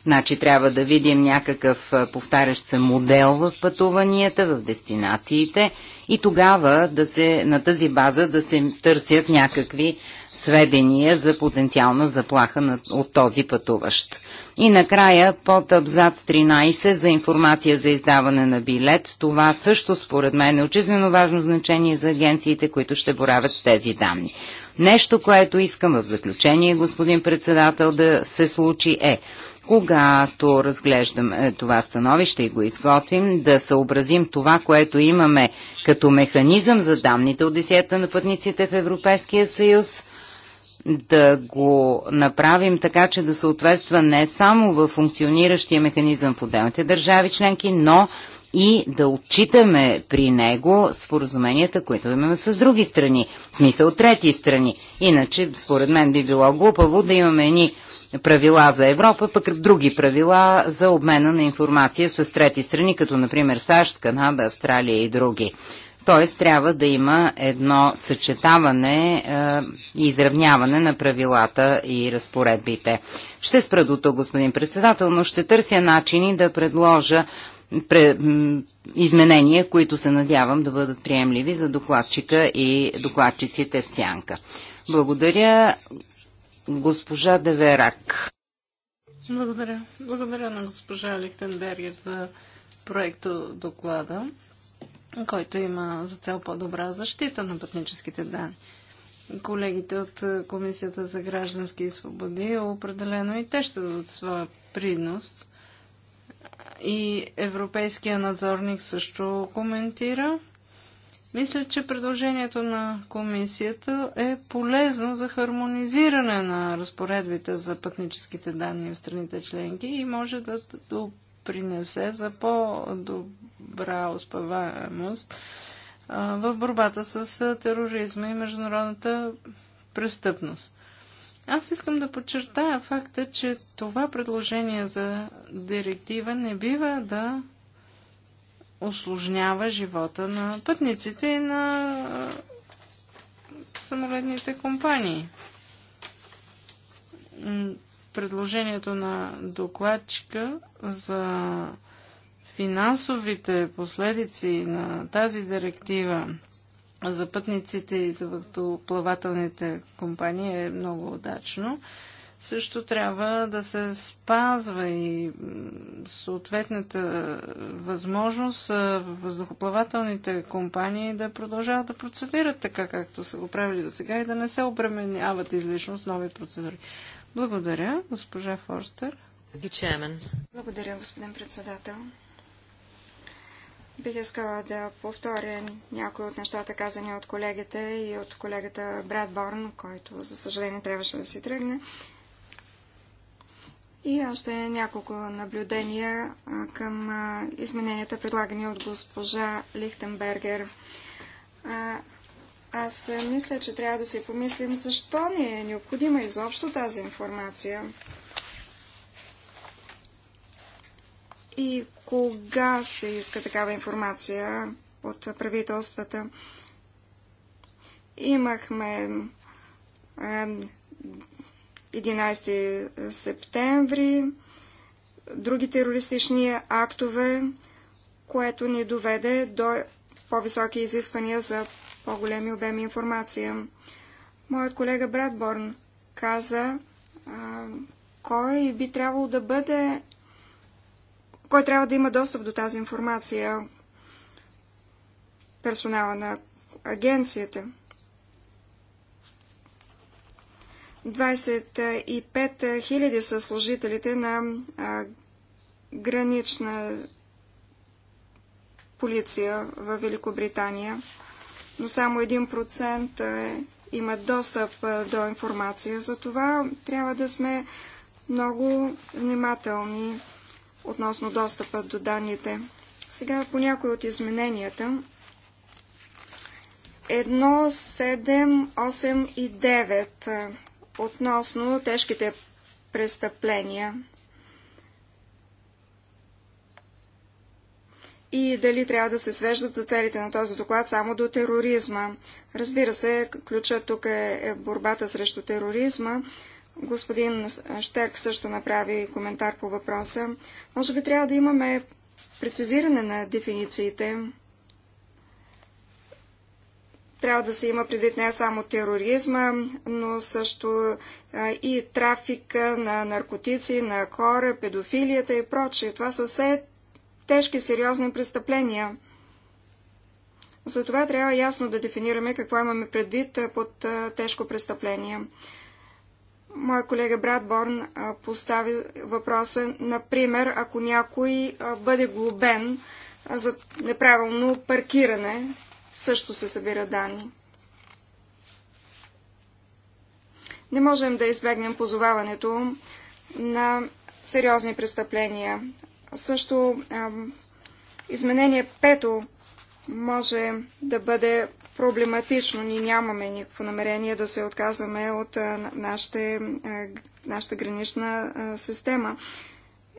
Значи трябва да видим някакъв повтарящ се модел в пътуванията, в дестинациите и тогава да се, на тази база да се търсят някакви сведения за потенциална заплаха на, от този пътуващ. И накрая под абзац 13 за информация за издаване на билет. Това също според мен е очизнено важно значение за агенциите, които ще боравят с тези данни. Нещо, което искам в заключение, господин председател, да се случи е когато разглеждаме това становище и го изготвим, да съобразим това, което имаме като механизъм за данните от десията на пътниците в Европейския съюз, да го направим така, че да съответства не само в функциониращия механизъм в отделните държави членки, но и да отчитаме при него споразуменията, които имаме с други страни, в смисъл трети страни. Иначе, според мен, би било глупаво да имаме едни правила за Европа, пък други правила за обмена на информация с трети страни, като например САЩ, Канада, Австралия и други. Т.е. трябва да има едно съчетаване е, и е, изравняване на правилата и разпоредбите. Ще спра до тук, господин председател, но ще търся начини да предложа изменения, които се надявам да бъдат приемливи за докладчика и докладчиците в сянка. Благодаря госпожа Деверак. Благодаря. Благодаря на госпожа Лихтенбергер за проекто доклада, който има за цел по-добра защита на пътническите данни. Колегите от Комисията за граждански свободи определено и те ще дадат своя принос и Европейския надзорник също коментира. Мисля, че предложението на комисията е полезно за хармонизиране на разпоредбите за пътническите данни в страните членки и може да допринесе за по-добра успеваемост в борбата с тероризма и международната престъпност. Аз искам да подчертая факта, че това предложение за директива не бива да осложнява живота на пътниците и на самолетните компании. Предложението на докладчика за финансовите последици на тази директива за пътниците и за въртоплавателните компании е много удачно. Също трябва да се спазва и съответната възможност въздухоплавателните компании да продължават да процедират така, както са го правили до сега и да не се обременяват излишно с нови процедури. Благодаря, госпожа Форстер. Благодаря, господин председател. Бих искала да повторя някои от нещата, казани от колегите и от колегата Брат Борн, който, за съжаление, трябваше да си тръгне. И още няколко наблюдения към измененията, предлагани от госпожа Лихтенбергер. Аз мисля, че трябва да си помислим защо ни е необходима изобщо тази информация. И кога се иска такава информация от правителствата. Имахме 11 септември, други терористични актове, което ни доведе до по-високи изисквания за по-големи обеми информация. Моят колега Братборн каза, а, кой би трябвало да бъде кой трябва да има достъп до тази информация? Персонала на агенцията. 25 000 са служителите на а, гранична полиция в Великобритания, но само 1% е, имат достъп а, до информация. Затова трябва да сме много внимателни относно достъпа до данните. Сега по някои от измененията. 1, 7, 8 и 9 относно тежките престъпления. И дали трябва да се свеждат за целите на този доклад само до тероризма. Разбира се, ключът тук е, е борбата срещу тероризма, Господин Штерк също направи коментар по въпроса. Може би трябва да имаме прецизиране на дефинициите. Трябва да се има предвид не само тероризма, но също и трафика на наркотици, на хора, педофилията и прочие. Това са все тежки, сериозни престъпления. Затова трябва ясно да дефинираме какво имаме предвид под тежко престъпление. Моя колега Брат Борн постави въпроса, например, ако някой бъде глобен за неправилно паркиране, също се събира данни. Не можем да избегнем позоваването на сериозни престъпления. Също изменение пето може да бъде проблематично. Ние нямаме никакво намерение да се отказваме от нашите, нашата гранична система.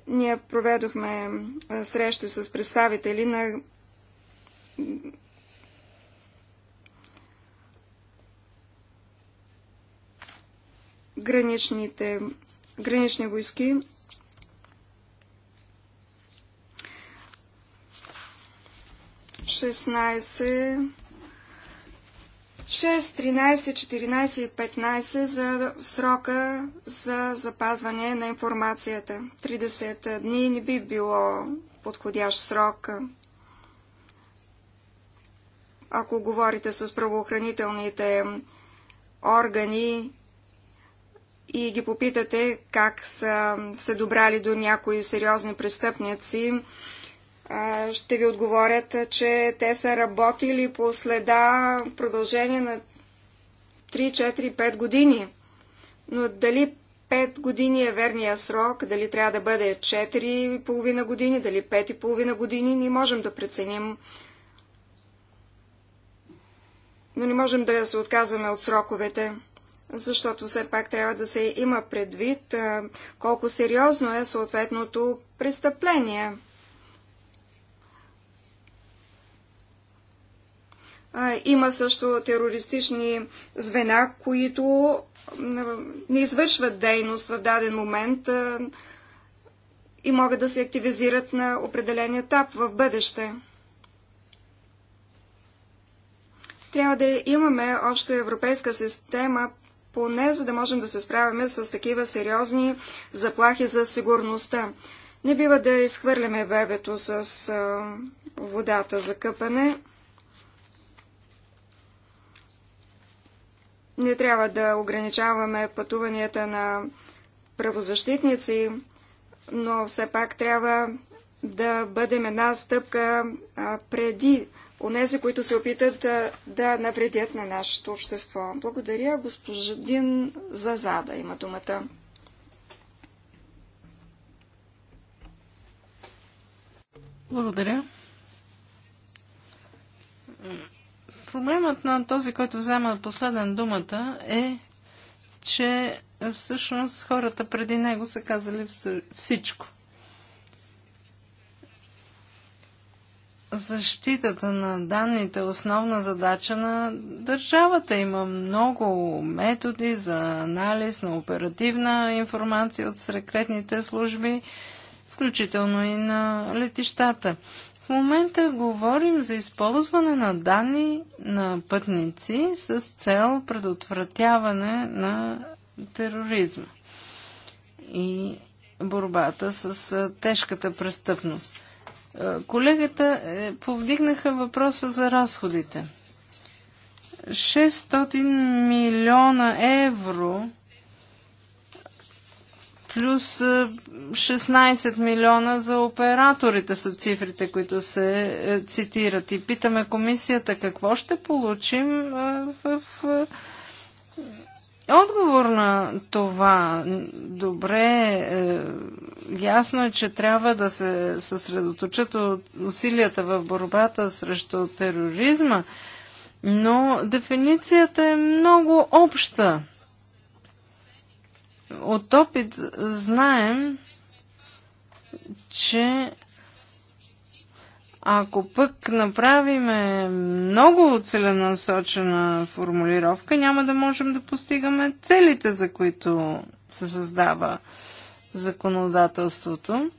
Ние проведохме срещи с представители на граничните, гранични войски. Шестнайсет 16 6, 13, 14 и 15 за срока за запазване на информацията. 30 дни не би било подходящ срок. Ако говорите с правоохранителните органи и ги попитате как са се добрали до някои сериозни престъпници, ще ви отговорят, че те са работили по следа в продължение на 3, 4, 5 години. Но дали 5 години е верния срок, дали трябва да бъде 4,5 години, дали 5,5 години, ние можем да преценим. Но не можем да се отказваме от сроковете, защото все пак трябва да се има предвид колко сериозно е съответното престъпление – Има също терористични звена, които не извършват дейност в даден момент и могат да се активизират на определен етап в бъдеще. Трябва да имаме общо европейска система поне за да можем да се справяме с такива сериозни заплахи за сигурността. Не бива да изхвърляме бебето с водата за къпане. Не трябва да ограничаваме пътуванията на правозащитници, но все пак трябва да бъдем една стъпка преди онези, които се опитат да навредят на нашето общество. Благодаря. Господин Зазада има думата. Благодаря. Проблемът на този, който взема последен думата е, че всъщност хората преди него са казали всичко. защитата на данните е основна задача на държавата. Има много методи за анализ на оперативна информация от секретните служби, включително и на летищата. В момента говорим за използване на данни на пътници с цел предотвратяване на тероризма и борбата с тежката престъпност. Колегата е, повдигнаха въпроса за разходите. 600 милиона евро плюс 16 е, милиона за операторите са цифрите, които се е, цитират. И питаме комисията какво ще получим е, в Отговор на това, добре, ясно е, че трябва да се съсредоточат усилията в борбата срещу тероризма, но дефиницията е много обща. От опит знаем, че ако пък направиме много целенасочена формулировка, няма да можем да постигаме целите, за които се създава законодателството.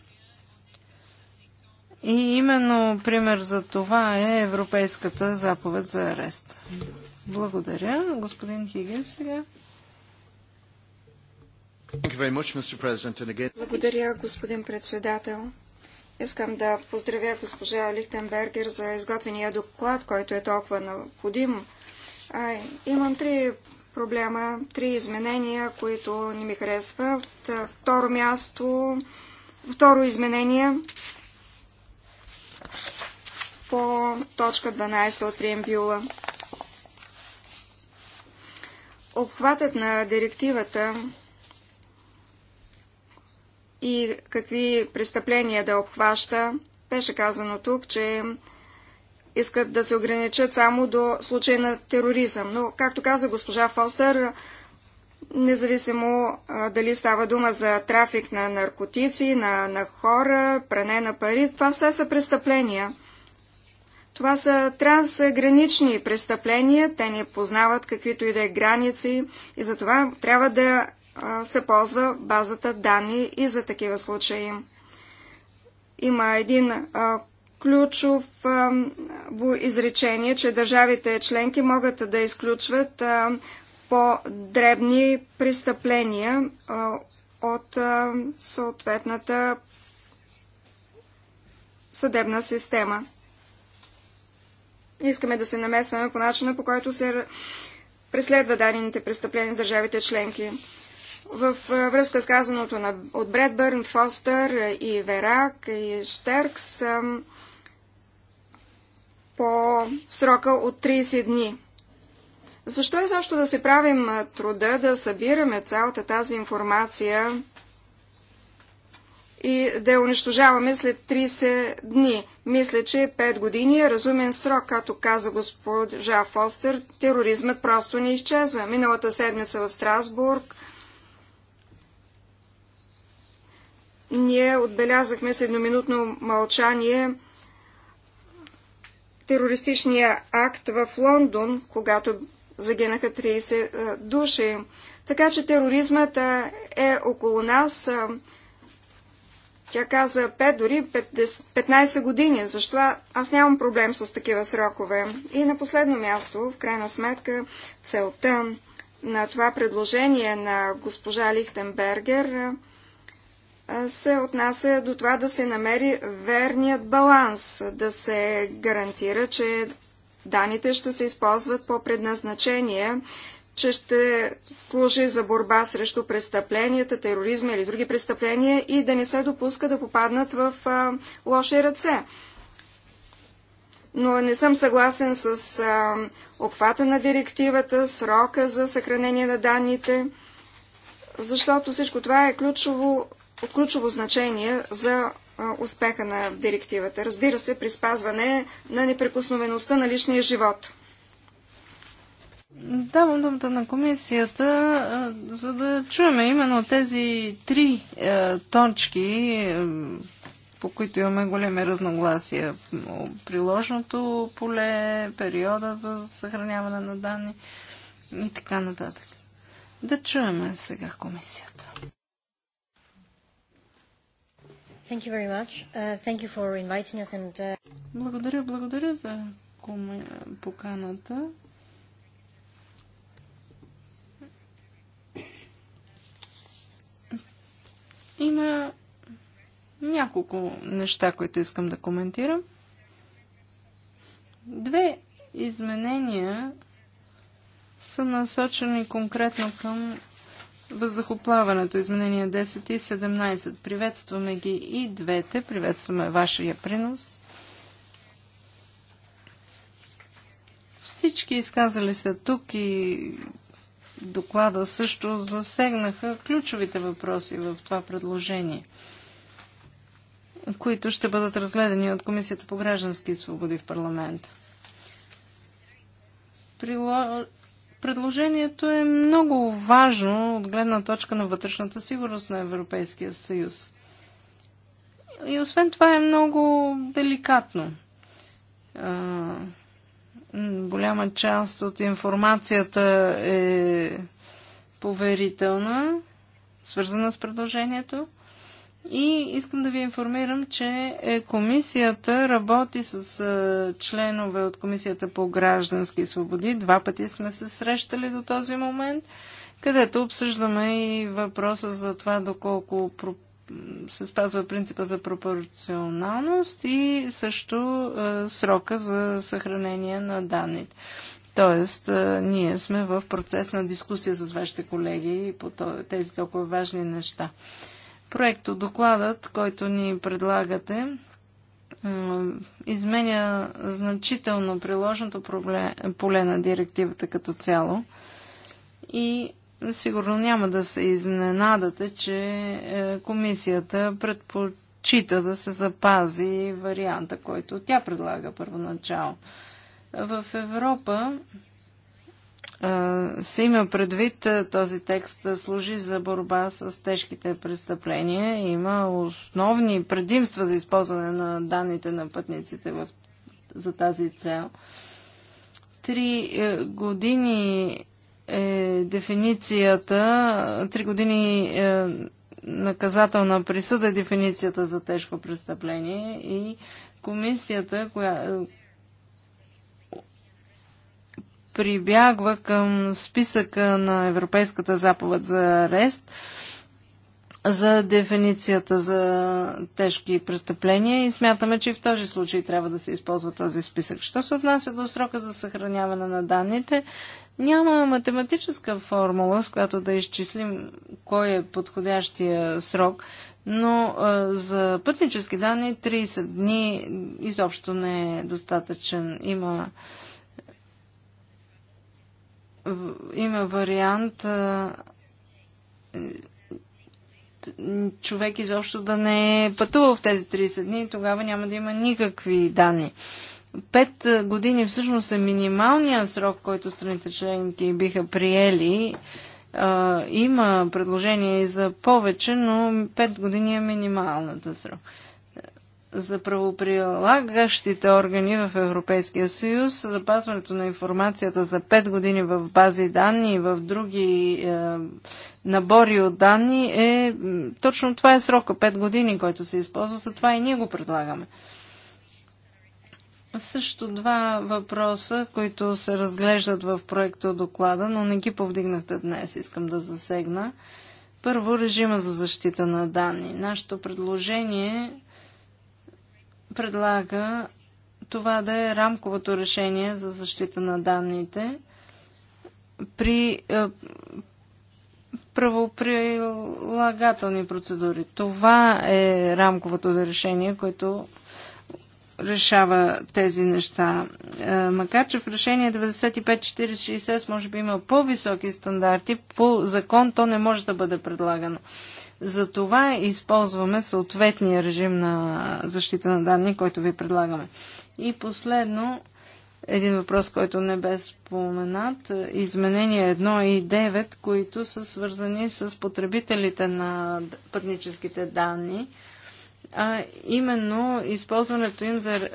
И именно пример за това е Европейската заповед за арест. Благодаря. Господин Хигин сега. Благодаря, господин председател. Искам да поздравя госпожа Лихтенбергер за изготвения доклад, който е толкова необходим. имам три проблема, три изменения, които не ми харесват. Второ място, второ изменение по точка 12 от преембюла. Обхватът на директивата и какви престъпления да обхваща. Беше казано тук, че искат да се ограничат само до случай на тероризъм. Но, както каза госпожа Фостер, независимо а, дали става дума за трафик на наркотици, на, на хора, пране на пари, това все са престъпления. Това са трансгранични престъпления, те не познават каквито и да е граници и затова трябва да се ползва базата данни и за такива случаи. Има един ключов изречение, че държавите членки могат да изключват по-дребни престъпления от съответната съдебна система. Искаме да се намесваме по начина, по който се преследва дадените престъпления в държавите членки. В връзка с казаното на, от Бредбърн, Фостър и Верак и Штеркс по срока от 30 дни. Защо изобщо да се правим труда да събираме цялата тази информация и да я унищожаваме след 30 дни? Мисля, че 5 е години е разумен срок, като каза госпожа Фостер. Тероризмът просто не изчезва. Миналата седмица в Страсбург – ние отбелязахме с едноминутно мълчание терористичния акт в Лондон, когато загинаха 30 души. Така че тероризмът е около нас. Тя каза 5, дори 15 години. Защо аз нямам проблем с такива срокове. И на последно място, в крайна сметка, целта на това предложение на госпожа Лихтенбергер – се отнася до това да се намери верният баланс, да се гарантира, че данните ще се използват по предназначение, че ще служи за борба срещу престъпленията, тероризма или други престъпления и да не се допуска да попаднат в а, лоши ръце. Но не съм съгласен с а, обхвата на директивата, срока за съхранение на данните, защото всичко това е ключово от ключово значение за успеха на директивата. Разбира се, при спазване на неприкосновеността на личния живот. Давам думата на комисията, за да чуем именно тези три е, точки, е, по които имаме големи разногласия. Приложното поле, периода за съхраняване на данни и така нататък. Да чуем сега комисията. And... Благодаря, благодаря за поканата. Има няколко неща, които искам да коментирам. Две изменения са насочени конкретно към въздухоплаването, изменения 10 и 17. Приветстваме ги и двете. Приветстваме вашия принос. Всички изказали се тук и доклада също засегнаха ключовите въпроси в това предложение, които ще бъдат разгледани от Комисията по граждански свободи в парламента. Предложението е много важно от гледна точка на вътрешната сигурност на Европейския съюз. И освен това е много деликатно. А, голяма част от информацията е поверителна, свързана с предложението. И искам да ви информирам, че е комисията работи с е, членове от Комисията по граждански свободи. Два пъти сме се срещали до този момент, където обсъждаме и въпроса за това доколко се спазва принципа за пропорционалност и също е, срока за съхранение на данните. Тоест, ние сме в процес на дискусия с вашите колеги по тези толкова важни неща. Проекто докладът, който ни предлагате, изменя значително приложното поле на директивата като цяло и сигурно няма да се изненадате, че е, комисията предпочита да се запази варианта, който тя предлага първоначално. В Европа се има предвид този текст да служи за борба с тежките престъпления. Има основни предимства за използване на данните на пътниците в, за тази цел. Три е, години е дефиницията, три години е, наказателна присъда е дефиницията за тежко престъпление и комисията, коя, прибягва към списъка на Европейската заповед за арест за дефиницията за тежки престъпления и смятаме, че и в този случай трябва да се използва този списък. Що се отнася до срока за съхраняване на данните, няма математическа формула, с която да изчислим кой е подходящия срок, но а, за пътнически данни 30 дни изобщо не е достатъчен. Има има вариант човек изобщо да не е пътувал в тези 30 дни, тогава няма да има никакви данни. Пет години всъщност е минималният срок, който страните членки биха приели. Има предложение и за повече, но пет години е минималната срок за правоприлагащите органи в Европейския съюз, запазването на информацията за 5 години в бази данни и в други е, набори от данни е точно това е срока 5 години, който се използва, за това и ние го предлагаме. Също два въпроса, които се разглеждат в проекта доклада, но не ги повдигнахте днес, искам да засегна. Първо, режима за защита на данни. Нашето предложение предлага това да е рамковото решение за защита на данните при е, правоприлагателни процедури. Това е рамковото решение, което решава тези неща. Е, макар, че в решение 95460 може би има по-високи стандарти, по закон то не може да бъде предлагано. За това използваме съответния режим на защита на данни, който ви предлагаме. И последно, един въпрос, който не бе споменат. Изменения 1 и 9, които са свързани с потребителите на пътническите данни, а именно използването им за е,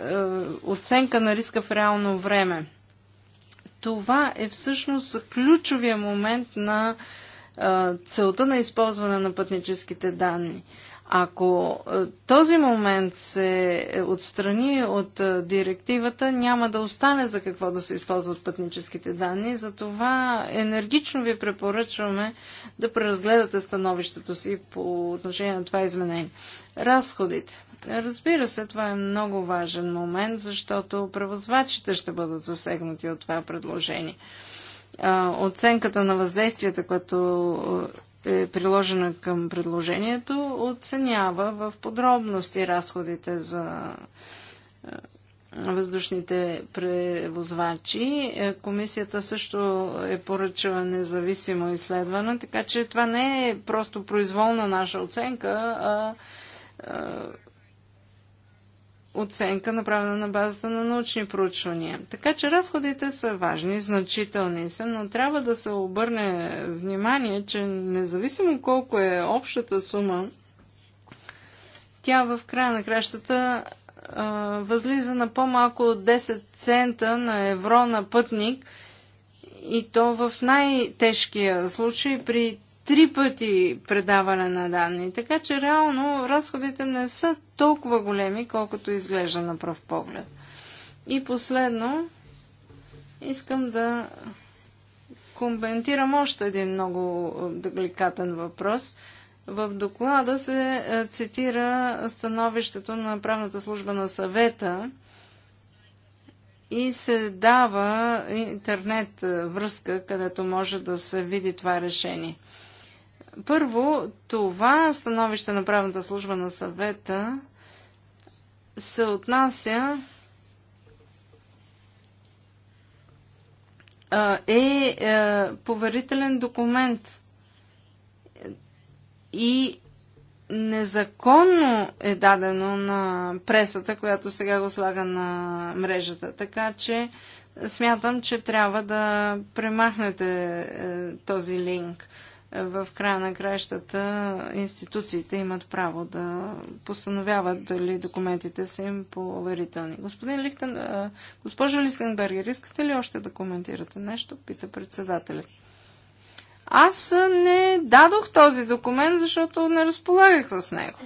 оценка на риска в реално време. Това е всъщност ключовия момент на целта на използване на пътническите данни. Ако този момент се отстрани от директивата, няма да остане за какво да се използват пътническите данни. Затова енергично ви препоръчваме да преразгледате становището си по отношение на това изменение. Разходите. Разбира се, това е много важен момент, защото превозвачите ще бъдат засегнати от това предложение оценката на въздействията, което е, е приложена към предложението, оценява в подробности разходите за е, въздушните превозвачи. Е, комисията също е поръчала независимо изследване, така че това не е просто произволна наша оценка, а оценка, направена на базата на научни проучвания. Така че разходите са важни, значителни са, но трябва да се обърне внимание, че независимо колко е общата сума, тя в края на кращата а, възлиза на по-малко от 10 цента на евро на пътник и то в най-тежкия случай при три пъти предаване на данни. Така че реално разходите не са толкова големи, колкото изглежда на пръв поглед. И последно, искам да коментирам още един много деликатен въпрос. В доклада се цитира становището на правната служба на съвета и се дава интернет връзка, където може да се види това решение. Първо, това становище на правната служба на съвета се отнася е, е, поверителен документ и незаконно е дадено на пресата, която сега го слага на мрежата. Така че смятам, че трябва да премахнете е, този линк в края на кращата институциите имат право да постановяват дали документите са им поверителни. Господин Лихтен, госпожо Лихтенбергер, искате ли още да коментирате нещо? Пита председателят. Аз не дадох този документ, защото не разполагах с него.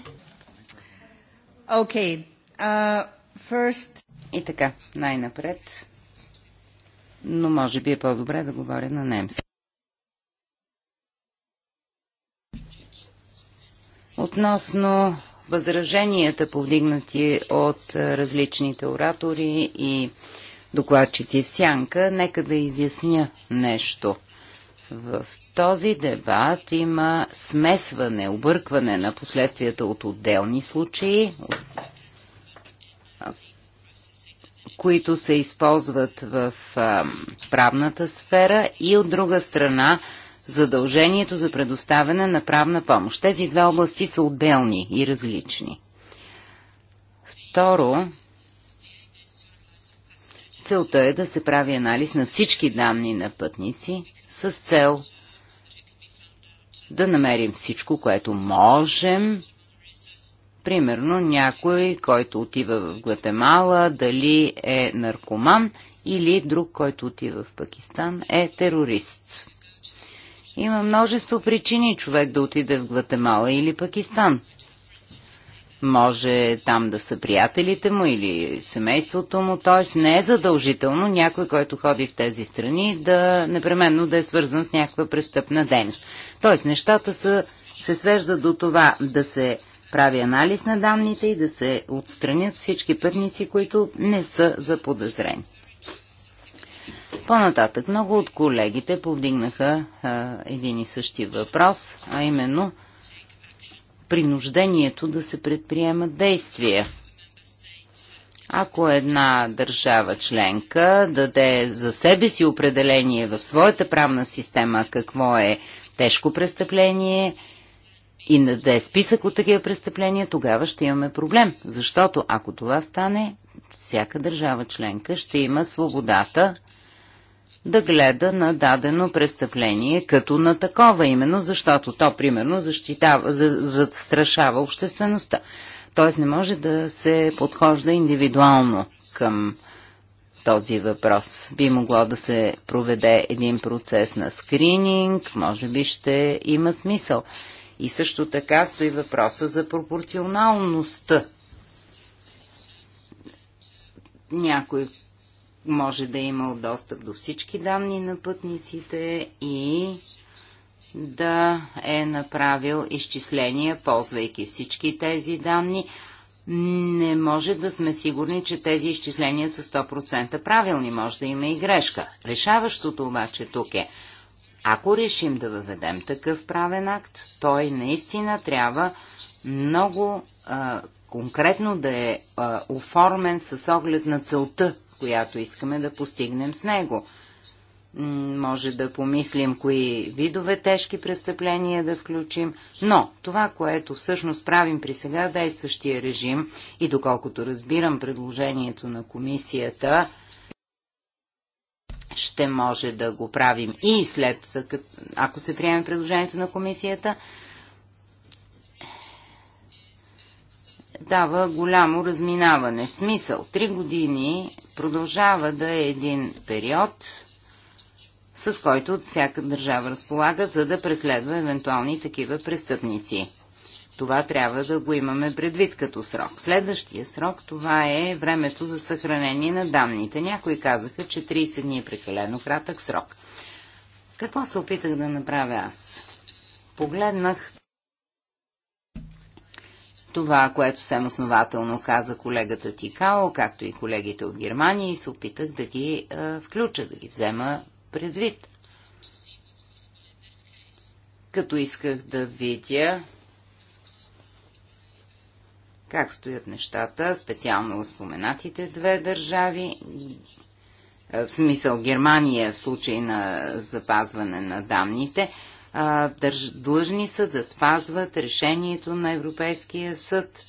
Окей. Okay. Uh, first... И така, най-напред. Но може би е по-добре да говоря на немски. Относно възраженията, повдигнати от различните оратори и докладчици в сянка, нека да изясня нещо. В този дебат има смесване, объркване на последствията от отделни случаи, които се използват в правната сфера и от друга страна задължението за предоставяне на правна помощ. Тези две области са отделни и различни. Второ, целта е да се прави анализ на всички данни на пътници с цел да намерим всичко, което можем. Примерно някой, който отива в Гватемала, дали е наркоман или друг, който отива в Пакистан, е терорист. Има множество причини човек да отиде в Гватемала или Пакистан. Може там да са приятелите му или семейството му, т.е. не е задължително някой, който ходи в тези страни, да непременно да е свързан с някаква престъпна дейност. Т.е. нещата са, се свеждат до това да се прави анализ на данните и да се отстранят всички пътници, които не са заподозрени. По-нататък много от колегите повдигнаха а, един и същи въпрос, а именно принуждението да се предприемат действия. Ако една държава членка даде за себе си определение в своята правна система какво е тежко престъпление и даде списък от такива престъпления, тогава ще имаме проблем. Защото ако това стане, всяка държава членка ще има свободата да гледа на дадено престъпление като на такова, именно защото то, примерно, защитава, за, застрашава обществеността. Т.е. не може да се подхожда индивидуално към този въпрос. Би могло да се проведе един процес на скрининг, може би ще има смисъл. И също така стои въпроса за пропорционалността. Някой може да е имал достъп до всички данни на пътниците и да е направил изчисления, ползвайки всички тези данни. Не може да сме сигурни, че тези изчисления са 100% правилни. Може да има и грешка. Решаващото обаче тук е, ако решим да въведем такъв правен акт, той наистина трябва много а, конкретно да е а, оформен с оглед на целта която искаме да постигнем с него. Може да помислим кои видове тежки престъпления да включим, но това, което всъщност правим при сега действащия режим и доколкото разбирам предложението на комисията, ще може да го правим и след, ако се приеме предложението на комисията, дава голямо разминаване. В смисъл, три години продължава да е един период, с който всяка държава разполага, за да преследва евентуални такива престъпници. Това трябва да го имаме предвид като срок. Следващия срок това е времето за съхранение на данните. Някои казаха, че 30 дни е прекалено кратък срок. Какво се опитах да направя аз? Погледнах това, което съм основателно каза колегата Тикао, както и колегите от Германия, и се опитах да ги а, включа, да ги взема предвид. Като исках да видя как стоят нещата, специално споменатите две държави, в смисъл Германия в случай на запазване на данните, държ, длъжни са да спазват решението на Европейския съд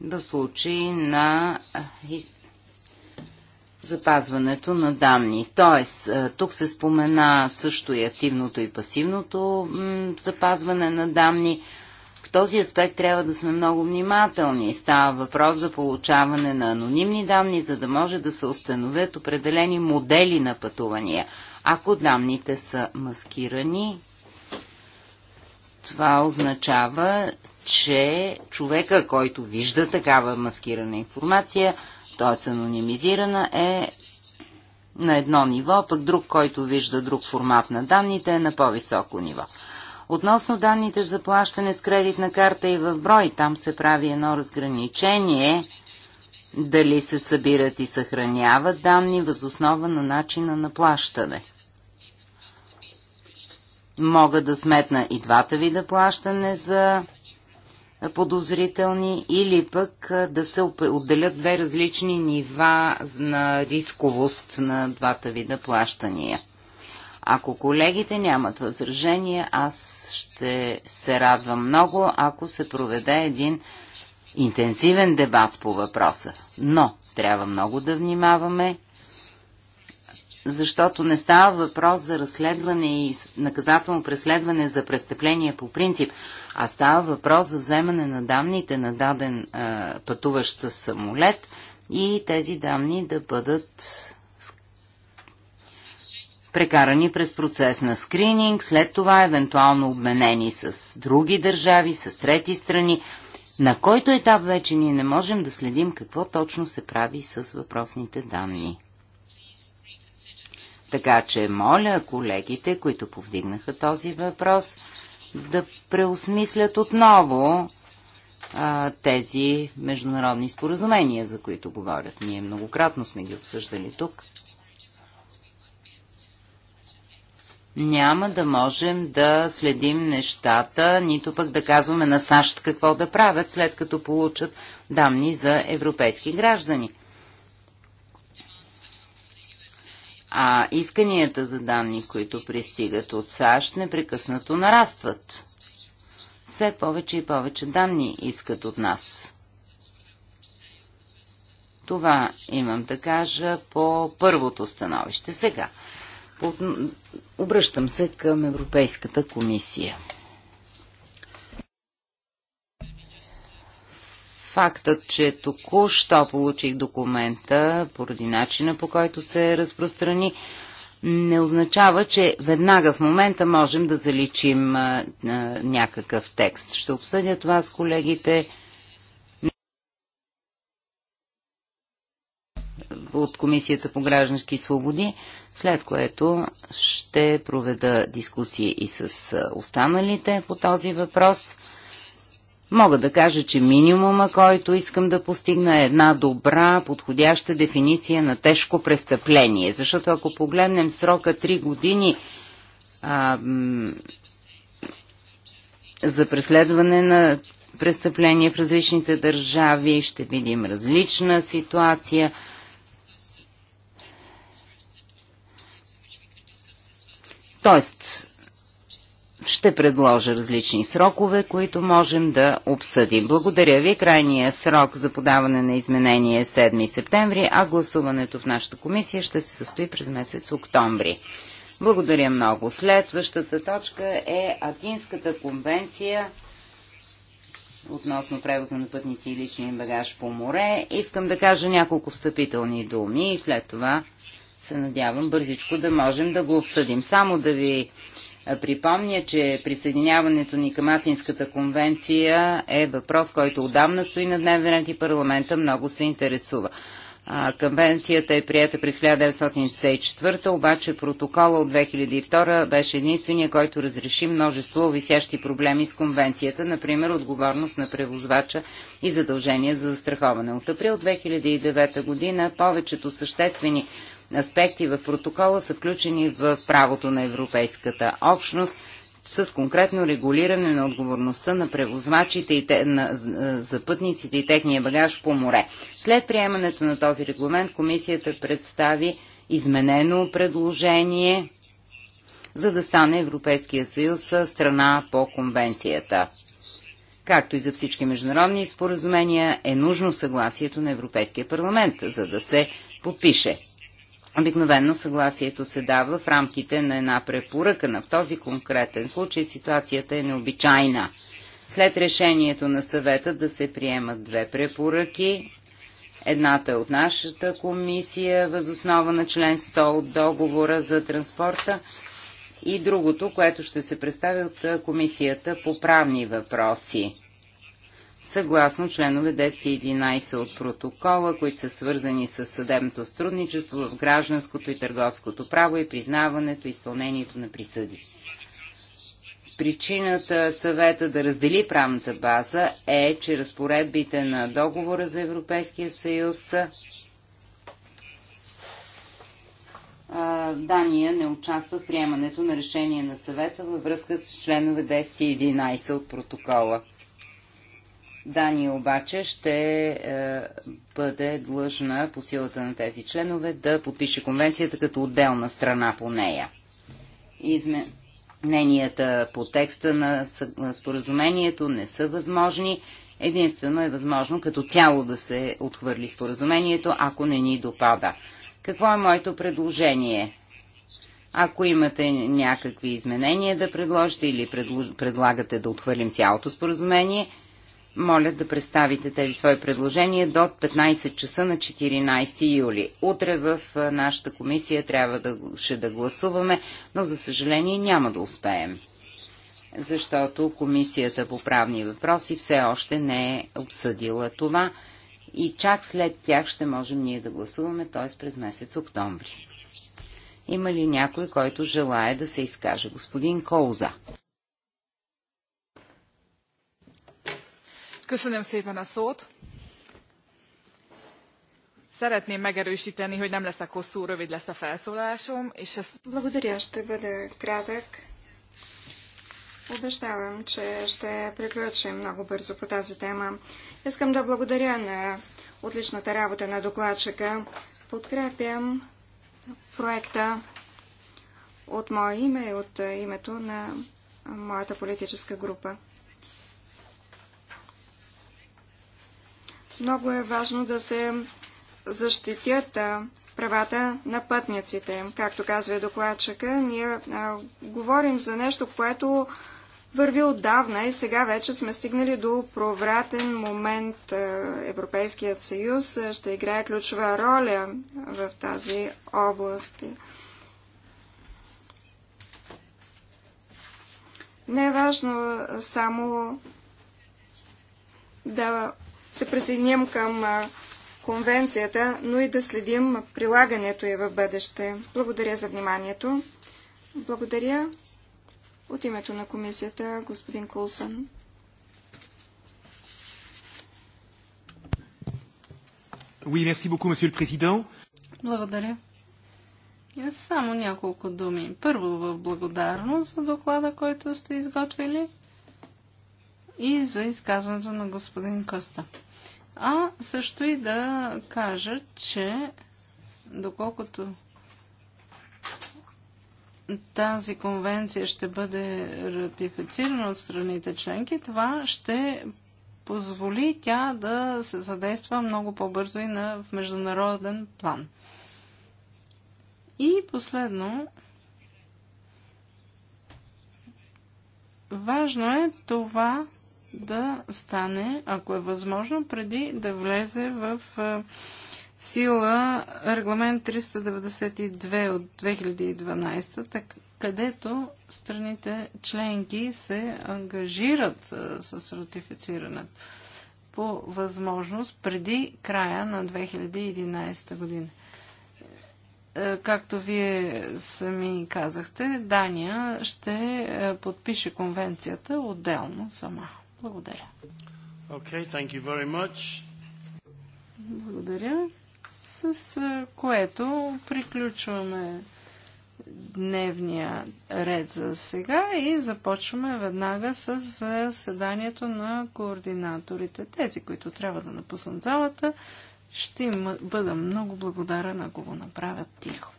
в случай на запазването на данни. Тоест, тук се спомена също и активното и пасивното запазване на данни. В този аспект трябва да сме много внимателни. Става въпрос за получаване на анонимни данни, за да може да се установят определени модели на пътувания – ако данните са маскирани, това означава, че човека, който вижда такава маскирана информация, т.е. анонимизирана, е на едно ниво, пък друг, който вижда друг формат на данните, е на по-високо ниво. Относно данните за плащане с кредитна карта и в брой, там се прави едно разграничение дали се събират и съхраняват данни възоснова на начина на плащане. Мога да сметна и двата вида плащане за подозрителни или пък да се отделят две различни нива на рисковост на двата вида плащания. Ако колегите нямат възражение, аз ще се радвам много, ако се проведе един интензивен дебат по въпроса. Но трябва много да внимаваме защото не става въпрос за разследване и наказателно преследване за престъпление по принцип, а става въпрос за вземане на данните на даден а, пътуващ с самолет и тези данни да бъдат прекарани през процес на скрининг, след това евентуално обменени с други държави, с трети страни, на който етап вече ние не можем да следим какво точно се прави с въпросните данни. Така че моля колегите, които повдигнаха този въпрос, да преосмислят отново а, тези международни споразумения, за които говорят. Ние многократно сме ги обсъждали тук. Няма да можем да следим нещата, нито пък да казваме на САЩ какво да правят, след като получат данни за европейски граждани. а исканията за данни, които пристигат от САЩ, непрекъснато нарастват. Все повече и повече данни искат от нас. Това имам да кажа по първото становище. Сега обръщам се към Европейската комисия. фактът, че току-що получих документа, поради начина по който се разпространи, не означава, че веднага в момента можем да заличим а, а, някакъв текст. Ще обсъдя това с колегите от Комисията по граждански свободи, след което ще проведа дискусии и с останалите по този въпрос. Мога да кажа, че минимума, който искам да постигна е една добра, подходяща дефиниция на тежко престъпление. Защото ако погледнем срока 3 години а, за преследване на престъпления в различните държави, ще видим различна ситуация. Тоест, ще предложа различни срокове, които можем да обсъдим. Благодаря ви. крайния срок за подаване на изменение е 7 септември, а гласуването в нашата комисия ще се състои през месец октомври. Благодаря много. Следващата точка е Атинската конвенция относно превоза на пътници и личния багаж по море. Искам да кажа няколко встъпителни думи и след това се надявам бързичко да можем да го обсъдим. Само да ви Припомня, че присъединяването ни към Атинската конвенция е въпрос, който отдавна стои на дневен ред и парламента много се интересува. Конвенцията е прията през 1964, обаче протокола от 2002 беше единствения, който разреши множество висящи проблеми с конвенцията, например отговорност на превозвача и задължение за застраховане. От април 2009 година повечето съществени аспекти в протокола са включени в правото на Европейската общност с конкретно регулиране на отговорността на превозвачите и те, на, за пътниците и техния багаж по море. След приемането на този регламент комисията представи изменено предложение за да стане Европейския съюз страна по конвенцията. Както и за всички международни споразумения, е нужно съгласието на Европейския парламент, за да се подпише. Обикновено съгласието се дава в рамките на една препоръка. На в този конкретен случай ситуацията е необичайна. След решението на съвета да се приемат две препоръки, едната е от нашата комисия възоснова на член 100 от договора за транспорта и другото, което ще се представи от комисията по правни въпроси съгласно членове 10 и 11 от протокола, които са свързани с съдебното сътрудничество в гражданското и търговското право и признаването и изпълнението на присъди. Причината съвета да раздели правната база е, че разпоредбите на договора за Европейския съюз Дания не участва в приемането на решение на съвета във връзка с членове 10 и 11 от протокола. Дани, обаче ще е, бъде длъжна по силата на тези членове да подпише конвенцията като отделна страна по нея. Измененията по текста на споразумението не са възможни. Единствено е възможно като цяло да се отхвърли споразумението, ако не ни допада. Какво е моето предложение? Ако имате някакви изменения да предложите или предлагате да отхвърлим цялото споразумение – моля да представите тези свои предложения до 15 часа на 14 юли. Утре в нашата комисия трябва да, ще да гласуваме, но за съжаление няма да успеем, защото комисията по правни въпроси все още не е обсъдила това и чак след тях ще можем ние да гласуваме, т.е. през месец октомври. Има ли някой, който желая да се изкаже? Господин Колза. Szeretném hogy nem leszek hosszú, rövid lesz a felszólalásom, és ezt... Благодаря, ще бъде кратък. Обещавам, че ще приключим много бързо по тази тема. Искам да благодаря на отличната работа на докладчика. Подкрепям проекта от мое име и от името на моята политическа група. Много е важно да се защитят правата на пътниците. Както казва докладчика, ние а, говорим за нещо, което върви отдавна и сега вече сме стигнали до провратен момент. Европейският съюз ще играе ключова роля в тази област. Не е важно само да се присъединим към конвенцията, но и да следим прилагането й в бъдеще. Благодаря за вниманието. Благодаря от името на комисията господин Кулсън. Oui, merci beaucoup, monsieur le président. Благодаря. Само няколко думи. Първо в благодарност за доклада, който сте изготвили и за изказването на господин Коста а също и да кажа, че доколкото тази конвенция ще бъде ратифицирана от страните членки, това ще позволи тя да се задейства много по-бързо и на, в международен план. И последно, важно е това да стане, ако е възможно, преди да влезе в сила регламент 392 от 2012, так, където страните членки се ангажират а, с ратифицирането по възможност преди края на 2011 година. Е, както вие сами казахте, Дания ще е, подпише конвенцията отделно сама. Благодаря. Okay, thank you very much. Благодаря. С което приключваме дневния ред за сега и започваме веднага с заседанието на координаторите. Тези, които трябва да напуснат залата, ще им бъда много благодарен, ако го направят тихо.